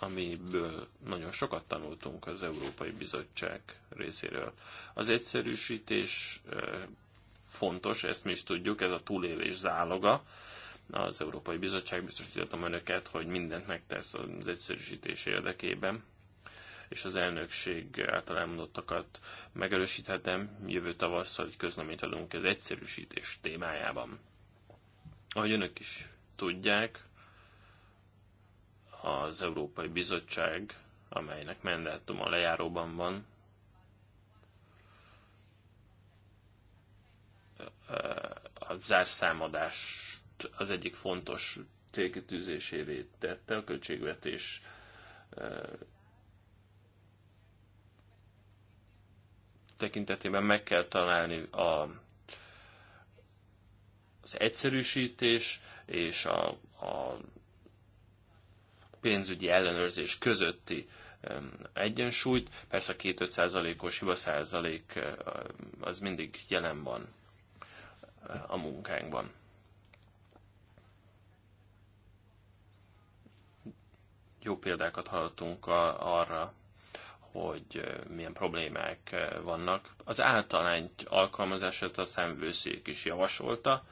amiből nagyon sokat tanultunk az Európai Bizottság részéről. Az egyszerűsítés fontos, ezt mi is tudjuk, ez a túlélés záloga. Az Európai Bizottság biztosítottam önöket, hogy mindent megtesz az egyszerűsítés érdekében, és az elnökség által elmondottakat megerősíthetem. Jövő tavasszal hogy közleményt adunk az egyszerűsítés témájában. Ahogy önök is tudják, az Európai Bizottság, amelynek a lejáróban van, a zárszámadást az egyik fontos célkitűzésévé tette a költségvetés tekintetében meg kell találni a, az egyszerűsítés és a, a pénzügyi ellenőrzés közötti egyensúlyt. Persze a két 5 százalékos hiba százalék az mindig jelen van a munkánkban. Jó példákat hallottunk arra, hogy milyen problémák vannak. Az általány alkalmazását a szemvőszék is javasolta,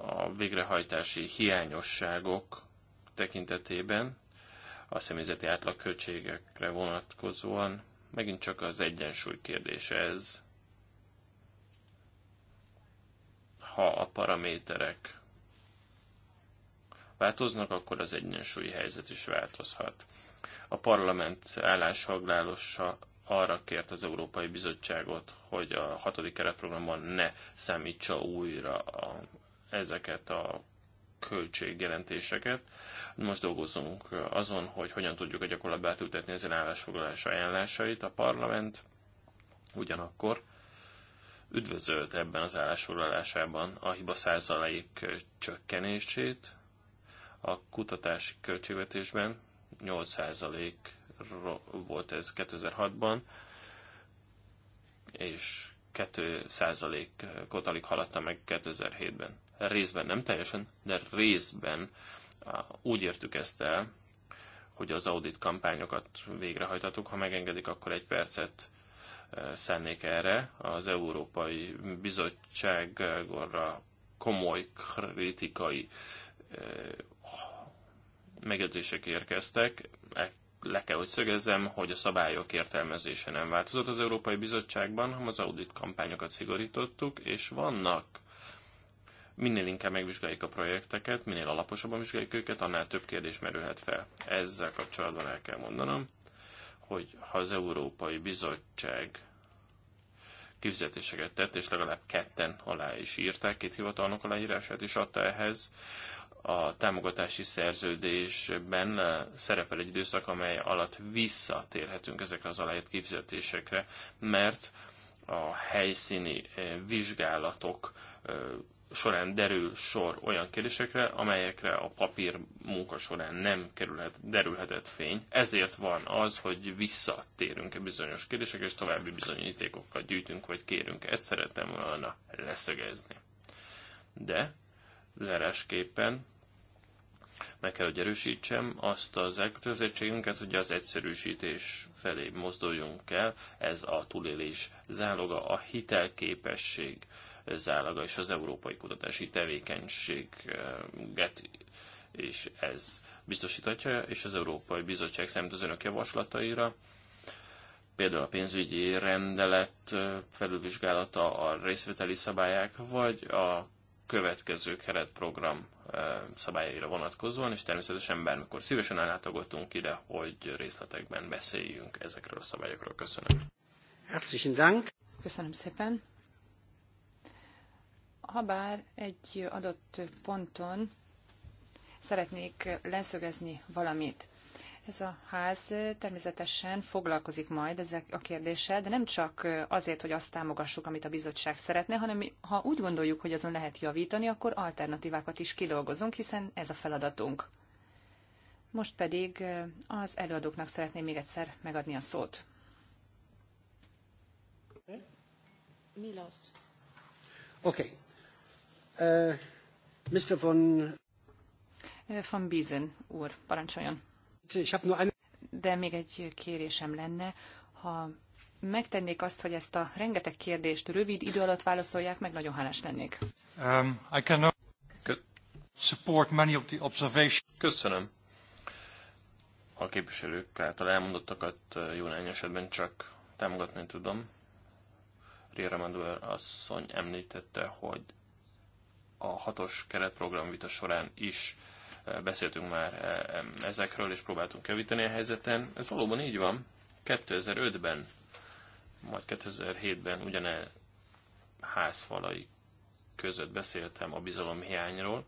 a végrehajtási hiányosságok tekintetében a személyzeti átlagköltségekre vonatkozóan megint csak az egyensúly kérdése ez. Ha a paraméterek változnak, akkor az egyensúlyi helyzet is változhat. A parlament állásfoglalása arra kért az Európai Bizottságot, hogy a hatodik keretprogramban ne számítsa újra a ezeket a költségjelentéseket. Most dolgozunk azon, hogy hogyan tudjuk a gyakorlatba átültetni ezen állásfoglalás ajánlásait. A parlament ugyanakkor üdvözölt ebben az állásfoglalásában a hiba százalék csökkenését, a kutatási költségvetésben 8 százalék volt ez 2006-ban, és 2 százalékot alig haladta meg 2007-ben részben, nem teljesen, de részben úgy értük ezt el, hogy az audit kampányokat végrehajtatuk. Ha megengedik, akkor egy percet szennék erre. Az Európai Bizottságra komoly kritikai megjegyzések érkeztek. E, le kell, hogy szögezzem, hogy a szabályok értelmezése nem változott az Európai Bizottságban, hanem az audit kampányokat szigorítottuk, és vannak Minél inkább megvizsgáljuk a projekteket, minél alaposabban vizsgáljuk őket, annál több kérdés merülhet fel. Ezzel kapcsolatban el kell mondanom, hogy ha az Európai Bizottság kifizetéseket tett, és legalább ketten alá is írták, két hivatalnok aláírását is adta ehhez, a támogatási szerződésben eh, szerepel egy időszak, amely alatt visszatérhetünk ezekre az aláírt kifizetésekre, mert a helyszíni eh, vizsgálatok eh, során derül sor olyan kérdésekre, amelyekre a papír munka során nem kerülhet, derülhetett fény. Ezért van az, hogy visszatérünk a bizonyos kérdésekre, és további bizonyítékokat gyűjtünk, vagy kérünk. Ezt szeretem volna leszögezni. De zárásképpen meg kell, hogy erősítsem azt az elkötelezettségünket, hogy az egyszerűsítés felé mozduljunk el. Ez a túlélés záloga, a hitelképesség zálaga és az európai kutatási tevékenységet és ez biztosítatja, és az Európai Bizottság számít az önök javaslataira, például a pénzügyi rendelet felülvizsgálata, a részvételi szabályák, vagy a következő keretprogram szabályaira vonatkozóan, és természetesen bármikor szívesen ellátogatunk ide, hogy részletekben beszéljünk ezekről a szabályokról. Köszönöm. Herzlichen Dank. Köszönöm szépen habár egy adott ponton szeretnék leszögezni valamit. Ez a ház természetesen foglalkozik majd ezek a kérdéssel, de nem csak azért, hogy azt támogassuk, amit a bizottság szeretne, hanem ha úgy gondoljuk, hogy azon lehet javítani, akkor alternatívákat is kidolgozunk, hiszen ez a feladatunk. Most pedig az előadóknak szeretném még egyszer megadni a szót. Okay. Mr. von... Van Biesen úr, parancsoljon. De még egy kérésem lenne, ha megtennék azt, hogy ezt a rengeteg kérdést rövid idő alatt válaszolják, meg nagyon hálás lennék. Um, I support many of the observations. Köszönöm. A képviselők által elmondottakat jó néhány esetben csak támogatni tudom. Riera Manuel asszony említette, hogy a hatos keretprogram vita során is eh, beszéltünk már eh, ezekről, és próbáltunk javítani a helyzeten. Ez valóban így van. 2005-ben, majd 2007-ben ugyane házfalai között beszéltem a bizalom hiányról,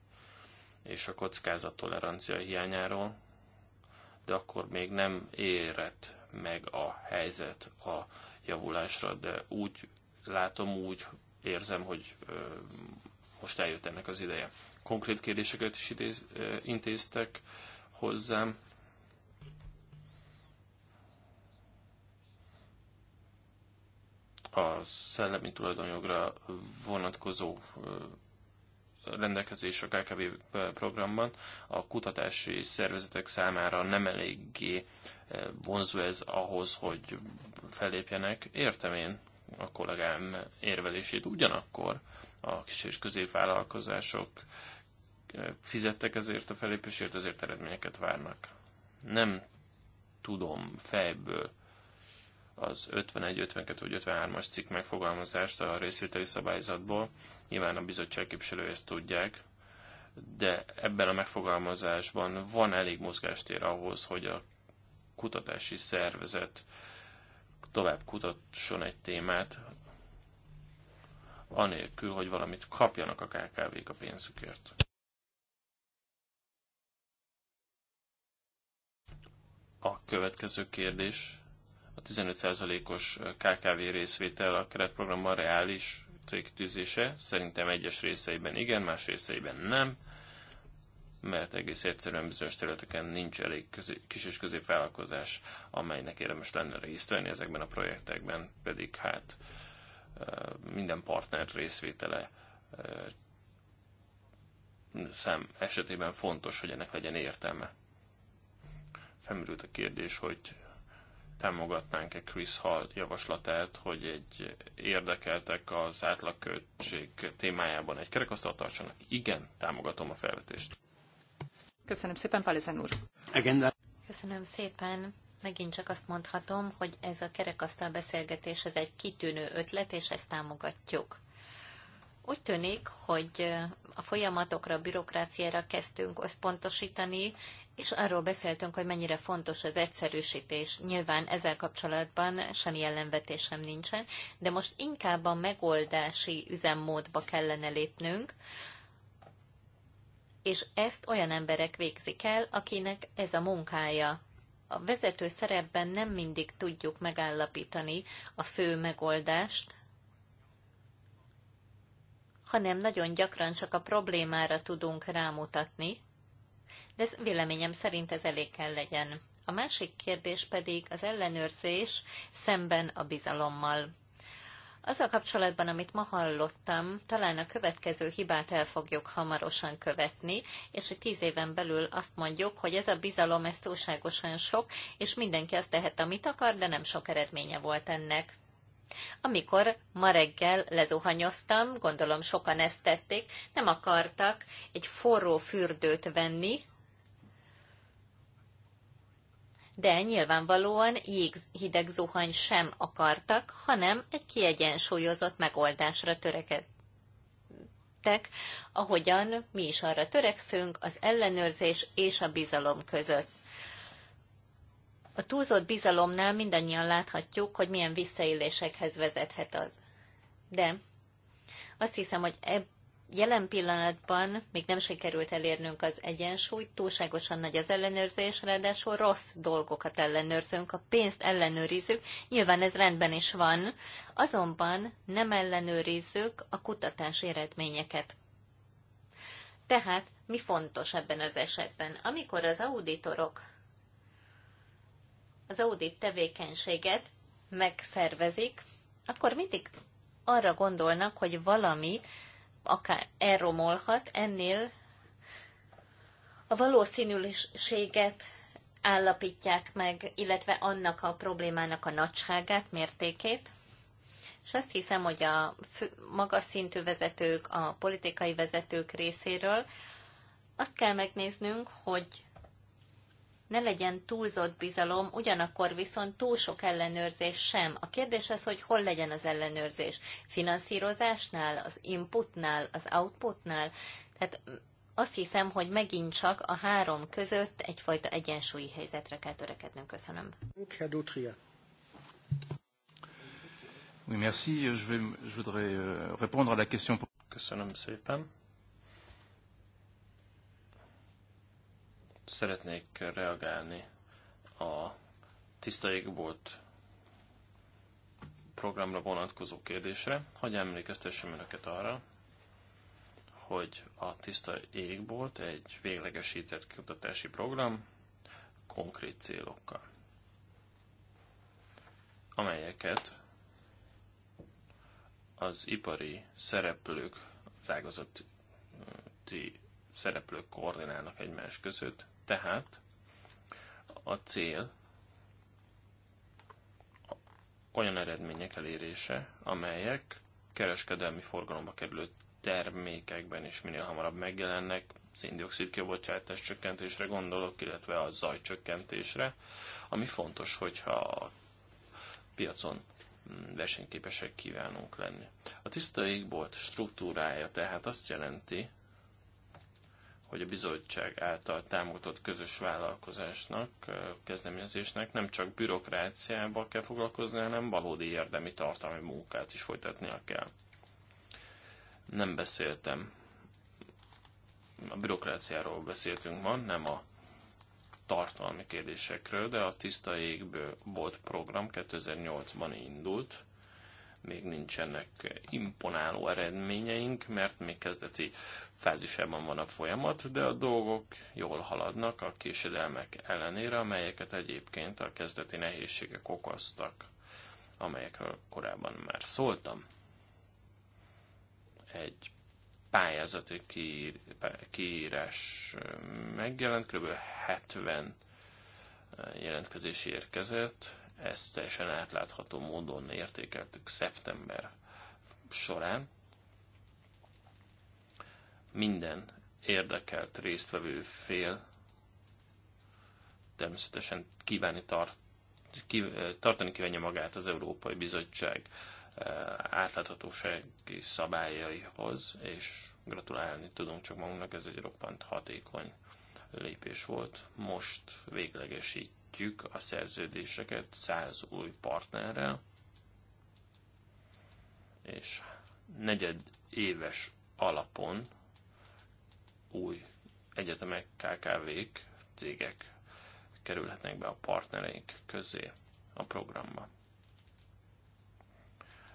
és a kockázat tolerancia hiányáról, de akkor még nem érett meg a helyzet a javulásra, de úgy látom, úgy érzem, hogy most eljött ennek az ideje. Konkrét kérdéseket is idéz, intéztek hozzám. A szellemi tulajdonjogra vonatkozó rendelkezés a KKV programban a kutatási szervezetek számára nem eléggé vonzó ez ahhoz, hogy felépjenek. Értem én a kollégám érvelését. Ugyanakkor a kis és középvállalkozások eh, fizettek ezért a felépésért, ezért eredményeket várnak. Nem tudom fejből az 51, 52 vagy 53-as cikk megfogalmazást a részvételi szabályzatból. Nyilván a bizottság képviselői ezt tudják, de ebben a megfogalmazásban van elég mozgástér ahhoz, hogy a kutatási szervezet tovább kutasson egy témát, anélkül, hogy valamit kapjanak a KKV-k a pénzükért. A következő kérdés. A 15%-os KKV részvétel a keretprogramban reális cégtűzése. Szerintem egyes részeiben igen, más részeiben nem mert egész egyszerűen bizonyos területeken nincs elég közé, kis és középvállalkozás, amelynek érdemes lenne részt venni ezekben a projektekben, pedig hát minden partner részvétele szem esetében fontos, hogy ennek legyen értelme. Felmerült a kérdés, hogy támogatnánk-e Chris Hall javaslatát, hogy egy érdekeltek az átlagköltség témájában egy kerekasztalt tartsanak? Igen, támogatom a felvetést. Köszönöm szépen, Palizen úr. Köszönöm szépen. Megint csak azt mondhatom, hogy ez a kerekasztal beszélgetés, ez egy kitűnő ötlet, és ezt támogatjuk. Úgy tűnik, hogy a folyamatokra, a bürokráciára kezdtünk összpontosítani, és arról beszéltünk, hogy mennyire fontos az egyszerűsítés. Nyilván ezzel kapcsolatban semmi ellenvetésem nincsen, de most inkább a megoldási üzemmódba kellene lépnünk, és ezt olyan emberek végzik el, akinek ez a munkája. A vezető szerepben nem mindig tudjuk megállapítani a fő megoldást, hanem nagyon gyakran csak a problémára tudunk rámutatni, de ez véleményem szerint ez elég kell legyen. A másik kérdés pedig az ellenőrzés szemben a bizalommal. Azzal kapcsolatban, amit ma hallottam, talán a következő hibát el fogjuk hamarosan követni, és hogy tíz éven belül azt mondjuk, hogy ez a bizalom, ez túlságosan sok, és mindenki azt tehet, amit akar, de nem sok eredménye volt ennek. Amikor ma reggel lezuhanyoztam, gondolom sokan ezt tették, nem akartak egy forró fürdőt venni, de nyilvánvalóan jéghideg zuhany sem akartak, hanem egy kiegyensúlyozott megoldásra törekedtek, ahogyan mi is arra törekszünk az ellenőrzés és a bizalom között. A túlzott bizalomnál mindannyian láthatjuk, hogy milyen visszaélésekhez vezethet az. De azt hiszem, hogy ebb jelen pillanatban még nem sikerült elérnünk az egyensúlyt, túlságosan nagy az ellenőrzés, ráadásul rossz dolgokat ellenőrzünk, a pénzt ellenőrizzük, nyilván ez rendben is van, azonban nem ellenőrizzük a kutatás eredményeket. Tehát mi fontos ebben az esetben? Amikor az auditorok az audit tevékenységet megszervezik, akkor mindig arra gondolnak, hogy valami akár elromolhat, ennél a valószínűséget állapítják meg, illetve annak a problémának a nagyságát, mértékét. És azt hiszem, hogy a magas szintű vezetők, a politikai vezetők részéről azt kell megnéznünk, hogy ne legyen túlzott bizalom, ugyanakkor viszont túl sok ellenőrzés sem. A kérdés az, hogy hol legyen az ellenőrzés. Finanszírozásnál, az inputnál, az outputnál. Tehát azt hiszem, hogy megint csak a három között egyfajta egyensúlyi helyzetre kell törekednünk. Köszönöm. Euh, Köszönöm szépen. szeretnék reagálni a tiszta égbolt programra vonatkozó kérdésre, hogy emlékeztessem önöket arra, hogy a tiszta égbolt egy véglegesített kutatási program konkrét célokkal, amelyeket az ipari szereplők, az ágazati szereplők koordinálnak egymás között, tehát a cél olyan eredmények elérése, amelyek kereskedelmi forgalomba kerülő termékekben is minél hamarabb megjelennek, széndiokszid kibocsátás csökkentésre gondolok, illetve a zaj csökkentésre, ami fontos, hogyha a piacon mm, versenyképesek kívánunk lenni. A tiszta égbolt struktúrája tehát azt jelenti, hogy a bizottság által támogatott közös vállalkozásnak, kezdeményezésnek nem csak bürokráciával kell foglalkozni, hanem valódi érdemi tartalmi munkát is folytatnia kell. Nem beszéltem. A bürokráciáról beszéltünk ma, nem a tartalmi kérdésekről, de a Tiszta Égből volt program 2008-ban indult, még nincsenek imponáló eredményeink, mert még kezdeti fázisában van a folyamat, de a dolgok jól haladnak a késedelmek ellenére, amelyeket egyébként a kezdeti nehézségek okoztak, amelyekről korábban már szóltam. Egy pályázati kiírás megjelent, kb. 70 jelentkezés érkezett, ezt teljesen átlátható módon értékeltük szeptember során. Minden érdekelt résztvevő fél természetesen kívánni tart, tartani kívánja magát az Európai Bizottság eh, átláthatósági szabályaihoz, és gratulálni tudunk csak magunknak, ez egy roppant hatékony lépés volt. Most véglegesítjük a szerződéseket 100 új partnerrel, és negyed éves alapon új egyetemek, KKV-k, cégek kerülhetnek be a partnereink közé a programba.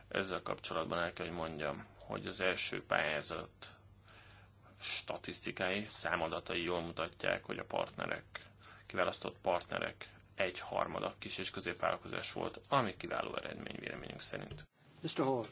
Ezzel kapcsolatban el kell, hogy mondjam, hogy az első pályázat statisztikái, számadatai jól mutatják, hogy a partnerek, kiválasztott partnerek egy harmada kis és középvállalkozás volt, ami kiváló eredmény véleményünk szerint. Mr. Hall.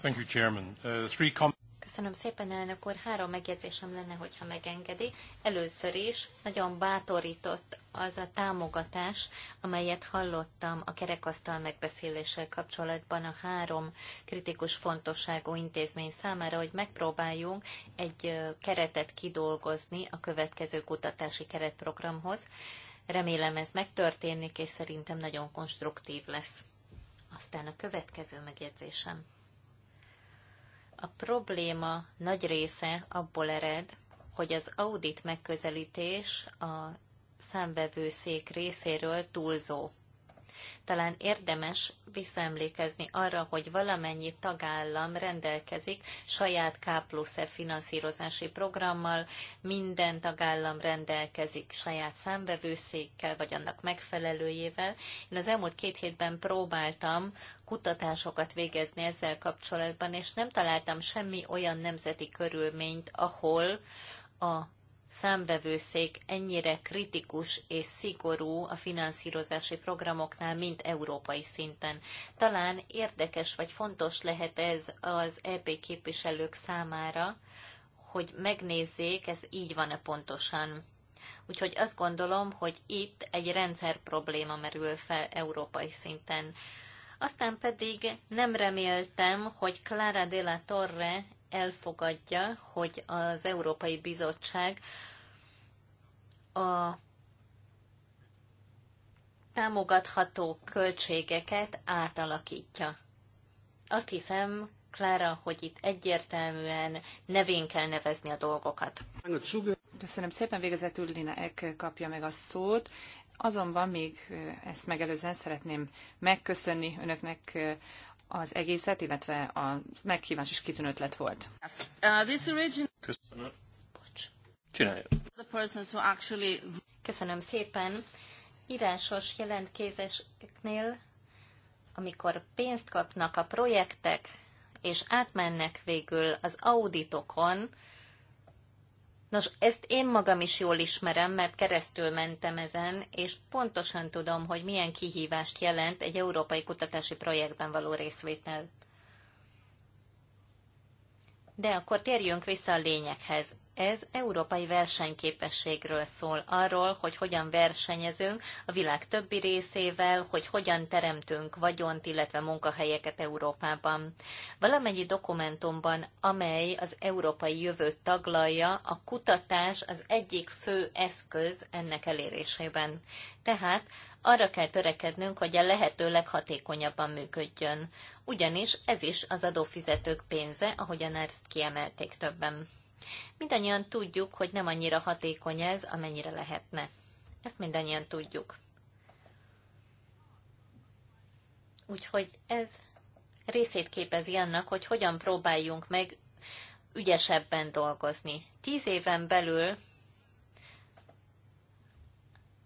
Thank you, Chairman. Uh, three com- Köszönöm szépen, elnök úr. Három megjegyzésem lenne, hogyha megengedi. Először is nagyon bátorított az a támogatás, amelyet hallottam a kerekasztal megbeszéléssel kapcsolatban a három kritikus fontosságú intézmény számára, hogy megpróbáljunk egy keretet kidolgozni a következő kutatási keretprogramhoz. Remélem ez megtörténik, és szerintem nagyon konstruktív lesz. Aztán a következő megjegyzésem. A probléma nagy része abból ered, hogy az audit megközelítés a számvevőszék részéről túlzó. Talán érdemes visszaemlékezni arra, hogy valamennyi tagállam rendelkezik saját K plusz E finanszírozási programmal, minden tagállam rendelkezik saját számbevőszékkel, vagy annak megfelelőjével. Én az elmúlt két hétben próbáltam kutatásokat végezni ezzel kapcsolatban, és nem találtam semmi olyan nemzeti körülményt, ahol a számvevőszék ennyire kritikus és szigorú a finanszírozási programoknál, mint európai szinten. Talán érdekes vagy fontos lehet ez az EP képviselők számára, hogy megnézzék, ez így van-e pontosan. Úgyhogy azt gondolom, hogy itt egy rendszer probléma merül fel európai szinten. Aztán pedig nem reméltem, hogy Clara de la Torre elfogadja, hogy az Európai Bizottság a támogatható költségeket átalakítja. Azt hiszem, Klára, hogy itt egyértelműen nevén kell nevezni a dolgokat. Köszönöm szépen, végezetül Lina Ek kapja meg a szót. Azonban még eh, ezt megelőzően szeretném megköszönni önöknek eh, az egészet, illetve a meghívás is kitűnő ötlet volt. Köszönöm. Köszönöm szépen. Írásos jelentkezéseknél, amikor pénzt kapnak a projektek, és átmennek végül az auditokon, Nos, ezt én magam is jól ismerem, mert keresztül mentem ezen, és pontosan tudom, hogy milyen kihívást jelent egy európai kutatási projektben való részvétel. De akkor térjünk vissza a lényeghez ez európai versenyképességről szól, arról, hogy hogyan versenyezünk a világ többi részével, hogy hogyan teremtünk vagyont, illetve munkahelyeket Európában. Valamennyi dokumentumban, amely az európai jövőt taglalja, a kutatás az egyik fő eszköz ennek elérésében. Tehát arra kell törekednünk, hogy a lehető leghatékonyabban működjön. Ugyanis ez is az adófizetők pénze, ahogyan ezt kiemelték többen. Mindannyian tudjuk, hogy nem annyira hatékony ez, amennyire lehetne. Ezt mindannyian tudjuk. Úgyhogy ez részét képezi annak, hogy hogyan próbáljunk meg ügyesebben dolgozni. Tíz éven belül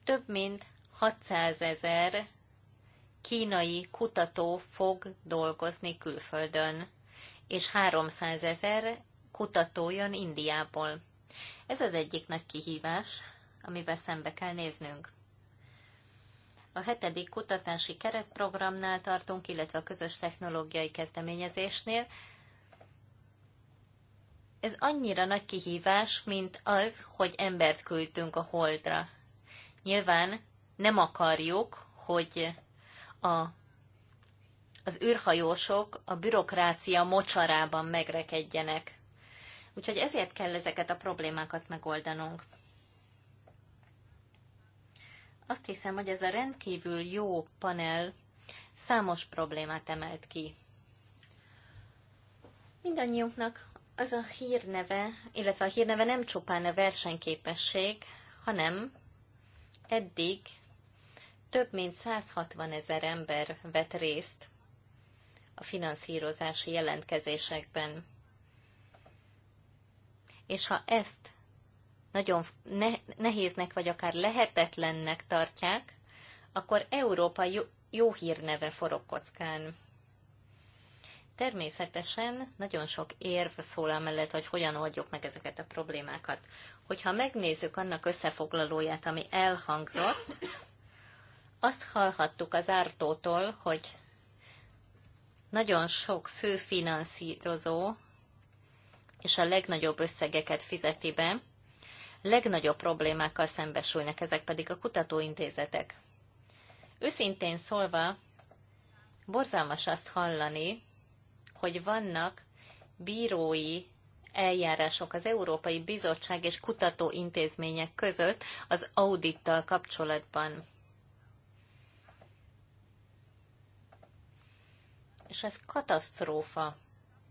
több mint 600 ezer kínai kutató fog dolgozni külföldön, és 300 ezer kutató jön Indiából. Ez az egyik nagy kihívás, amivel szembe kell néznünk. A hetedik kutatási keretprogramnál tartunk, illetve a közös technológiai kezdeményezésnél. Ez annyira nagy kihívás, mint az, hogy embert küldtünk a holdra. Nyilván nem akarjuk, hogy a, az űrhajósok a bürokrácia mocsarában megrekedjenek. Úgyhogy ezért kell ezeket a problémákat megoldanunk. Azt hiszem, hogy ez a rendkívül jó panel számos problémát emelt ki. Mindannyiunknak az a hírneve, illetve a hírneve nem csupán a versenyképesség, hanem eddig több mint 160 ezer ember vett részt a finanszírozási jelentkezésekben. És ha ezt nagyon nehéznek vagy akár lehetetlennek tartják, akkor Európa jó, jó hírneve forog kockán. Természetesen nagyon sok érv szól amellett, hogy hogyan oldjuk meg ezeket a problémákat. Hogyha megnézzük annak összefoglalóját, ami elhangzott, azt hallhattuk az Ártótól, hogy nagyon sok fő finanszírozó és a legnagyobb összegeket fizeti be, legnagyobb problémákkal szembesülnek, ezek pedig a kutatóintézetek. Őszintén szólva, borzalmas azt hallani, hogy vannak bírói eljárások az Európai Bizottság és kutatóintézmények között az audittal kapcsolatban. És ez katasztrófa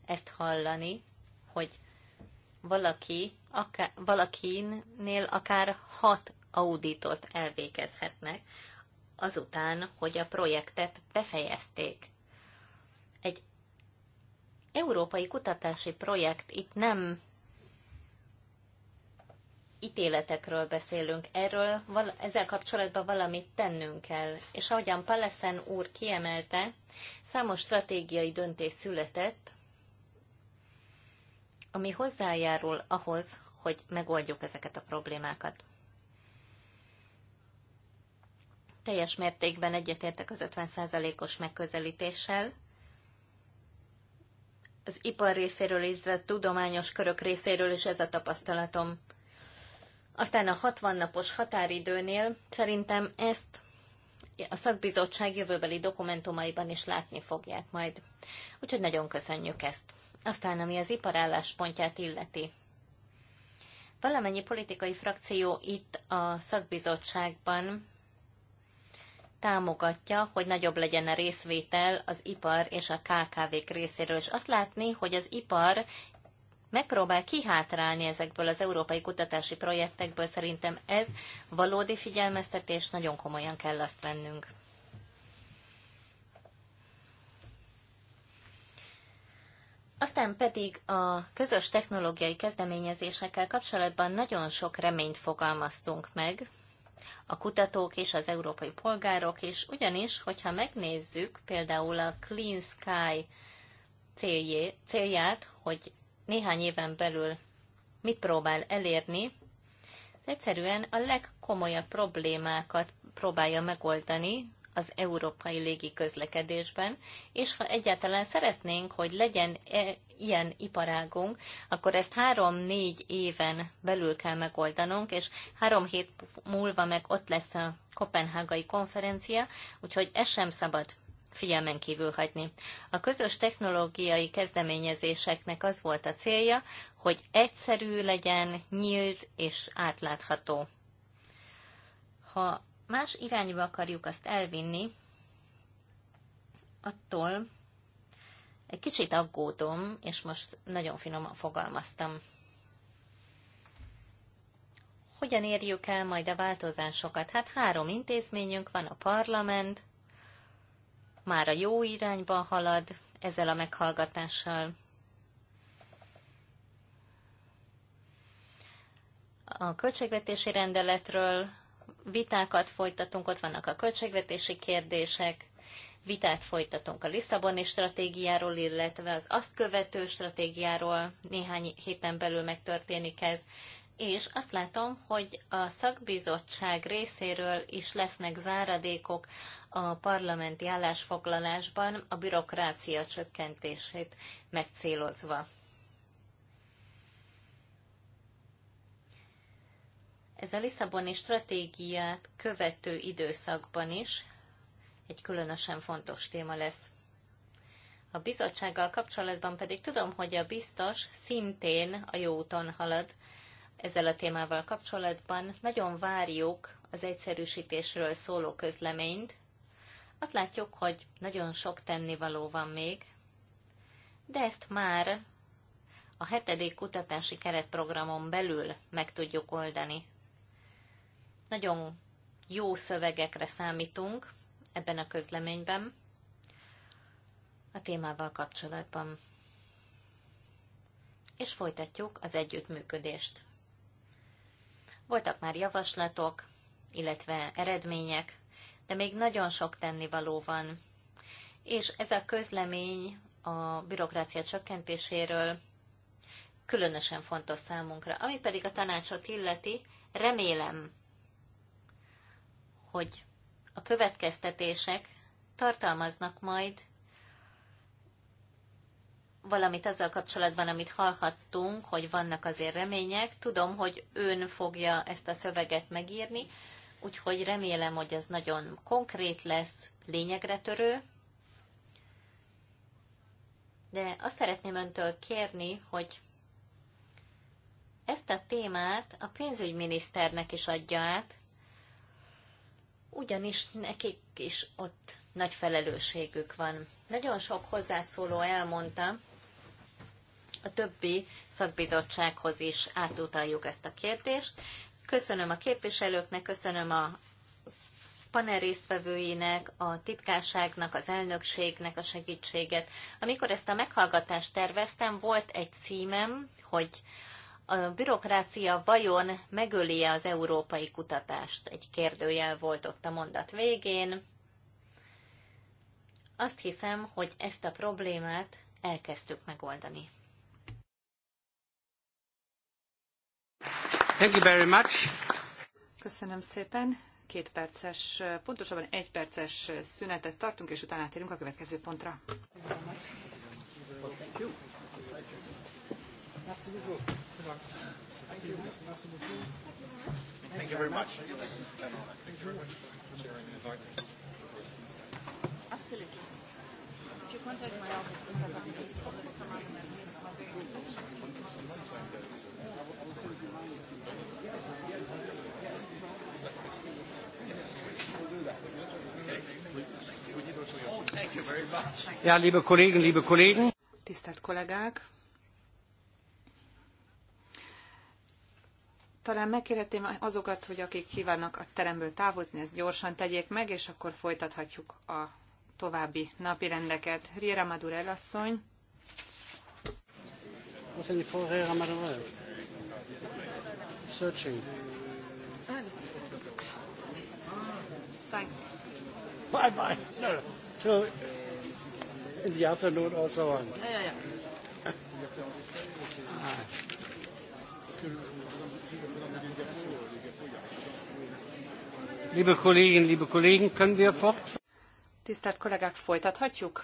ezt hallani, hogy valaki, akár, valakinél akár hat auditot elvégezhetnek, azután, hogy a projektet befejezték. Egy európai kutatási projekt itt nem ítéletekről beszélünk, erről ezzel kapcsolatban valamit tennünk kell. És ahogyan Paleszen úr kiemelte, számos stratégiai döntés született, ami hozzájárul ahhoz, hogy megoldjuk ezeket a problémákat. Teljes mértékben egyetértek az 50%-os megközelítéssel. Az ipar részéről, illetve tudományos körök részéről is ez a tapasztalatom. Aztán a 60 napos határidőnél szerintem ezt a szakbizottság jövőbeli dokumentumaiban is látni fogják majd. Úgyhogy nagyon köszönjük ezt. Aztán, ami az iparálláspontját illeti. Valamennyi politikai frakció itt a szakbizottságban támogatja, hogy nagyobb legyen a részvétel az ipar és a KKV-k részéről. És azt látni, hogy az ipar megpróbál kihátrálni ezekből az európai kutatási projektekből, szerintem ez valódi figyelmeztetés, nagyon komolyan kell azt vennünk. Aztán pedig a közös technológiai kezdeményezésekkel kapcsolatban nagyon sok reményt fogalmaztunk meg, a kutatók és az európai polgárok is, ugyanis, hogyha megnézzük például a Clean Sky célját, hogy néhány éven belül mit próbál elérni, egyszerűen a legkomolyabb problémákat próbálja megoldani, az európai légiközlekedésben, és ha egyáltalán szeretnénk, hogy legyen e ilyen iparágunk, akkor ezt három-négy éven belül kell megoldanunk, és három hét múlva meg ott lesz a kopenhágai konferencia, úgyhogy ez sem szabad figyelmen kívül hagyni. A közös technológiai kezdeményezéseknek az volt a célja, hogy egyszerű legyen, nyílt és átlátható. Ha más irányba akarjuk azt elvinni, attól egy kicsit aggódom, és most nagyon finoman fogalmaztam. Hogyan érjük el majd a változásokat? Hát három intézményünk van, a parlament, már a jó irányba halad ezzel a meghallgatással. A költségvetési rendeletről vitákat folytatunk, ott vannak a költségvetési kérdések, vitát folytatunk a Lisszaboni stratégiáról, illetve az azt követő stratégiáról. Néhány héten belül megtörténik ez. És azt látom, hogy a szakbizottság részéről is lesznek záradékok a parlamenti állásfoglalásban a bürokrácia csökkentését megcélozva. Ez a Lisszaboni stratégiát követő időszakban is egy különösen fontos téma lesz. A bizottsággal kapcsolatban pedig tudom, hogy a biztos szintén a jó úton halad ezzel a témával kapcsolatban. Nagyon várjuk az egyszerűsítésről szóló közleményt. Azt látjuk, hogy nagyon sok tennivaló van még, de ezt már a hetedik kutatási keretprogramon belül meg tudjuk oldani. Nagyon jó szövegekre számítunk ebben a közleményben a témával kapcsolatban. És folytatjuk az együttműködést. Voltak már javaslatok, illetve eredmények, de még nagyon sok tennivaló van. És ez a közlemény a bürokrácia csökkentéséről különösen fontos számunkra. Ami pedig a tanácsot illeti, remélem, hogy a következtetések tartalmaznak majd valamit azzal kapcsolatban, amit hallhattunk, hogy vannak azért remények. Tudom, hogy ön fogja ezt a szöveget megírni, úgyhogy remélem, hogy ez nagyon konkrét lesz, lényegre törő. De azt szeretném öntől kérni, hogy ezt a témát a pénzügyminiszternek is adja át, ugyanis nekik is ott nagy felelősségük van. Nagyon sok hozzászóló elmondta, a többi szakbizottsághoz is átutaljuk ezt a kérdést. Köszönöm a képviselőknek, köszönöm a panel résztvevőinek, a titkárságnak, az elnökségnek a segítséget. Amikor ezt a meghallgatást terveztem, volt egy címem, hogy a bürokrácia vajon megöli az európai kutatást? Egy kérdőjel volt ott a mondat végén. Azt hiszem, hogy ezt a problémát elkezdtük megoldani. Thank you very much. Köszönöm szépen. Két perces, pontosabban egy perces szünetet tartunk, és utána térünk a következő pontra. you. Thank you. Nice to meet you. Thank you very much. Thank you very much for sharing and Ja, liebe liebe Kollegen. Tisztelt kollégák! talán megkérhetném azokat, hogy akik kívánnak a teremből távozni, ezt gyorsan tegyék meg, és akkor folytathatjuk a további napi rendeket. Riera Madurell asszony. Searching. Ah, Thanks. Bye bye. sir. no. in the afternoon or so on. Yeah, yeah, yeah. [laughs] Ah. Liebe Kolleginnen, liebe Kollegen, können wir fort? Tisztelt kollégák, folytathatjuk?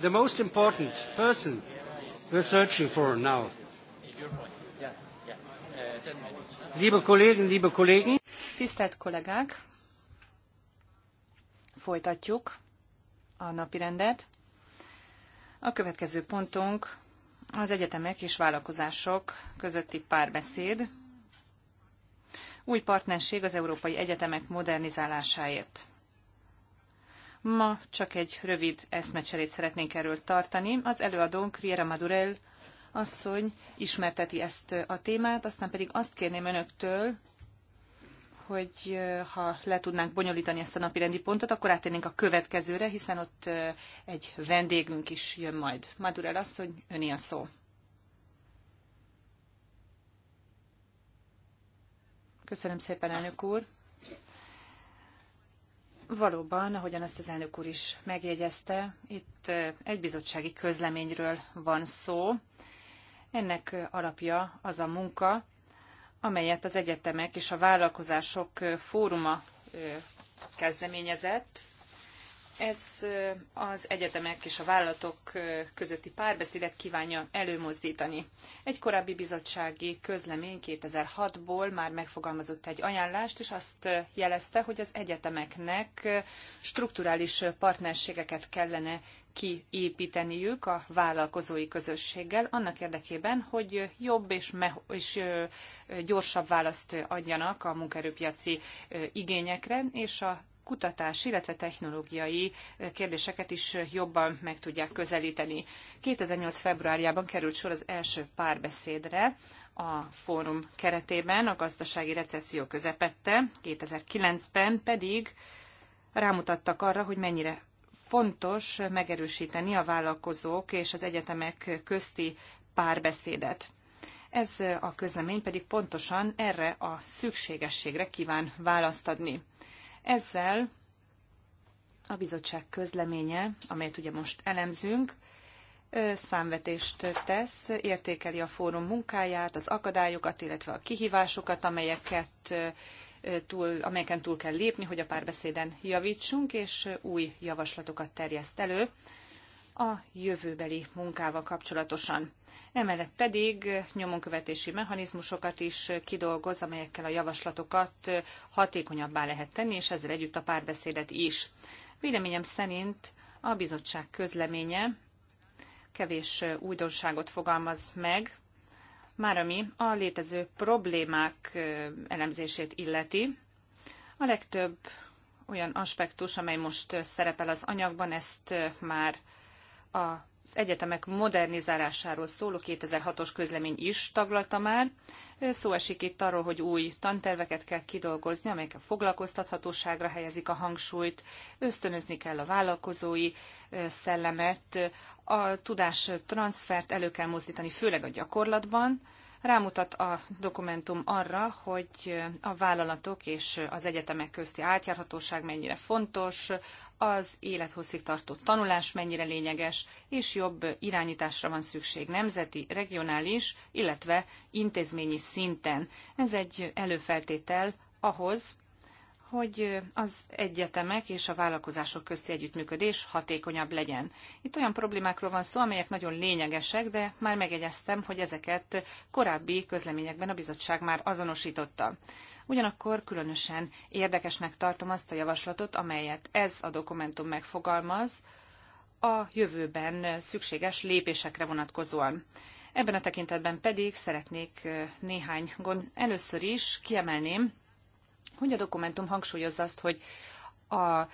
the most important person we're searching for now. Liebe Kollegen, liebe Kollegen. Tisztelt kollégák, folytatjuk a napi rendet. A következő pontunk az egyetemek és vállalkozások közötti párbeszéd, új partnerség az európai egyetemek modernizálásáért. Ma csak egy rövid eszmecserét szeretnénk erről tartani. Az előadónk Riera Madurell asszony ismerteti ezt a témát, aztán pedig azt kérném önöktől, hogy ha le tudnánk bonyolítani ezt a napi rendi pontot, akkor átérnénk a következőre, hiszen ott egy vendégünk is jön majd. Madurell asszony, öné a szó. Köszönöm szépen, elnök úr. Valóban, ahogyan azt az elnök úr is megjegyezte, itt egy bizottsági közleményről van szó. Ennek alapja az a munka, amelyet az egyetemek és a vállalkozások fóruma kezdeményezett ez az egyetemek és a vállalatok közötti párbeszédet kívánja előmozdítani. Egy korábbi bizottsági közlemény 2006-ból már megfogalmazott egy ajánlást, és azt jelezte, hogy az egyetemeknek strukturális partnerségeket kellene kiépíteniük a vállalkozói közösséggel, annak érdekében, hogy jobb és, és gyorsabb választ adjanak a munkaerőpiaci igényekre, és a kutatási, illetve technológiai kérdéseket is jobban meg tudják közelíteni. 2008. februárjában került sor az első párbeszédre a fórum keretében a gazdasági recesszió közepette, 2009-ben pedig rámutattak arra, hogy mennyire fontos megerősíteni a vállalkozók és az egyetemek közti párbeszédet. Ez a közlemény pedig pontosan erre a szükségességre kíván választ adni. Ezzel a bizottság közleménye, amelyet ugye most elemzünk, számvetést tesz, értékeli a fórum munkáját, az akadályokat, illetve a kihívásokat, amelyeket túl, amelyeken túl kell lépni, hogy a párbeszéden javítsunk, és új javaslatokat terjeszt elő a jövőbeli munkával kapcsolatosan. Emellett pedig nyomonkövetési mechanizmusokat is kidolgoz, amelyekkel a javaslatokat hatékonyabbá lehet tenni, és ezzel együtt a párbeszédet is. Véleményem szerint a bizottság közleménye kevés újdonságot fogalmaz meg, már ami a létező problémák elemzését illeti. A legtöbb olyan aspektus, amely most szerepel az anyagban, ezt már az egyetemek modernizálásáról szóló 2006-os közlemény is taglalta már. Szó esik itt arról, hogy új tanterveket kell kidolgozni, amelyek a foglalkoztathatóságra helyezik a hangsúlyt, ösztönözni kell a vállalkozói szellemet, a tudás transfert elő kell mozdítani, főleg a gyakorlatban, Rámutat a dokumentum arra, hogy a vállalatok és az egyetemek közti átjárhatóság mennyire fontos, az élethosszig tartó tanulás mennyire lényeges, és jobb irányításra van szükség nemzeti, regionális, illetve intézményi szinten. Ez egy előfeltétel ahhoz, hogy az egyetemek és a vállalkozások közti együttműködés hatékonyabb legyen. Itt olyan problémákról van szó, amelyek nagyon lényegesek, de már megjegyeztem, hogy ezeket korábbi közleményekben a bizottság már azonosította. Ugyanakkor különösen érdekesnek tartom azt a javaslatot, amelyet ez a dokumentum megfogalmaz a jövőben szükséges lépésekre vonatkozóan. Ebben a tekintetben pedig szeretnék eh, néhány gond. Először is kiemelném, hogy a dokumentum hangsúlyozza azt, hogy a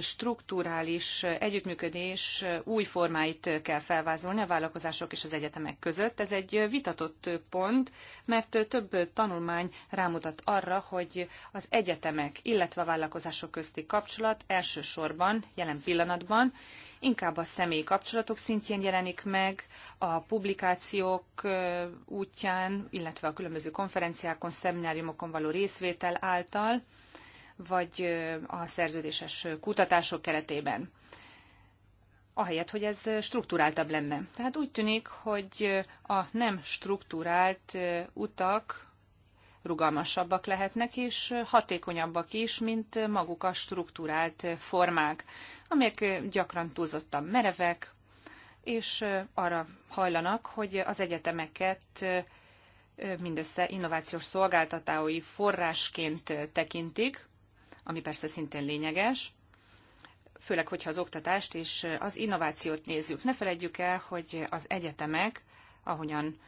strukturális együttműködés új formáit kell felvázolni a vállalkozások és az egyetemek között. Ez egy vitatott pont, mert több tanulmány rámutat arra, hogy az egyetemek, illetve a vállalkozások közti kapcsolat elsősorban, jelen pillanatban inkább a személyi kapcsolatok szintjén jelenik meg, a publikációk útján, illetve a különböző konferenciákon, szemináriumokon való részvétel által, vagy a szerződéses kutatások keretében. Ahelyett, hogy ez struktúráltabb lenne. Tehát úgy tűnik, hogy a nem struktúrált utak rugalmasabbak lehetnek, és hatékonyabbak is, mint maguk a struktúrált formák, amelyek gyakran túlzottan merevek, és arra hajlanak, hogy az egyetemeket mindössze innovációs szolgáltatói forrásként tekintik, ami persze szintén lényeges, főleg, hogyha az oktatást és az innovációt nézzük. Ne feledjük el, hogy az egyetemek, ahogyan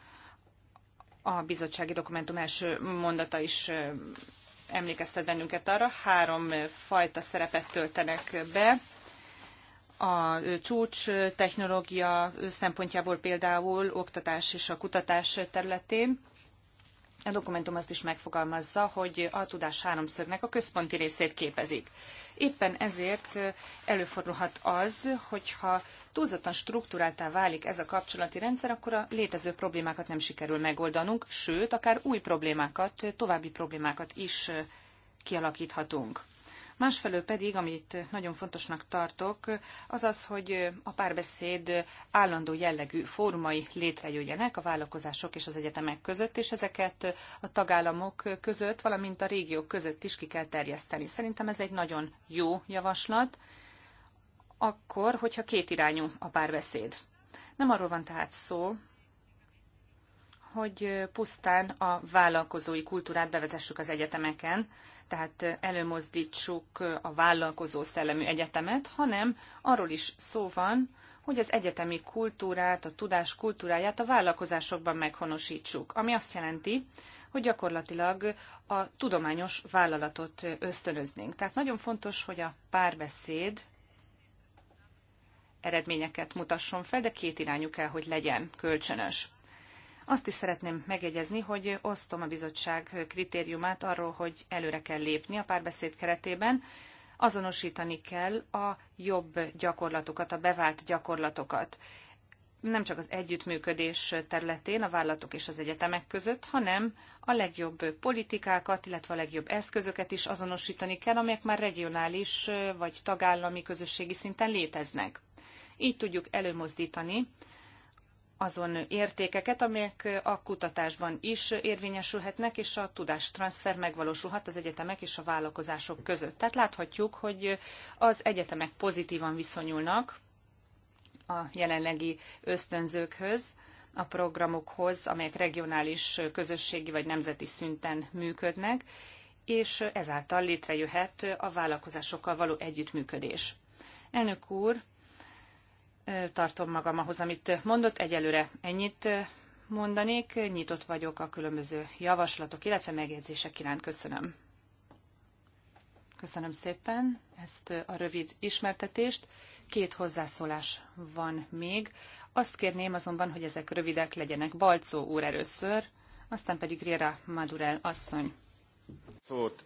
a bizottsági dokumentum első mondata is emlékeztet bennünket arra, három fajta szerepet töltenek be. A csúcs technológia szempontjából például oktatás és a kutatás területén, a dokumentum azt is megfogalmazza, hogy a tudás háromszögnek a központi részét képezik. Éppen ezért előfordulhat az, hogyha túlzottan struktúráltá válik ez a kapcsolati rendszer, akkor a létező problémákat nem sikerül megoldanunk, sőt, akár új problémákat, további problémákat is kialakíthatunk. Másfelől pedig, amit nagyon fontosnak tartok, az az, hogy a párbeszéd állandó jellegű fórumai létrejöjjenek a vállalkozások és az egyetemek között, és ezeket a tagállamok között, valamint a régiók között is ki kell terjeszteni. Szerintem ez egy nagyon jó javaslat, akkor, hogyha kétirányú a párbeszéd. Nem arról van tehát szó, hogy pusztán a vállalkozói kultúrát bevezessük az egyetemeken, tehát előmozdítsuk a vállalkozó szellemű egyetemet, hanem arról is szó van, hogy az egyetemi kultúrát, a tudás kultúráját a vállalkozásokban meghonosítsuk, ami azt jelenti, hogy gyakorlatilag a tudományos vállalatot ösztönöznénk. Tehát nagyon fontos, hogy a párbeszéd eredményeket mutasson fel, de két irányú kell, hogy legyen kölcsönös. Azt is szeretném megjegyezni, hogy osztom a bizottság kritériumát arról, hogy előre kell lépni a párbeszéd keretében, azonosítani kell a jobb gyakorlatokat, a bevált gyakorlatokat. Nem csak az együttműködés területén, a vállalatok és az egyetemek között, hanem a legjobb politikákat, illetve a legjobb eszközöket is azonosítani kell, amelyek már regionális vagy tagállami közösségi szinten léteznek. Így tudjuk előmozdítani azon értékeket, amelyek a kutatásban is érvényesülhetnek, és a tudástranszfer megvalósulhat az egyetemek és a vállalkozások között. Tehát láthatjuk, hogy az egyetemek pozitívan viszonyulnak a jelenlegi ösztönzőkhöz, a programokhoz, amelyek regionális, közösségi vagy nemzeti szinten működnek, és ezáltal létrejöhet a vállalkozásokkal való együttműködés. Elnök úr, tartom magam ahhoz, amit mondott. Egyelőre ennyit mondanék. Nyitott vagyok a különböző javaslatok, illetve megjegyzések iránt. Köszönöm. Köszönöm szépen ezt a rövid ismertetést. Két hozzászólás van még. Azt kérném azonban, hogy ezek rövidek legyenek. Balcó úr először, aztán pedig Riera Madurel asszony. Szót.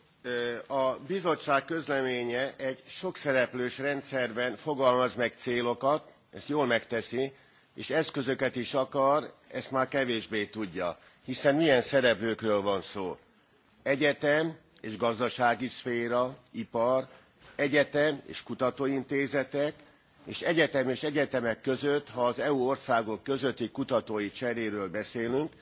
A bizottság közleménye egy sokszereplős rendszerben fogalmaz meg célokat, ezt jól megteszi, és eszközöket is akar, ezt már kevésbé tudja. Hiszen milyen szereplőkről van szó? Egyetem és gazdasági szféra, ipar, egyetem és kutatóintézetek, és egyetem és egyetemek között, ha az EU országok közötti kutatói cseréről beszélünk,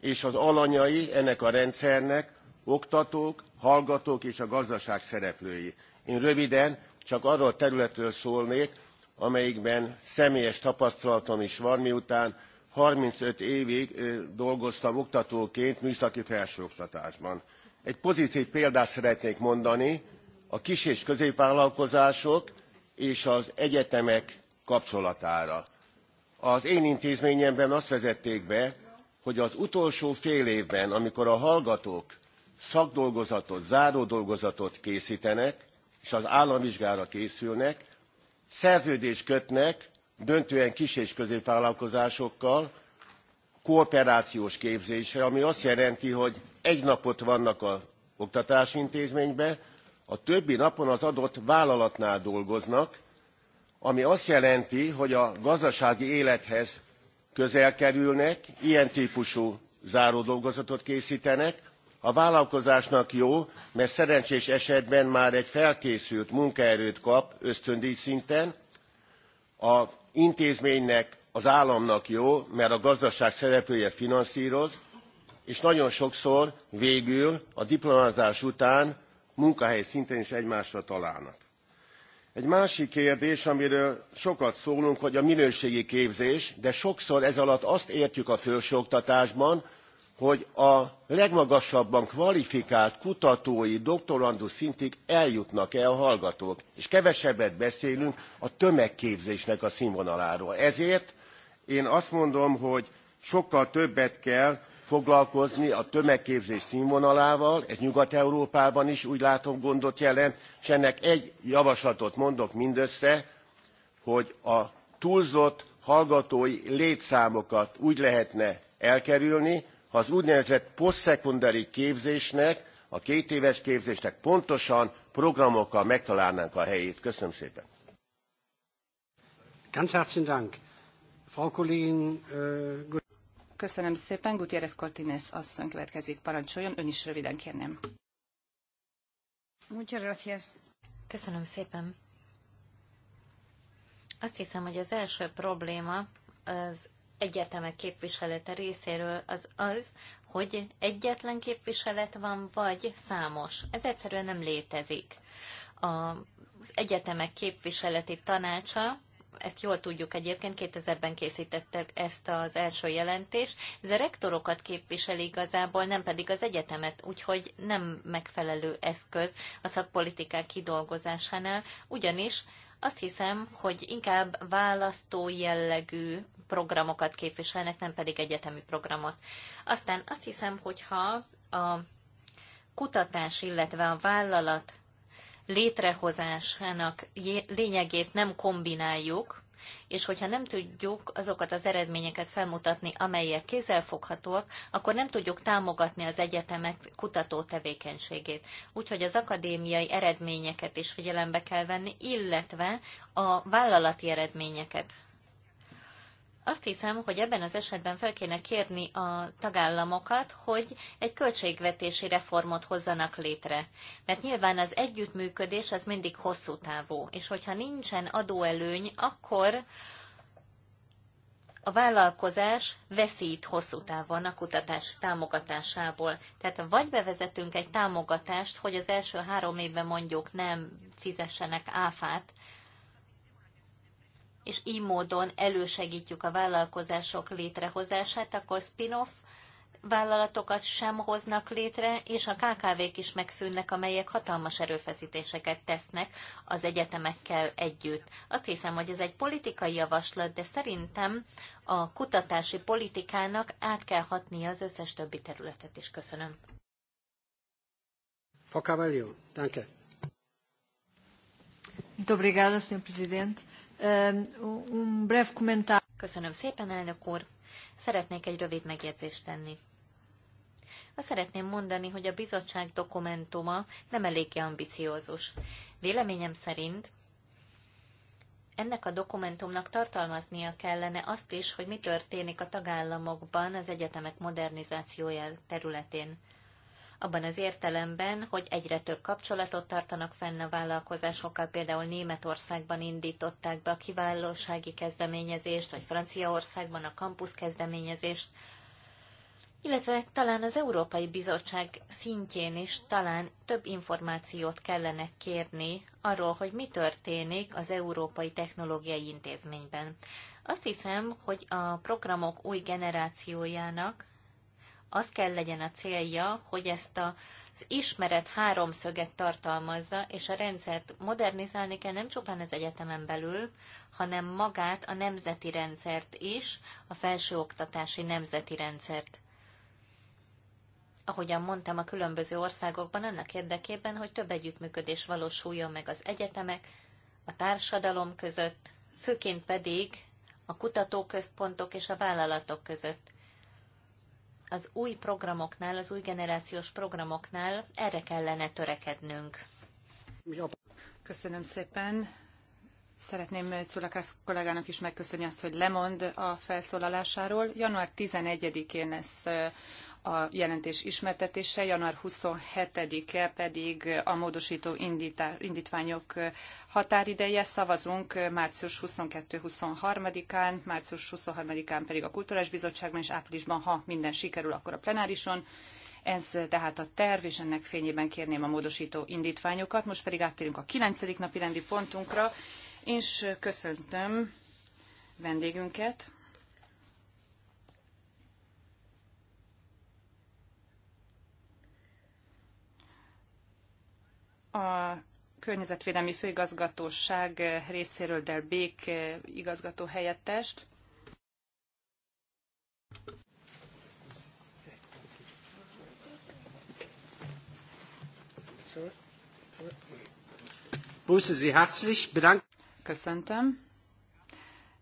és az alanyai ennek a rendszernek oktatók, hallgatók és a gazdaság szereplői. Én röviden csak arról a területről szólnék, amelyikben személyes tapasztalatom is van miután thirty five évig dolgoztam oktatóként műszaki felsőoktatásban. egy pozitv példát szeretnék mondani a kis és középvállalkozások és az egyetemek kapcsolatára. az én intézményemben azt vezették be hogy az utolsó fél évben amikor a hallgatók szakdolgozatot záródolgozatot késztenek és az államvizsgára készülnek szerződést kötnek döntően kis és középvállalkozásokkal kooperációs képzésre ami azt jelenti hogy egy napot vannak az oktatási intézményben a többi napon az adott vállalatnál dolgoznak ami azt jelenti hogy a gazdasági élethez közel kerülnek ilyen tpusú záródolgozatot késztenek a vállalkozásnak jó mert szerencsés esetben már egy felkészült munkaerőt kap ösztöndj szinten az intézménynek az államnak jó mert a gazdaság szereplője finanszroz és nagyon sokszor végül a diplomázás után munkahely szinten is egymásra találnak. egy másik kérdés amiről sokat szólunk hogy a minőségi képzés de sokszor ez alatt azt értjük a felsőoktatásban hogy a legmagasabban kvalifikált kutatói doktorandus szintig eljutnak e a hallgatók és kevesebbet beszélünk a tömegképzésnek a sznvonaláról. ezért én azt mondom hogy sokkal többet kell foglalkozni a tömegképzés sznvonalával ez nyugat európában is úgy látom gondot jelent és ennek egy javaslatot mondok mindössze hogy a túlzott hallgatói létszámokat úgy lehetne elkerülni az úgynevezett posztszekunderi képzésnek a kétéves képzésnek pontosan programokkal megtalálnánk a helyét. Köszönöm szépen. Ganz herzlichen Dank. Frau Kollegin, uh, Köszönöm szépen. Gutierrez Cortines asszony következik. Parancsoljon, ön is röviden kérném. Muchas gracias. Köszönöm szépen. Azt hiszem, hogy az első probléma az egyetemek képviselete részéről az az, hogy egyetlen képviselet van, vagy számos. Ez egyszerűen nem létezik. Az egyetemek képviseleti tanácsa, ezt jól tudjuk egyébként, 2000-ben készítettek ezt az első jelentést, ez a rektorokat képviseli igazából, nem pedig az egyetemet, úgyhogy nem megfelelő eszköz a szakpolitikák kidolgozásánál, ugyanis azt hiszem, hogy inkább választó jellegű programokat képviselnek, nem pedig egyetemi programot. Aztán azt hiszem, hogyha a kutatás, illetve a vállalat létrehozásának lényegét nem kombináljuk, és hogyha nem tudjuk azokat az eredményeket felmutatni, amelyek kézzelfoghatóak, akkor nem tudjuk támogatni az egyetemek kutató tevékenységét. Úgyhogy az akadémiai eredményeket is figyelembe kell venni, illetve a vállalati eredményeket. Azt hiszem, hogy ebben az esetben fel kéne kérni a tagállamokat, hogy egy költségvetési reformot hozzanak létre. Mert nyilván az együttműködés az mindig hosszú távú, és hogyha nincsen adóelőny, akkor a vállalkozás veszít hosszú távon a kutatás támogatásából. Tehát vagy bevezetünk egy támogatást, hogy az első három évben mondjuk nem fizessenek áfát és így módon elősegítjük a vállalkozások létrehozását, akkor spin-off vállalatokat sem hoznak létre, és a KKV-k is megszűnnek, amelyek hatalmas erőfeszítéseket tesznek az egyetemekkel együtt. Azt hiszem, hogy ez egy politikai javaslat, de szerintem a kutatási politikának át kell hatnia az összes többi területet is. Köszönöm. Muito obrigada, Sr. Presidente um Köszönöm szépen, elnök úr. Szeretnék egy rövid megjegyzést tenni. Azt szeretném mondani, hogy a bizottság dokumentuma nem eléggé ambiciózus. Véleményem szerint ennek a dokumentumnak tartalmaznia kellene azt is, hogy mi történik a tagállamokban az egyetemek modernizációja területén abban az értelemben, hogy egyre több kapcsolatot tartanak fenn a vállalkozásokkal, például Németországban indították be a kiválósági kezdeményezést, vagy Franciaországban a kampusz kezdeményezést, illetve talán az Európai Bizottság szintjén is talán több információt kellene kérni arról, hogy mi történik az Európai Technológiai Intézményben. Azt hiszem, hogy a programok új generációjának az kell legyen a célja, hogy ezt a az ismeret háromszöget tartalmazza, és a rendszert modernizálni kell nem csupán az egyetemen belül, hanem magát a nemzeti rendszert is, a felsőoktatási nemzeti rendszert. Ahogyan mondtam, a különböző országokban annak érdekében, hogy több együttműködés valósuljon meg az egyetemek, a társadalom között, főként pedig a kutatóközpontok és a vállalatok között az új programoknál, az új generációs programoknál erre kellene törekednünk. Köszönöm szépen. Szeretném Culakász kollégának is megköszönni azt, hogy lemond a felszólalásáról. Január 11-én lesz a jelentés ismertetése, január 27-e pedig a módosító indítványok határideje. Szavazunk március 22-23-án, március 23-án pedig a Kulturális Bizottságban, és áprilisban, ha minden sikerül, akkor a plenárison. Ez tehát a terv, és ennek fényében kérném a módosító indítványokat. Most pedig áttérünk a 9. napi rendi pontunkra, és köszöntöm vendégünket, a Környezetvédelmi Főigazgatóság részéről Del Bék igazgató helyettest. Köszöntöm,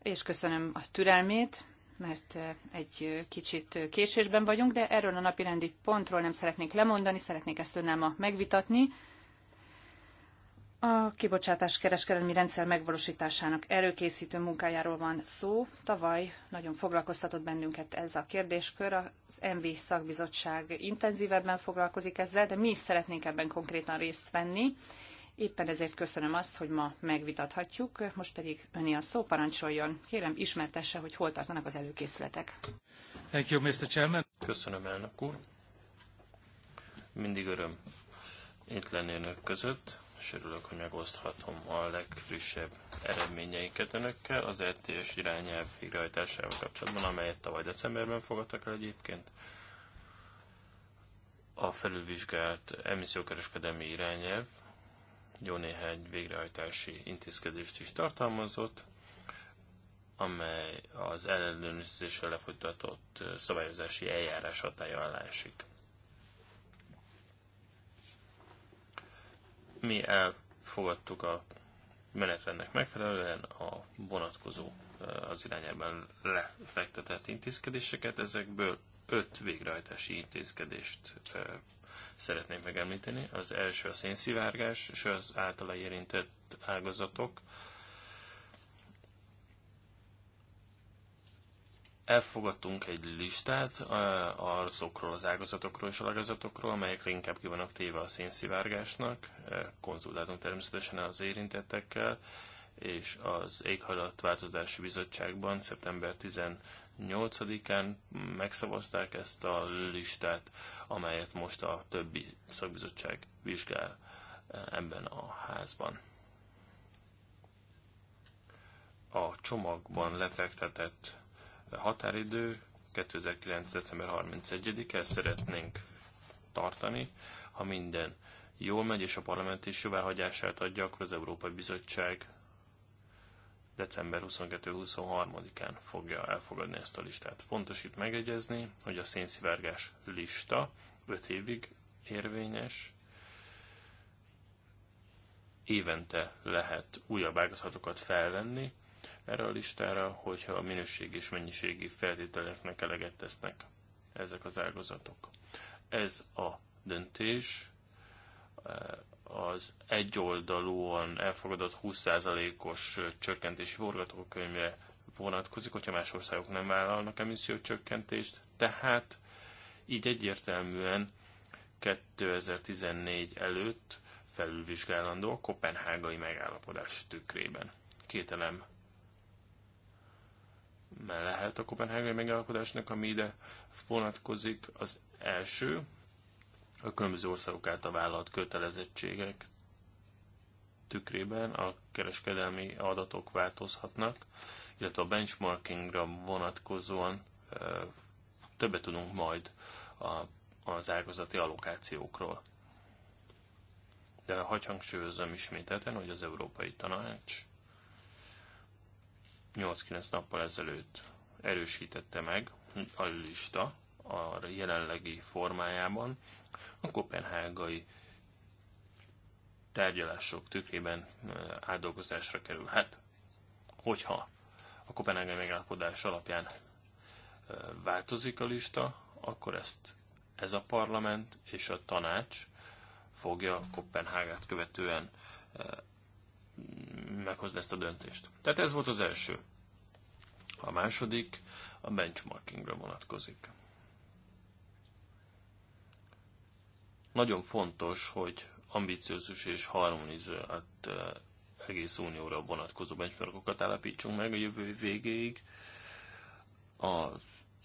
és köszönöm a türelmét, mert egy kicsit késésben vagyunk, de erről a napirendi pontról nem szeretnék lemondani, szeretnék ezt önnel ma megvitatni a kibocsátás kereskedelmi rendszer megvalósításának előkészítő munkájáról van szó. Tavaly nagyon foglalkoztatott bennünket ez a kérdéskör. Az MV szakbizottság intenzívebben foglalkozik ezzel, de mi is szeretnénk ebben konkrétan részt venni. Éppen ezért köszönöm azt, hogy ma megvitathatjuk. Most pedig öné a szó, parancsoljon. Kérem, ismertesse, hogy hol tartanak az előkészületek. Thank you, Mr. Chairman. Köszönöm, elnök úr. Mindig öröm itt lenni önök között és örülök, hogy megoszthatom a legfrissebb eredményeinket önökkel az RTS irányelv végrehajtásával kapcsolatban, amelyet tavaly decemberben fogadtak el egyébként. A felülvizsgált emissziókereskedelmi irányelv jó néhány végrehajtási intézkedést is tartalmazott, amely az ellenőrzéssel lefolytatott szabályozási eljárás hatája alá esik. mi elfogadtuk a menetrendnek megfelelően a vonatkozó az irányában lefektetett intézkedéseket. Ezekből öt végrehajtási intézkedést szeretném megemlíteni. Az első a szénszivárgás és az általa érintett ágazatok elfogadtunk egy listát azokról az ágazatokról és ágazatokról, amelyek inkább ki vannak téve a szénszivárgásnak. Konzultáltunk természetesen az érintettekkel, és az Éghajlatváltozási Bizottságban szeptember 18-án megszavazták ezt a listát, amelyet most a többi szakbizottság vizsgál ebben a házban a csomagban lefektetett határidő 2009. december 31-e, szeretnénk tartani, ha minden jól megy, és a parlament is jóváhagyását adja, akkor az Európai Bizottság december 22-23-án fogja elfogadni ezt a listát. Fontos itt megegyezni, hogy a szénszivárgás lista 5 évig érvényes, évente lehet újabb ágazatokat felvenni, erre a listára, hogyha a minőség és mennyiségi feltételeknek eleget tesznek ezek az ágazatok. Ez a döntés az egyoldalúan elfogadott 20%-os csökkentési forgatókönyvre vonatkozik, hogyha más országok nem vállalnak csökkentést. tehát így egyértelműen 2014 előtt felülvizsgálandó a kopenhágai megállapodás tükrében. Kételem lehet a kopenhágai megállapodásnak, ami ide vonatkozik. Az első, a különböző országok által vállalt kötelezettségek tükrében a kereskedelmi adatok változhatnak, illetve a benchmarkingra vonatkozóan többet tudunk majd a, az ágazati allokációkról. De hagyj hangsúlyozom ismételten, hogy az Európai Tanács 8-9 nappal ezelőtt erősítette meg a lista a jelenlegi formájában a kopenhágai tárgyalások tükrében átdolgozásra kerülhet. hogyha a kopenhágai megállapodás alapján változik a lista, akkor ezt ez a parlament és a tanács fogja Kopenhágát követően meghozd ezt a döntést. Tehát ez volt az első. A második a benchmarkingra vonatkozik. Nagyon fontos, hogy ambiciózus és harmonizált eh, egész unióra vonatkozó benchmarkokat állapítsunk meg a jövő év végéig. A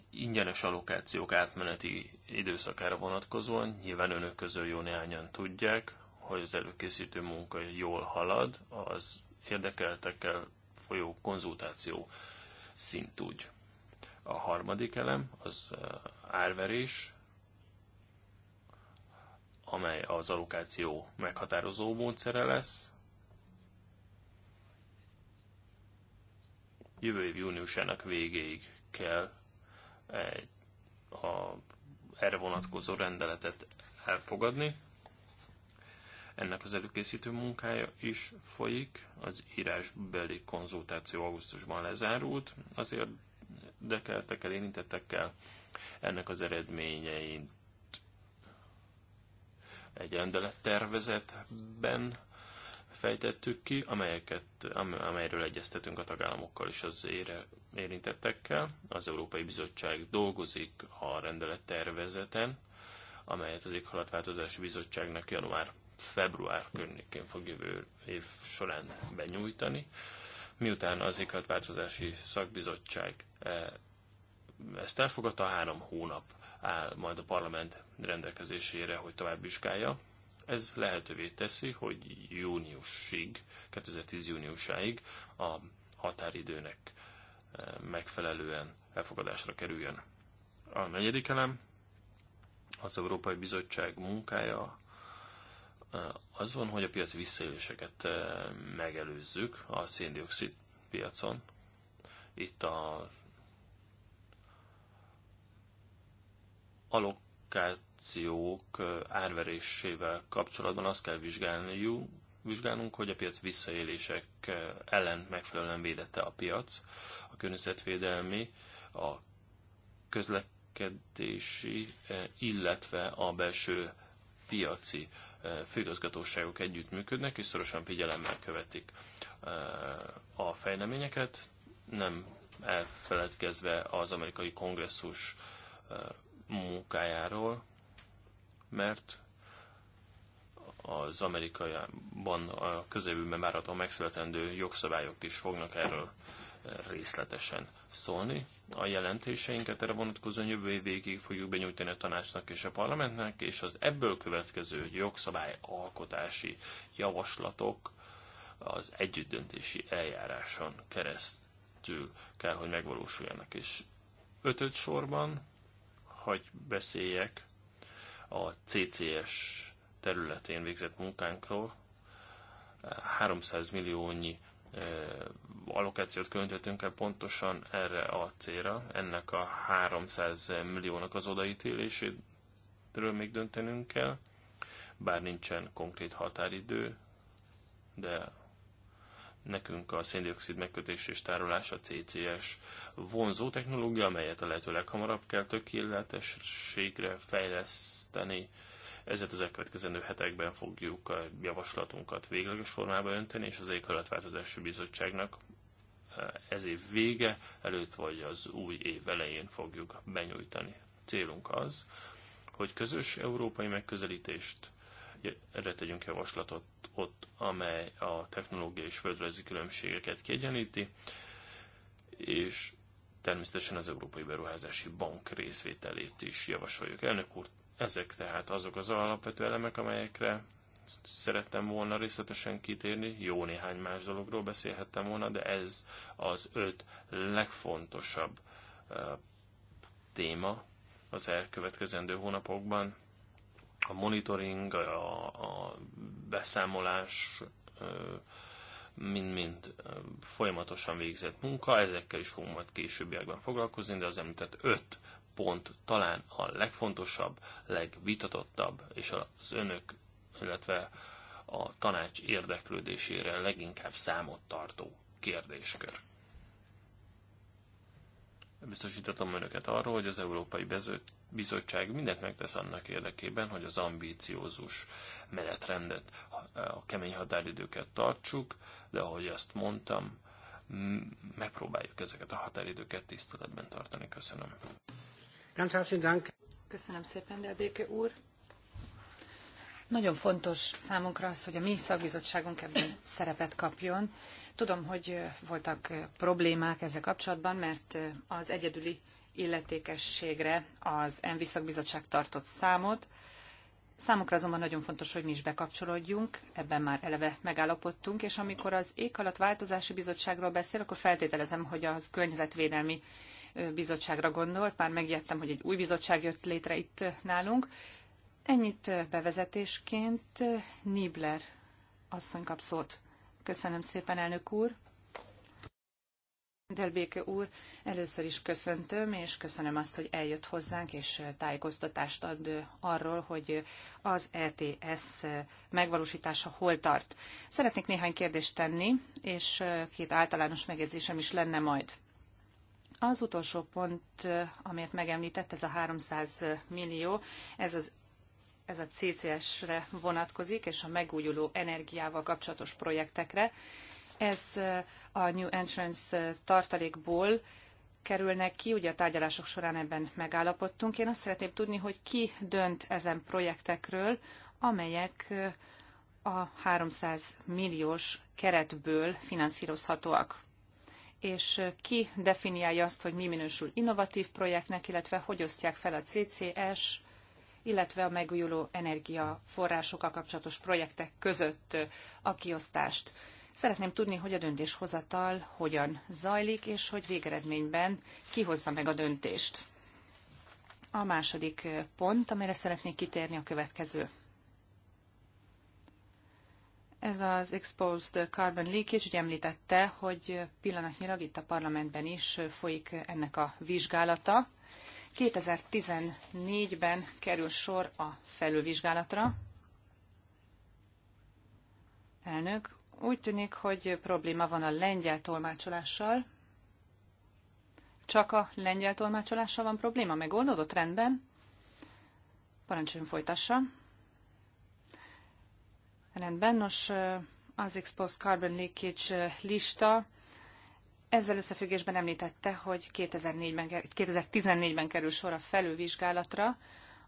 ingyenes allokációk átmeneti időszakára vonatkozóan, nyilván önök közül jó néhányan tudják, hogy az előkészítő munka jól halad, az érdekeltekkel folyó konzultáció szintúgy. A harmadik elem az árverés, amely az allokáció meghatározó módszere lesz. Jövő év júniusának végéig kell egy, eh, a, erre vonatkozó rendeletet elfogadni, ennek az előkészítő munkája is folyik, az írásbeli konzultáció augusztusban lezárult, azért érdekeltekkel, érintettekkel ennek az eredményeit egy rendelettervezetben fejtettük ki, amelyeket, amelyről egyeztetünk a tagállamokkal és az ére, érintettekkel. Az Európai Bizottság dolgozik a rendelettervezeten, amelyet az Éghalatváltozási Bizottságnak január február környékén fog jövő év során benyújtani. Miután az éghajlatváltozási szakbizottság e, ezt elfogadta, három hónap áll majd a parlament rendelkezésére, hogy tovább vizsgálja. Ez lehetővé teszi, hogy júniusig, 2010 júniusáig a határidőnek e, megfelelően elfogadásra kerüljön. A negyedik elem az Európai Bizottság munkája azon, hogy a piaci visszaéléseket megelőzzük a széndiokszid piacon. Itt a allokációk árverésével kapcsolatban azt kell vizsgálniuk, vizsgálnunk, hogy a piac visszaélések ellen megfelelően védette a piac, a környezetvédelmi, a közlekedési, illetve a belső piaci főigazgatóságok működnek és szorosan figyelemmel követik a fejleményeket, nem elfeledkezve az amerikai kongresszus munkájáról, mert az amerikaiban a közelőben várható megszületendő jogszabályok is fognak erről részletesen szólni. A jelentéseinket erre vonatkozóan jövő év végig fogjuk benyújtani a tanácsnak és a parlamentnek, és az ebből következő jogszabály alkotási javaslatok az együttdöntési eljáráson keresztül kell, hogy megvalósuljanak. És ötöd sorban, hogy beszéljek a CCS területén végzett munkánkról, 300 milliónyi allokációt köntöttünk el pontosan erre a célra, ennek a 300 milliónak az odaítéléséről még döntenünk kell, bár nincsen konkrét határidő, de nekünk a széndiokszid megkötés és tárolása CCS vonzó technológia, amelyet a lehető leghamarabb kell tökéletességre fejleszteni, ezért az elkövetkezendő hetekben fogjuk a javaslatunkat végleges formába önteni, és az Éghajlatváltozási Bizottságnak eh, ez év vége előtt vagy az új év elején fogjuk benyújtani. Célunk az, hogy közös európai megközelítést eh, erre tegyünk javaslatot ott, amely a technológiai és földrajzi különbségeket kiegyenlíti, és természetesen az Európai Beruházási Bank részvételét is javasoljuk. Elnök úr, ezek tehát azok az alapvető elemek, amelyekre szerettem volna részletesen kitérni, jó néhány más dologról beszélhettem volna, de ez az öt legfontosabb téma az elkövetkezendő hónapokban. A monitoring, a, a beszámolás, mind-mind folyamatosan végzett munka, ezekkel is fogunk majd későbbiekben foglalkozni, de az említett öt pont talán a legfontosabb, legvitatottabb, és az önök, illetve a tanács érdeklődésére leginkább számot tartó kérdéskör. Biztosítatom önöket arról, hogy az Európai Bizottság mindent megtesz annak érdekében, hogy az ambíciózus menetrendet, a kemény határidőket tartsuk, de ahogy azt mondtam, megpróbáljuk ezeket a határidőket tiszteletben tartani. Köszönöm. Ganz herzlichen Dank. Köszönöm szépen, Delbéke úr. Nagyon fontos számunkra az, hogy a mi szakbizottságunk ebben szerepet kapjon. Tudom, hogy voltak problémák ezzel kapcsolatban, mert az egyedüli illetékességre az ENVI szakbizottság tartott számot. Számunkra azonban nagyon fontos, hogy mi is bekapcsolódjunk, ebben már eleve megállapodtunk, és amikor az Éghalatváltozási Bizottságról beszél, akkor feltételezem, hogy a Környezetvédelmi bizottságra gondolt, már megijedtem, hogy egy új bizottság jött létre itt nálunk. Ennyit bevezetésként Nibler asszony kap szót. Köszönöm szépen, elnök úr. Delbéke úr, először is köszöntöm, és köszönöm azt, hogy eljött hozzánk, és tájékoztatást ad arról, hogy az ETS megvalósítása hol tart. Szeretnék néhány kérdést tenni, és két általános megjegyzésem is lenne majd. Az utolsó pont, eh, amelyet megemlített, ez a 300 millió, ez az ez a CCS-re vonatkozik, és a megújuló energiával kapcsolatos projektekre. Ez eh, a New Entrance eh, tartalékból kerülnek ki, ugye a tárgyalások során ebben megállapodtunk. Én azt szeretném tudni, hogy ki dönt ezen projektekről, amelyek a 300 milliós keretből finanszírozhatóak és ki definiálja azt, hogy mi minősül innovatív projektnek, illetve hogy osztják fel a CCS, illetve a megújuló energiaforrásokkal kapcsolatos projektek között a kiosztást. Szeretném tudni, hogy a döntéshozatal hogyan zajlik, és hogy végeredményben ki hozza meg a döntést. A második pont, amelyre szeretnék kitérni a következő. Ez az Exposed Carbon Leakage, ugye említette, hogy pillanatnyilag itt a parlamentben is folyik ennek a vizsgálata. 2014-ben kerül sor a felülvizsgálatra. Elnök, úgy tűnik, hogy probléma van a lengyel tolmácsolással. Csak a lengyel tolmácsolással van probléma? Megoldódott rendben? Parancsoljon folytassa. Rendben, nos, az Exposed Carbon Leakage lista ezzel összefüggésben említette, hogy 2004-ben, 2014-ben kerül sor a felülvizsgálatra,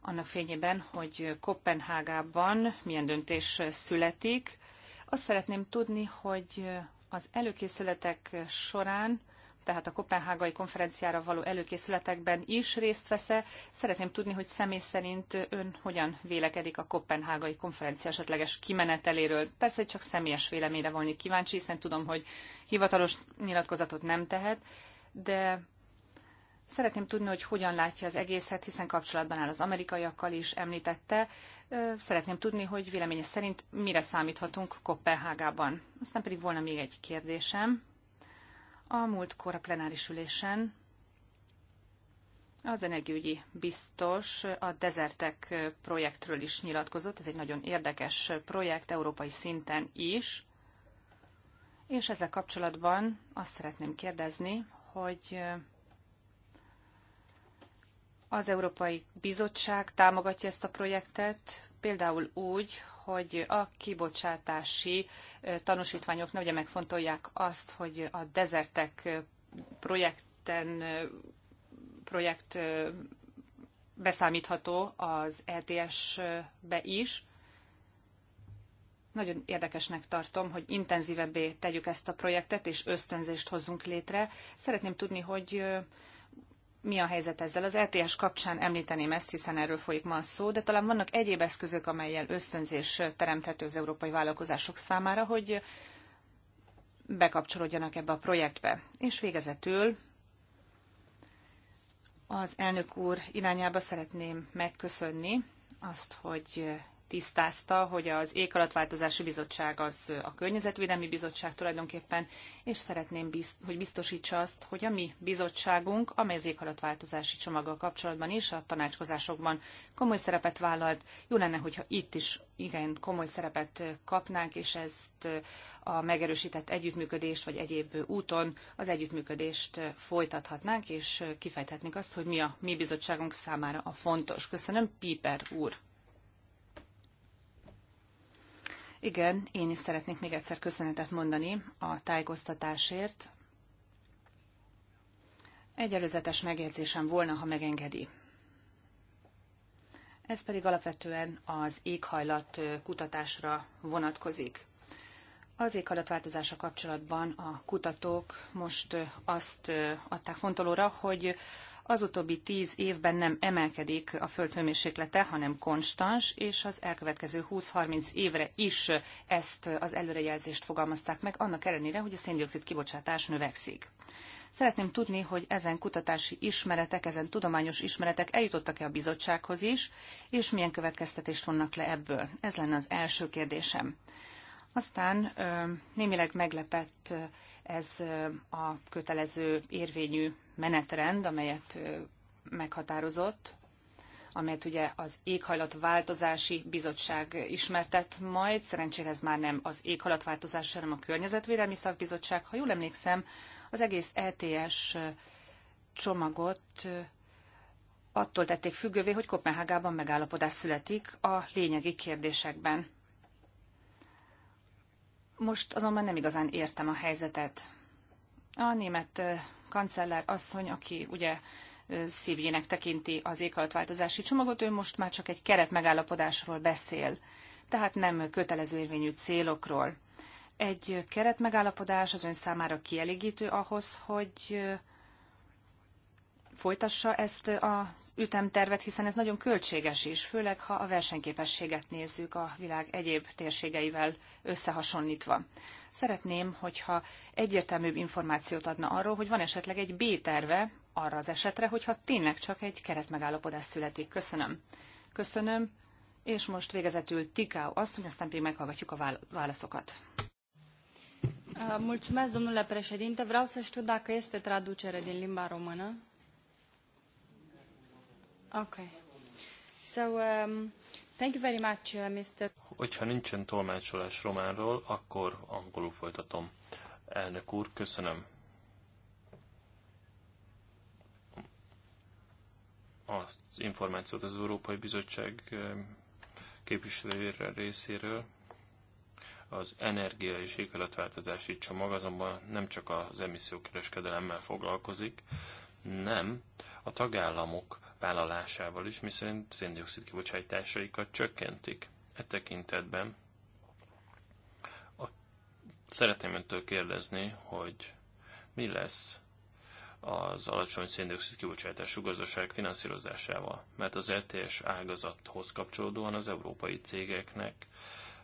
annak fényében, hogy Kopenhágában milyen döntés születik. Azt szeretném tudni, hogy az előkészületek során tehát a Kopenhágai konferenciára való előkészületekben is részt vesz-e. Szeretném tudni, hogy személy szerint ön hogyan vélekedik a Kopenhágai konferencia esetleges kimeneteléről. Persze, hogy csak személyes véleményre volnék kíváncsi, hiszen tudom, hogy hivatalos nyilatkozatot nem tehet, de Szeretném tudni, hogy hogyan látja az egészet, hiszen kapcsolatban áll az amerikaiakkal is, említette. Szeretném tudni, hogy véleménye szerint mire számíthatunk Kopenhágában. Aztán pedig volna még egy kérdésem. A múltkor a plenáris ülésen az energiügyi biztos a Desertek projektről is nyilatkozott. Ez egy nagyon érdekes projekt európai szinten is. És ezzel kapcsolatban azt szeretném kérdezni, hogy az Európai Bizottság támogatja ezt a projektet, például úgy, hogy a kibocsátási tanúsítványok ugye megfontolják azt, hogy a dezertek projekten projekt beszámítható az ETS-be is. Nagyon érdekesnek tartom, hogy intenzívebbé tegyük ezt a projektet, és ösztönzést hozzunk létre. Szeretném tudni, hogy mi a helyzet ezzel. Az LTS kapcsán említeném ezt, hiszen erről folyik ma a szó, de talán vannak egyéb eszközök, amelyel ösztönzés teremthető az európai vállalkozások számára, hogy bekapcsolódjanak ebbe a projektbe. És végezetül az elnök úr irányába szeretném megköszönni azt, hogy tisztázta, hogy az Éghalatváltozási Bizottság az a Környezetvédelmi Bizottság tulajdonképpen, és szeretném, bizt, hogy biztosítsa azt, hogy a mi bizottságunk, amely az éghalatváltozási csomaggal kapcsolatban és a tanácskozásokban komoly szerepet vállalt, jó lenne, hogyha itt is igen komoly szerepet kapnánk, és ezt a megerősített együttműködést, vagy egyéb úton az együttműködést folytathatnánk, és kifejthetnénk azt, hogy mi a mi bizottságunk számára a fontos. Köszönöm, Piper úr! Igen, én is szeretnék még egyszer köszönetet mondani a tájékoztatásért. Egy előzetes megjegyzésem volna, ha megengedi. Ez pedig alapvetően az éghajlat kutatásra vonatkozik. Az éghajlatváltozása kapcsolatban a kutatók most azt adták fontolóra, hogy az utóbbi tíz évben nem emelkedik a földhőmérséklete, hanem konstans, és az elkövetkező 20-30 évre is ezt az előrejelzést fogalmazták meg, annak ellenére, hogy a széndiokszid kibocsátás növekszik. Szeretném tudni, hogy ezen kutatási ismeretek, ezen tudományos ismeretek eljutottak-e a bizottsághoz is, és milyen következtetést vonnak le ebből. Ez lenne az első kérdésem. Aztán némileg meglepett ez a kötelező érvényű menetrend, amelyet meghatározott, amelyet ugye az éghajlatváltozási bizottság ismertett. majd. Szerencsére ez már nem az éghajlatváltozás, hanem a környezetvédelmi szakbizottság. Ha jól emlékszem, az egész ETS csomagot attól tették függővé, hogy Kopenhágában megállapodás születik a lényegi kérdésekben. Most azonban nem igazán értem a helyzetet. A német kancellár asszony, aki ugye szívjének tekinti az éghajlatváltozási csomagot, ő most már csak egy keret megállapodásról beszél, tehát nem kötelező érvényű célokról. Egy keret megállapodás az ön számára kielégítő ahhoz, hogy folytassa ezt az ütemtervet, hiszen ez nagyon költséges is, főleg ha a versenyképességet nézzük a világ egyéb térségeivel összehasonlítva. Szeretném, hogyha egyértelműbb információt adna arról, hogy van esetleg egy B-terve arra az esetre, hogyha tényleg csak egy keretmegállapodás születik. Köszönöm. Köszönöm, és most végezetül Tikau asszony, aztán pedig meghallgatjuk a válaszokat. Mulțumesc, domnule președinte. Vreau să știu dacă este traducere din limba română. Okay. So, um, thank you very much, uh, Mr. Hogyha nincsen tolmácsolás románról, akkor angolul folytatom. Elnök úr, köszönöm. Az információt az Európai Bizottság képviselőjére részéről az energia és éghajlatváltozási csomag azonban nem csak az emissziókereskedelemmel foglalkozik, nem, a tagállamok vállalásával is, miszerint széndiokszid kibocsátásaikat csökkentik. E tekintetben a, szeretném öntől kérdezni, hogy mi lesz az alacsony széndiokszid kibocsátású gazdaság finanszírozásával, mert az ETS ágazathoz kapcsolódóan az európai cégeknek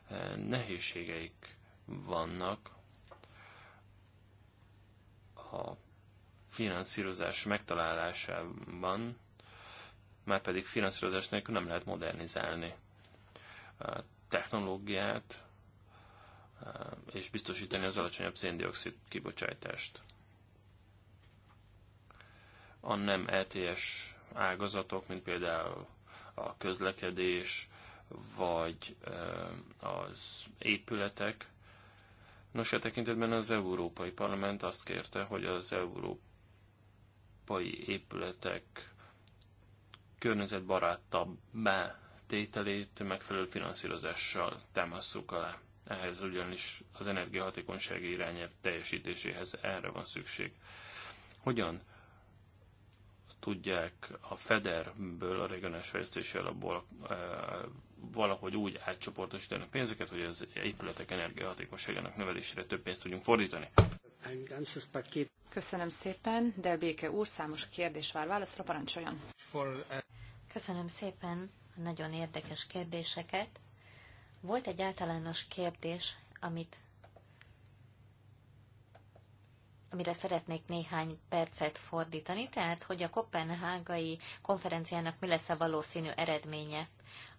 eh, nehézségeik vannak a finanszírozás megtalálásában, már pedig finanszírozás nélkül nem lehet modernizálni a eh, technológiát, eh, és biztosítani az alacsonyabb széndiokszid kibocsátást. A nem ETS ágazatok, mint például a közlekedés, vagy eh, az épületek. Nos, a e tekintetben az Európai Parlament azt kérte, hogy az európai épületek környezetbarátabbá tételét megfelelő finanszírozással támasszuk alá. Ehhez ugyanis az energiahatékonysági irányelv teljesítéséhez erre van szükség. Hogyan tudják a FEDER-ből, a regionális fejlesztési alapból eh, valahogy úgy átcsoportosítani a pénzeket, hogy az épületek energiahatékonyságának növelésére több pénzt tudjunk fordítani. Köszönöm szépen, Del Béke úr, számos kérdés vár válaszra, parancsoljon. For, uh... Köszönöm szépen a nagyon érdekes kérdéseket. Volt egy általános kérdés, amit amire szeretnék néhány percet fordítani, tehát hogy a kopenhágai konferenciának mi lesz a valószínű eredménye.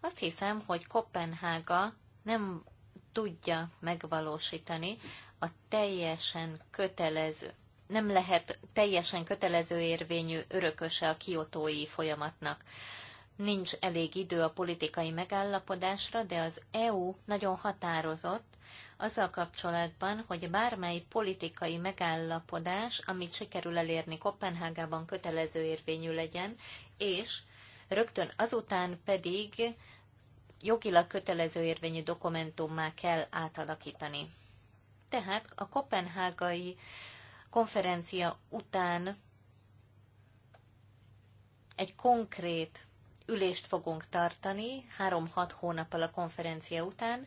Azt hiszem, hogy Kopenhága nem tudja megvalósítani a teljesen kötelező, nem lehet teljesen kötelező érvényű örököse a kiotói folyamatnak. Nincs elég idő a politikai megállapodásra, de az EU nagyon határozott azzal kapcsolatban, hogy bármely politikai megállapodás, amit sikerül elérni Kopenhágában, kötelező érvényű legyen, és rögtön azután pedig jogilag kötelező érvényű dokumentummá kell átalakítani. Tehát a kopenhágai konferencia után egy konkrét ülést fogunk tartani 3-6 hónappal a konferencia után,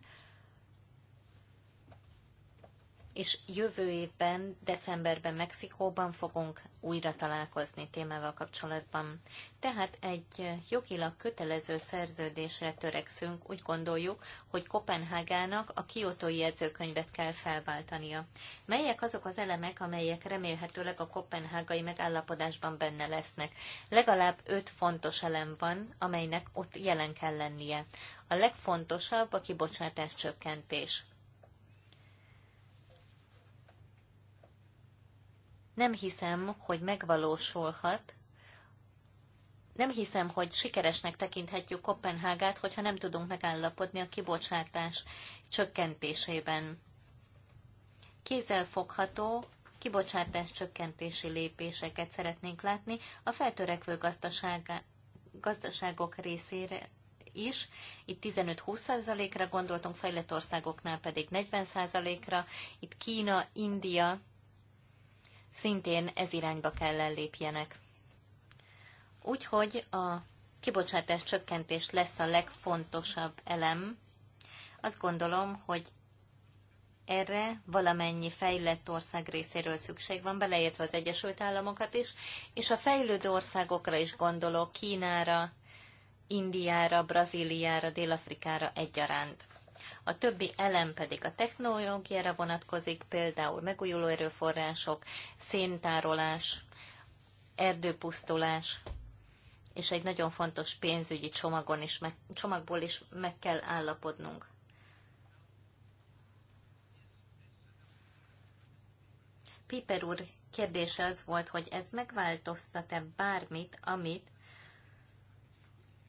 és jövő évben, decemberben Mexikóban fogunk újra találkozni témával kapcsolatban. Tehát egy jogilag kötelező szerződésre törekszünk, úgy gondoljuk, hogy Kopenhágának a kiotói jegyzőkönyvet kell felváltania. Melyek azok az elemek, amelyek remélhetőleg a kopenhágai megállapodásban benne lesznek? Legalább öt fontos elem van, amelynek ott jelen kell lennie. A legfontosabb a kibocsátás csökkentés. nem hiszem, hogy megvalósulhat, nem hiszem, hogy sikeresnek tekinthetjük Kopenhágát, hogyha nem tudunk megállapodni a kibocsátás csökkentésében. Kézzelfogható kibocsátás csökkentési lépéseket szeretnénk látni a feltörekvő gazdaság, gazdaságok részére is. Itt 15-20%-ra gondoltunk, fejlett országoknál pedig 40%-ra. Itt Kína, India szintén ez irányba kell ellépjenek. Úgyhogy a kibocsátás csökkentés lesz a legfontosabb elem. Azt gondolom, hogy erre valamennyi fejlett ország részéről szükség van, beleértve az Egyesült Államokat is, és a fejlődő országokra is gondolok, Kínára, Indiára, Brazíliára, Dél-Afrikára egyaránt. A többi elem pedig a technológiára vonatkozik, például megújuló erőforrások, széntárolás, erdőpusztulás, és egy nagyon fontos pénzügyi csomagon is meg, csomagból is meg kell állapodnunk. Piper úr kérdése az volt, hogy ez megváltoztat-e bármit, amit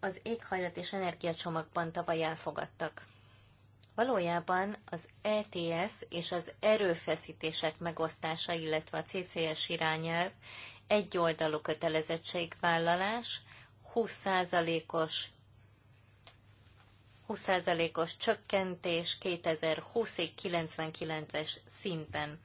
az éghajlat és energiacsomagban tavaly elfogadtak. Valójában az ETS és az erőfeszítések megosztása, illetve a CCS irányelv egyoldalú kötelezettségvállalás, 20%-os 20%-os csökkentés 2020-ig 99-es szinten.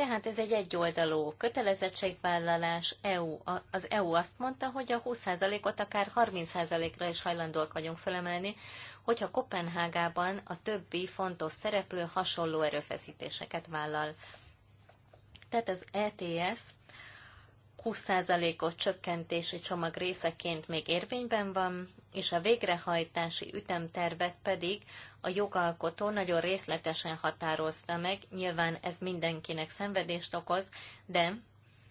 Tehát ez egy egyoldalú kötelezettségvállalás. EU, az EU azt mondta, hogy a 20%-ot akár 30%-ra is hajlandóak vagyunk felemelni, hogyha Kopenhágában a többi fontos szereplő hasonló erőfeszítéseket vállal. Tehát az ETS 20%-os csökkentési csomag részeként még érvényben van, és a végrehajtási ütemtervet pedig a jogalkotó nagyon részletesen határozta meg, nyilván ez mindenkinek szenvedést okoz, de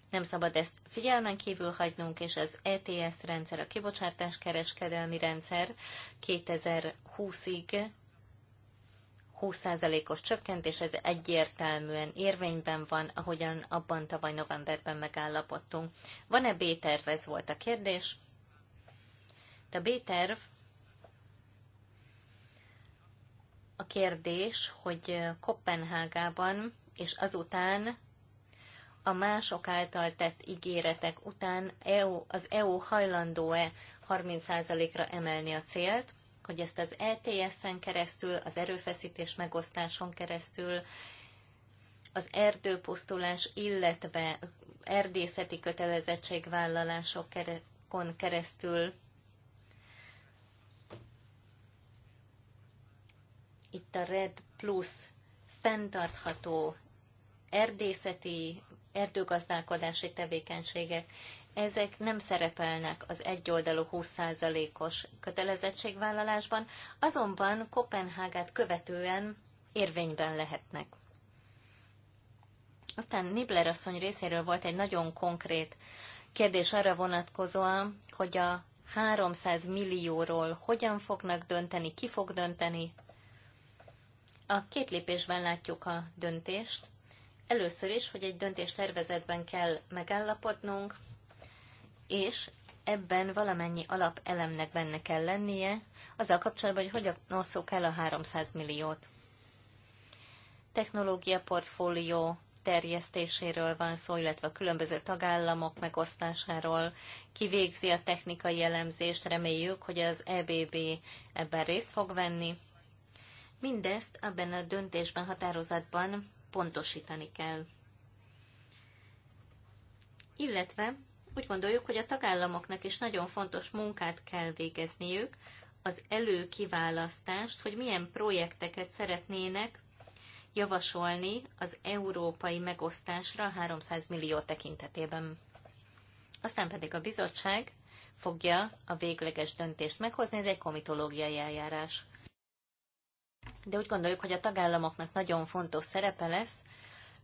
nem szabad ezt figyelmen kívül hagynunk, és az ETS rendszer, a kibocsátás kereskedelmi rendszer 2020-ig 20%-os csökkentés, ez egyértelműen érvényben van, ahogyan abban tavaly novemberben megállapodtunk. Van-e B-terv? Ez volt a kérdés. A B-terv a kérdés, hogy Kopenhágában és azután a mások által tett ígéretek után EU, az EU hajlandó-e 30%-ra emelni a célt, hogy ezt az ETS-en keresztül, az erőfeszítés megosztáson keresztül, az erdőpusztulás, illetve erdészeti kötelezettségvállalásokon keresztül Itt a Red Plus fenntartható erdészeti, erdőgazdálkodási tevékenységek, ezek nem szerepelnek az egyoldalú 20%-os kötelezettségvállalásban, azonban Kopenhágát követően érvényben lehetnek. Aztán Nibler asszony részéről volt egy nagyon konkrét kérdés arra vonatkozóan, hogy a 300 millióról hogyan fognak dönteni, ki fog dönteni, a két lépésben látjuk a döntést. Először is, hogy egy tervezetben kell megállapodnunk, és ebben valamennyi alapelemnek benne kell lennie, azzal kapcsolatban, hogy hogyan osszuk el a 300 milliót. Technológia portfólió terjesztéséről van szó, illetve a különböző tagállamok megosztásáról. Kivégzi a technikai elemzést, reméljük, hogy az EBB ebben részt fog venni. Mindezt abban a döntésben, határozatban pontosítani kell. Illetve úgy gondoljuk, hogy a tagállamoknak is nagyon fontos munkát kell végezniük, az előkiválasztást, hogy milyen projekteket szeretnének javasolni az európai megosztásra 300 millió tekintetében. Aztán pedig a bizottság fogja a végleges döntést meghozni, ez egy komitológiai eljárás de úgy gondoljuk, hogy a tagállamoknak nagyon fontos szerepe lesz,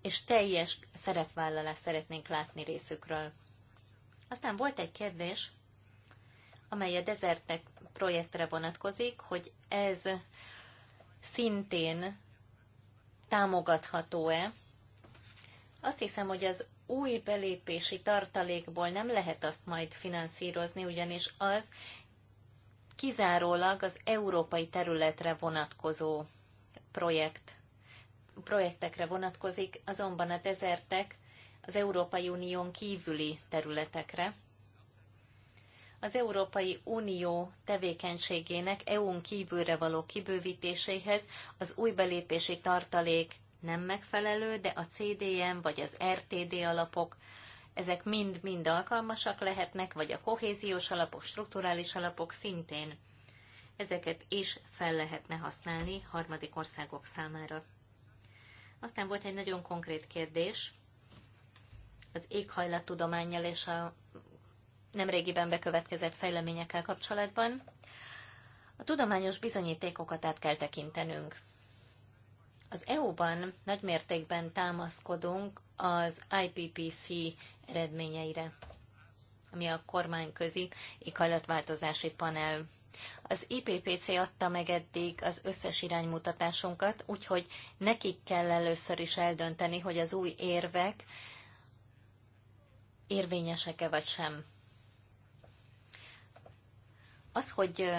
és teljes szerepvállalást szeretnénk látni részükről. Aztán volt egy kérdés, amely a Desertek projektre vonatkozik, hogy ez szintén támogatható-e. Azt hiszem, hogy az új belépési tartalékból nem lehet azt majd finanszírozni, ugyanis az kizárólag az európai területre vonatkozó projekt, projektekre vonatkozik, azonban a dezertek az Európai Unión kívüli területekre. Az Európai Unió tevékenységének EU-n kívülre való kibővítéséhez az új belépési tartalék nem megfelelő, de a CDM vagy az RTD alapok ezek mind-mind alkalmasak lehetnek, vagy a kohéziós alapok, strukturális alapok szintén. Ezeket is fel lehetne használni harmadik országok számára. Aztán volt egy nagyon konkrét kérdés az éghajlattudományjal és a nemrégiben bekövetkezett fejleményekkel kapcsolatban. A tudományos bizonyítékokat át kell tekintenünk. Az EU-ban nagymértékben támaszkodunk az IPPC eredményeire, ami a kormányközi éghajlatváltozási panel. Az IPPC adta meg eddig az összes iránymutatásunkat, úgyhogy nekik kell először is eldönteni, hogy az új érvek érvényesek-e vagy sem. Az, hogy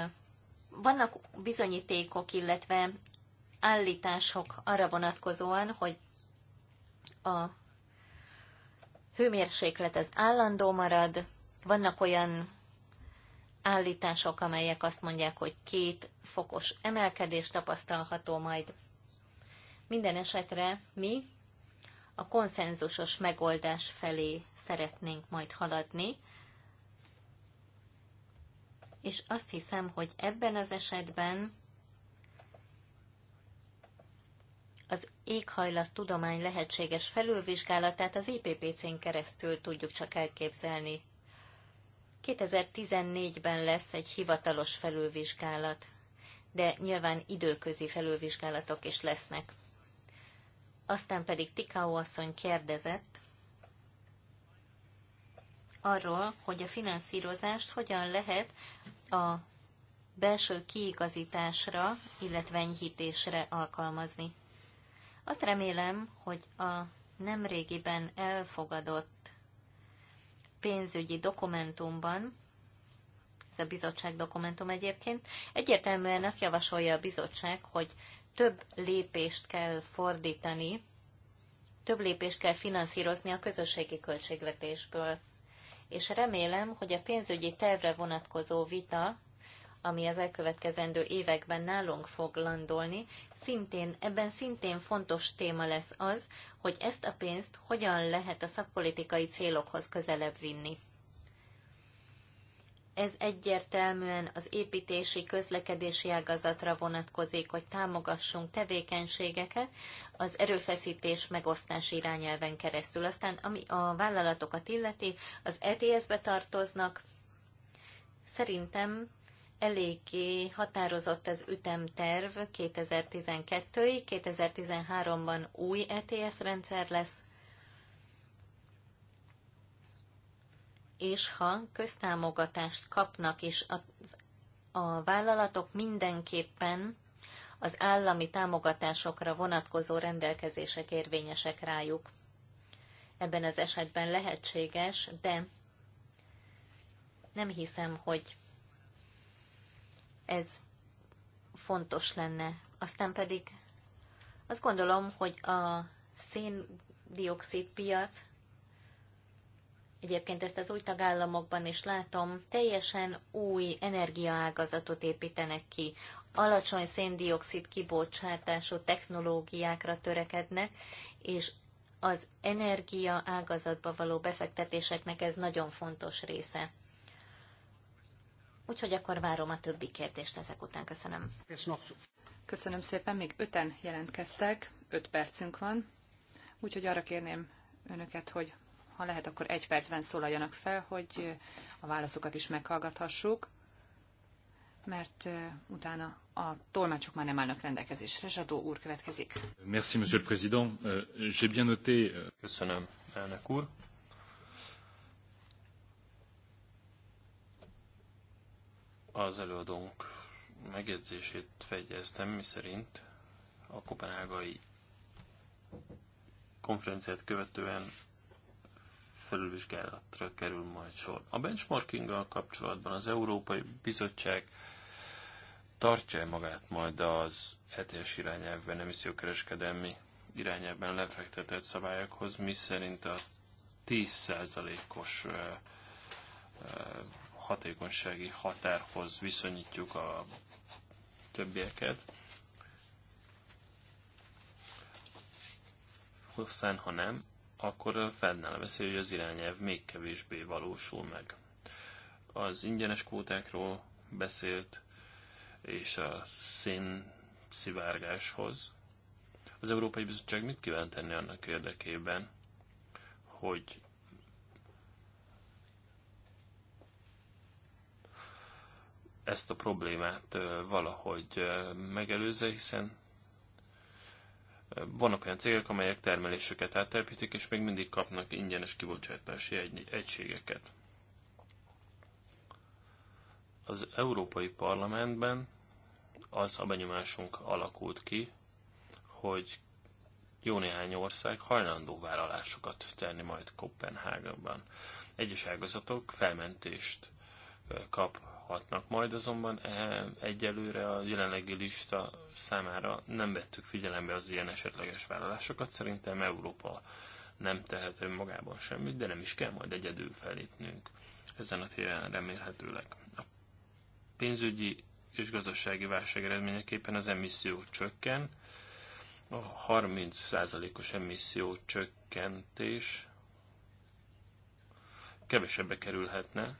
vannak bizonyítékok, illetve állítások arra vonatkozóan, hogy a hőmérséklet az állandó marad, vannak olyan állítások, amelyek azt mondják, hogy két fokos emelkedés tapasztalható majd. Minden esetre mi a konszenzusos megoldás felé szeretnénk majd haladni, és azt hiszem, hogy ebben az esetben éghajlattudomány lehetséges felülvizsgálatát az IPPC-n keresztül tudjuk csak elképzelni. 2014-ben lesz egy hivatalos felülvizsgálat, de nyilván időközi felülvizsgálatok is lesznek. Aztán pedig Tikau asszony kérdezett arról, hogy a finanszírozást hogyan lehet a belső kiigazításra, illetve enyhítésre alkalmazni. Azt remélem, hogy a nemrégiben elfogadott pénzügyi dokumentumban, ez a bizottság dokumentum egyébként, egyértelműen azt javasolja a bizottság, hogy több lépést kell fordítani, több lépést kell finanszírozni a közösségi költségvetésből. És remélem, hogy a pénzügyi tervre vonatkozó vita ami az elkövetkezendő években nálunk fog landolni, szintén, ebben szintén fontos téma lesz az, hogy ezt a pénzt hogyan lehet a szakpolitikai célokhoz közelebb vinni. Ez egyértelműen az építési, közlekedési ágazatra vonatkozik, hogy támogassunk tevékenységeket az erőfeszítés megosztás irányelven keresztül. Aztán, ami a vállalatokat illeti, az ETS-be tartoznak. Szerintem eléggé határozott az ütemterv 2012-ig, 2013-ban új ETS rendszer lesz, és ha köztámogatást kapnak is a, a vállalatok, mindenképpen az állami támogatásokra vonatkozó rendelkezések érvényesek rájuk. Ebben az esetben lehetséges, de nem hiszem, hogy ez fontos lenne. Aztán pedig azt gondolom, hogy a széndiokszid piac, egyébként ezt az új tagállamokban is látom, teljesen új energiaágazatot építenek ki. Alacsony széndiokszid kibocsátású technológiákra törekednek, és az energia ágazatba való befektetéseknek ez nagyon fontos része. Úgyhogy akkor várom a többi kérdést ezek után. Köszönöm. Köszönöm szépen. Még öten jelentkeztek. Öt percünk van. Úgyhogy arra kérném önöket, hogy ha lehet, akkor egy percben szólaljanak fel, hogy a válaszokat is meghallgathassuk, mert utána a tolmácsok már nem állnak rendelkezésre. Zsadó úr következik. Merci, monsieur le président. Euh, j'ai bien noté... Euh, Köszönöm, elnök úr. az előadónk megjegyzését fegyeztem, miszerint a kopenhágai konferenciát követően felülvizsgálatra kerül majd sor. A benchmarkinggal kapcsolatban az Európai Bizottság tartja -e magát majd az ETS irányelvben, emissziókereskedelmi irányelvben lefektetett szabályokhoz, mi szerint a 10%-os hatékonysági határhoz viszonyítjuk a többieket. Hosszán, ha nem, akkor fennáll a veszély, hogy az irányelv még kevésbé valósul meg. Az ingyenes kvótákról beszélt, és a szén szivárgáshoz. Az Európai Bizottság mit kíván tenni annak érdekében, hogy ezt a problémát valahogy megelőzze, hiszen vannak olyan cégek, amelyek termelésüket áttelepítik, és még mindig kapnak ingyenes kibocsátási egységeket. Az Európai Parlamentben az a benyomásunk alakult ki, hogy jó néhány ország hajlandó vállalásokat tenni majd Kopenhágában. Egyes ágazatok felmentést kap hatnak. Majd azonban eh, egyelőre a jelenlegi lista számára nem vettük figyelembe az ilyen esetleges vállalásokat. Szerintem Európa nem tehet önmagában semmit, de nem is kell majd egyedül felépnünk ezen a téren remélhetőleg. A pénzügyi és gazdasági válság eredményeképpen az emisszió csökken, a 30%-os emisszió csökkentés kevesebbe kerülhetne,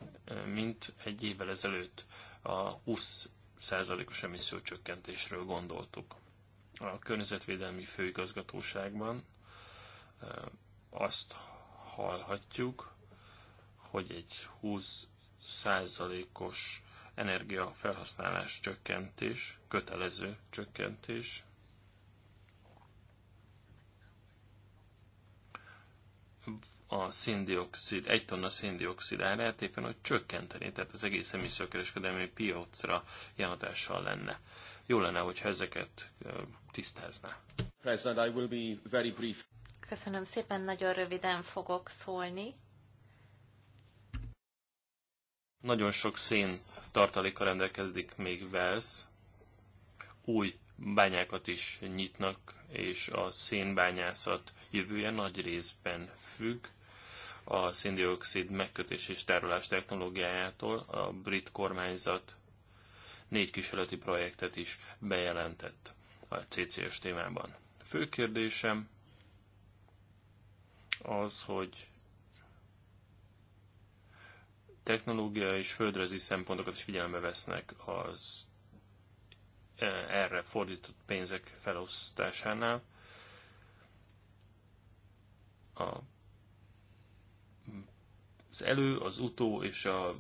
mint egy évvel ezelőtt a 20%-os emissziócsökkentésről gondoltuk. A Környezetvédelmi Főigazgatóságban azt hallhatjuk, hogy egy 20%-os energiafelhasználás csökkentés, kötelező csökkentés a széndiokszid, egy tonna széndiokszid árát éppen, hogy csökkenteni, tehát az egész emisszőkereskedelmi piacra jelentéssel lenne. Jó lenne, hogyha ezeket tisztázná. President, I will be very brief. Köszönöm szépen, nagyon röviden fogok szólni. Nagyon sok szén tartaléka rendelkezik még Wells. Új bányákat is nyitnak, és a szénbányászat jövője nagy részben függ a széndiokszid megkötés és tárolás technológiájától a brit kormányzat négy kísérleti projektet is bejelentett a CCS témában. Fő kérdésem az, hogy technológia és földrezi szempontokat is figyelembe vesznek az e, erre fordított pénzek felosztásánál. A az elő, az utó és a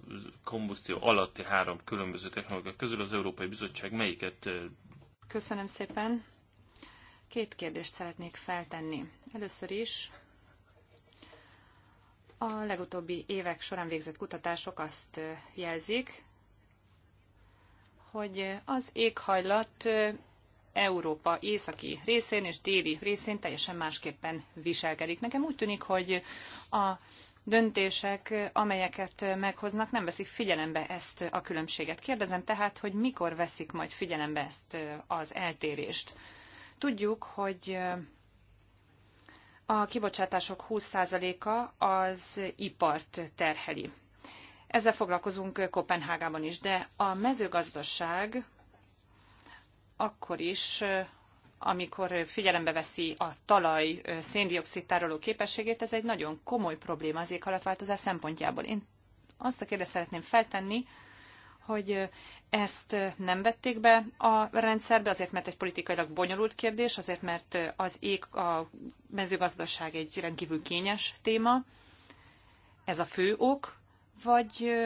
kombusztió alatti három különböző technológia közül az Európai Bizottság melyiket? Köszönöm szépen. Két kérdést szeretnék feltenni. Először is a legutóbbi évek során végzett kutatások azt jelzik, hogy az éghajlat Európa északi részén és déli részén teljesen másképpen viselkedik. Nekem úgy tűnik, hogy a döntések, amelyeket meghoznak, nem veszik figyelembe ezt a különbséget. Kérdezem tehát, hogy mikor veszik majd figyelembe ezt eh, az eltérést. Tudjuk, hogy eh, a kibocsátások 20%-a az ipart terheli. Ezzel foglalkozunk Kopenhágában is, de a mezőgazdaság akkor is eh, amikor figyelembe veszi a talaj széndiokszid tároló képességét, ez egy nagyon komoly probléma az éghajlatváltozás szempontjából. Én azt a kérdést szeretném feltenni, hogy ezt nem vették be a rendszerbe, azért mert egy politikailag bonyolult kérdés, azért mert az ég, a mezőgazdaság egy rendkívül kényes téma. Ez a fő ok, vagy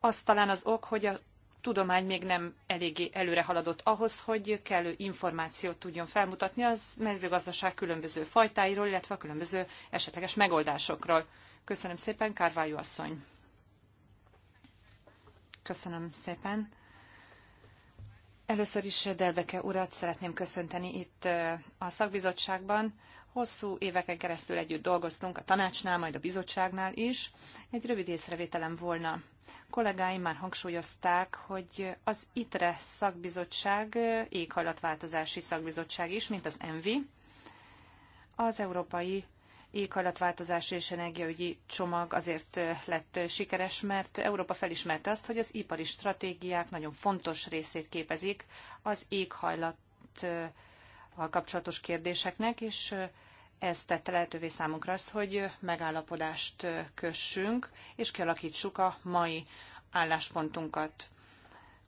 az talán az ok, hogy a tudomány még nem eléggé előre haladott ahhoz, hogy kellő információt tudjon felmutatni az mezőgazdaság különböző fajtáiról, illetve a különböző esetleges megoldásokról. Köszönöm szépen, Kárvályó asszony. Köszönöm szépen. Először is Delbeke urat szeretném köszönteni itt a szakbizottságban. Hosszú éveken keresztül együtt dolgoztunk a tanácsnál, majd a bizottságnál is. Egy rövid észrevételem volna kollégáim már hangsúlyozták, hogy az ITRE szakbizottság éghajlatváltozási szakbizottság is, mint az ENVI, az Európai éghajlatváltozási és energiaügyi csomag azért lett sikeres, mert Európa felismerte azt, hogy az ipari stratégiák nagyon fontos részét képezik az éghajlat kapcsolatos kérdéseknek, és ez tette lehetővé számunkra azt, hogy megállapodást kössünk, és kialakítsuk a mai álláspontunkat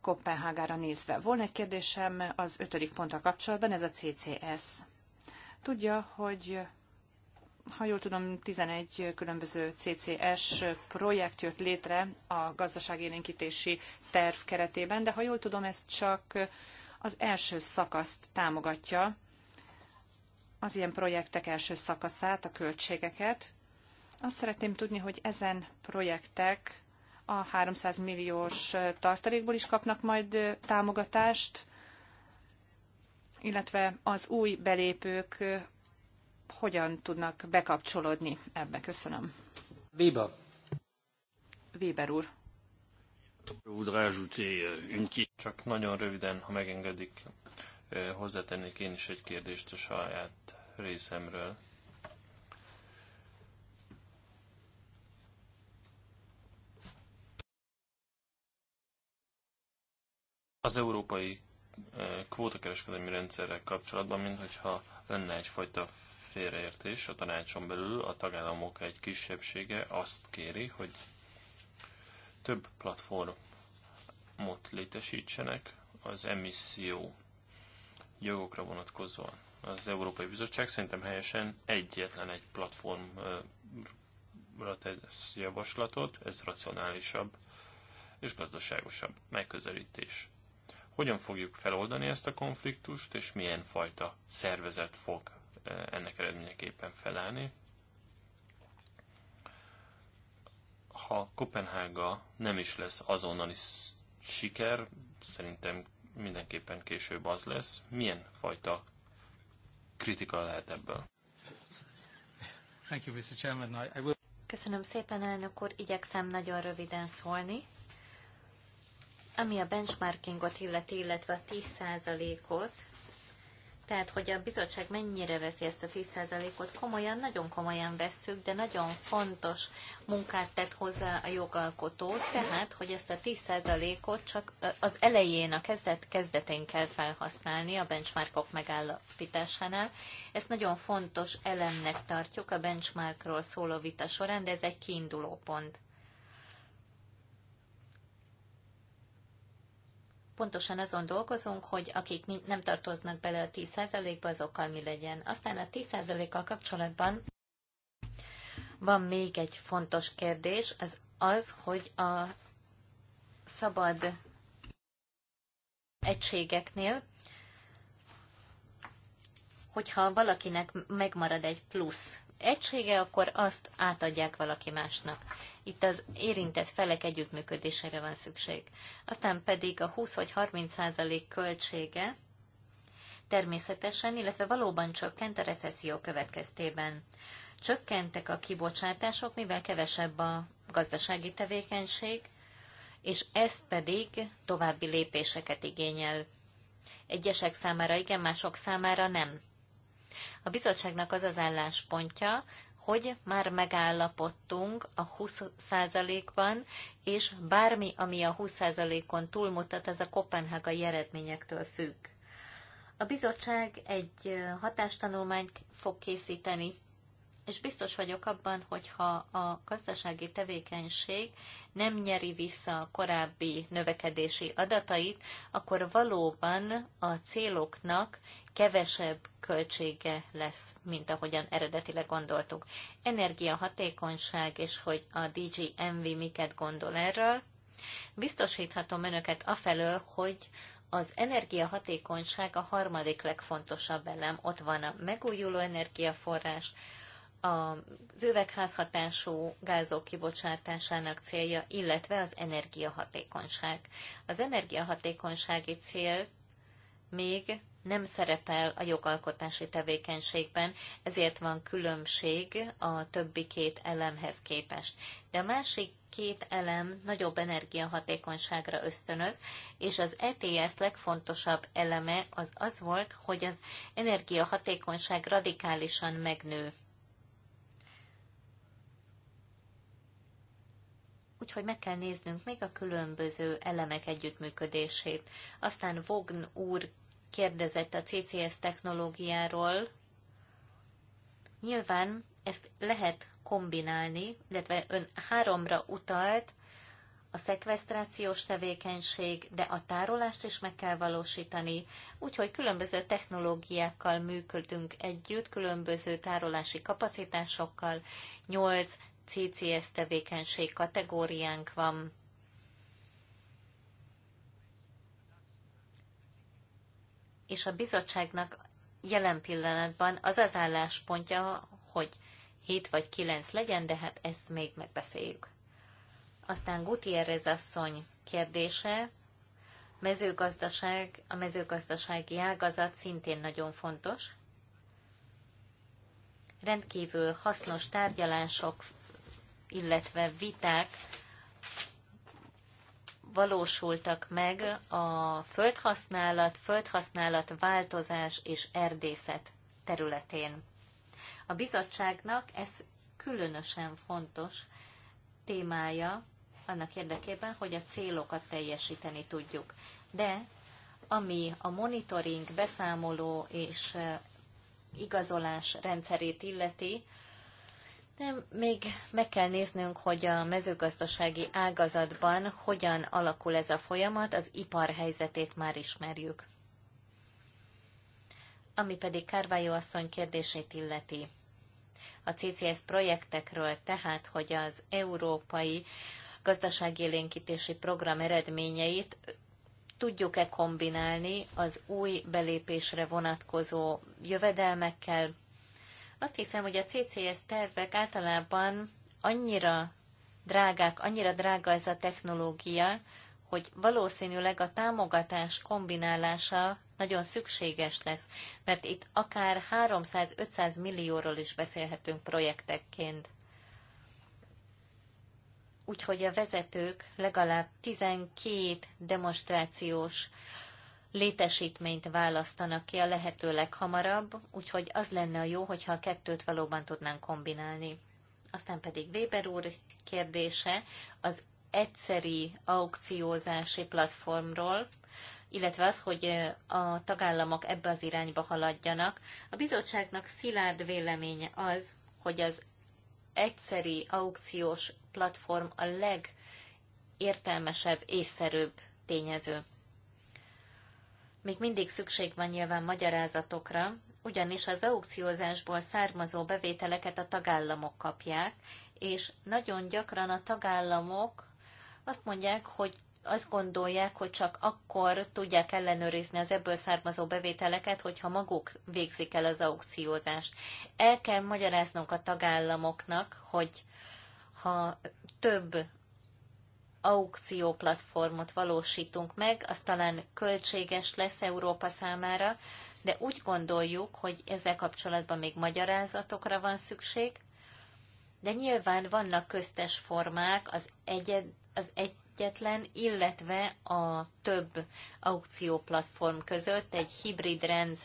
Kopenhágára nézve. Volna egy kérdésem az ötödik ponttal kapcsolatban, ez a CCS. Tudja, hogy ha jól tudom, 11 különböző CCS projekt jött létre a gazdaságélénkítési terv keretében, de ha jól tudom, ez csak az első szakaszt támogatja, az ilyen projektek első szakaszát, a költségeket. Azt szeretném tudni, hogy ezen projektek a 300 milliós tartalékból is kapnak majd támogatást, illetve az új belépők hogyan tudnak bekapcsolódni ebbe. Köszönöm. Viba. Weber úr. Euh, Csak nagyon röviden, ha megengedik, Hozzátennék én is egy kérdést a saját részemről. Az európai kvótakereskedelmi rendszerrel kapcsolatban, mintha lenne egyfajta félreértés a tanácson belül, a tagállamok egy kisebbsége azt kéri, hogy több platformot létesítsenek az emisszió jogokra vonatkozóan. Az Európai Bizottság szerintem helyesen egyetlen egy platformra tesz javaslatot, ez racionálisabb és gazdaságosabb megközelítés. Hogyan fogjuk feloldani ezt a konfliktust, és milyen fajta szervezet fog eh, ennek eredményeképpen felállni? Ha Kopenhága nem is lesz azonnali siker, szerintem mindenképpen később az lesz. Milyen fajta kritika lehet ebből? Thank you, Mr. Chairman. I will... Köszönöm szépen, elnök úr. Igyekszem nagyon röviden szólni. Ami a benchmarkingot illeti, illetve a 10%-ot, tehát, hogy a bizottság mennyire veszi ezt a 10%-ot komolyan, nagyon komolyan vesszük, de nagyon fontos munkát tett hozzá a jogalkotó, tehát, hogy ezt a 10%-ot csak az elején, a kezdet kezdetén kell felhasználni a benchmarkok megállapításánál. Ezt nagyon fontos elemnek tartjuk a benchmarkról szóló vita során, de ez egy kiinduló pont. pontosan azon dolgozunk, hogy akik nem tartoznak bele a 10%-ba, azokkal mi legyen. Aztán a 10%-kal kapcsolatban van még egy fontos kérdés, az az, hogy a szabad egységeknél, hogyha valakinek megmarad egy plusz egysége, akkor azt átadják valaki másnak. Itt az érintett felek együttműködésére van szükség. Aztán pedig a 20 vagy 30 százalék költsége természetesen, illetve valóban csökkent a recesszió következtében. Csökkentek a kibocsátások, mivel kevesebb a gazdasági tevékenység, és ez pedig további lépéseket igényel. Egyesek számára igen, mások számára nem. A bizottságnak az az álláspontja, hogy már megállapodtunk a 20%-ban, és bármi, ami a 20%-on túlmutat, az a kopenhágai eredményektől függ. A bizottság egy hatástanulmányt fog készíteni és biztos vagyok abban, hogyha a gazdasági tevékenység nem nyeri vissza a korábbi növekedési adatait, akkor valóban a céloknak kevesebb költsége lesz, mint ahogyan eredetileg gondoltuk. Energiahatékonyság, és hogy a DG Envy miket gondol erről, biztosíthatom önöket afelől, hogy az energiahatékonyság a harmadik legfontosabb elem. Ott van a megújuló energiaforrás, az üvegházhatású gázok kibocsátásának célja, illetve az energiahatékonyság. Az energiahatékonysági cél még nem szerepel a jogalkotási tevékenységben, ezért van különbség a többi két elemhez képest. De a másik két elem nagyobb energiahatékonyságra ösztönöz, és az ETS legfontosabb eleme az az volt, hogy az energiahatékonyság radikálisan megnő. úgyhogy meg kell néznünk még a különböző elemek együttműködését. Aztán Vogn úr kérdezett a CCS technológiáról. Nyilván ezt lehet kombinálni, illetve ön háromra utalt, a szekvesztrációs tevékenység, de a tárolást is meg kell valósítani, úgyhogy különböző technológiákkal működünk együtt, különböző tárolási kapacitásokkal, 8, CCS tevékenység kategóriánk van. És a bizottságnak jelen pillanatban az az álláspontja, hogy 7 vagy 9 legyen, de hát ezt még megbeszéljük. Aztán Gutierrez asszony kérdése, mezőgazdaság, a mezőgazdasági ágazat szintén nagyon fontos. Rendkívül hasznos tárgyalások illetve viták valósultak meg a földhasználat, földhasználat változás és erdészet területén. A bizottságnak ez különösen fontos témája annak érdekében, hogy a célokat teljesíteni tudjuk. De ami a monitoring, beszámoló és igazolás rendszerét illeti, nem, még meg kell néznünk, hogy a mezőgazdasági ágazatban hogyan alakul ez a folyamat, az ipar helyzetét már ismerjük. Ami pedig Kárvályó asszony kérdését illeti. A CCS projektekről tehát, hogy az európai gazdaságélénkítési program eredményeit tudjuk-e kombinálni az új belépésre vonatkozó jövedelmekkel, azt hiszem, hogy a CCS tervek általában annyira drágák, annyira drága ez a technológia, hogy valószínűleg a támogatás kombinálása nagyon szükséges lesz, mert itt akár 300-500 millióról is beszélhetünk projektekként. Úgyhogy a vezetők legalább 12 demonstrációs létesítményt választanak ki a lehető leghamarabb, úgyhogy az lenne a jó, hogyha a kettőt valóban tudnánk kombinálni. Aztán pedig Weber úr kérdése az egyszeri aukciózási platformról, illetve az, hogy a tagállamok ebbe az irányba haladjanak. A bizottságnak szilárd véleménye az, hogy az egyszeri aukciós platform a legértelmesebb, észszerűbb tényező. Még mindig szükség van nyilván magyarázatokra, ugyanis az aukciózásból származó bevételeket a tagállamok kapják, és nagyon gyakran a tagállamok azt mondják, hogy azt gondolják, hogy csak akkor tudják ellenőrizni az ebből származó bevételeket, hogyha maguk végzik el az aukciózást. El kell magyaráznunk a tagállamoknak, hogy ha több aukció platformot valósítunk meg, az talán költséges lesz Európa számára, de úgy gondoljuk, hogy ezzel kapcsolatban még magyarázatokra van szükség, de nyilván vannak köztes formák, az, egyed, az egyetlen, illetve a több aukcióplatform között egy hibrid rendszer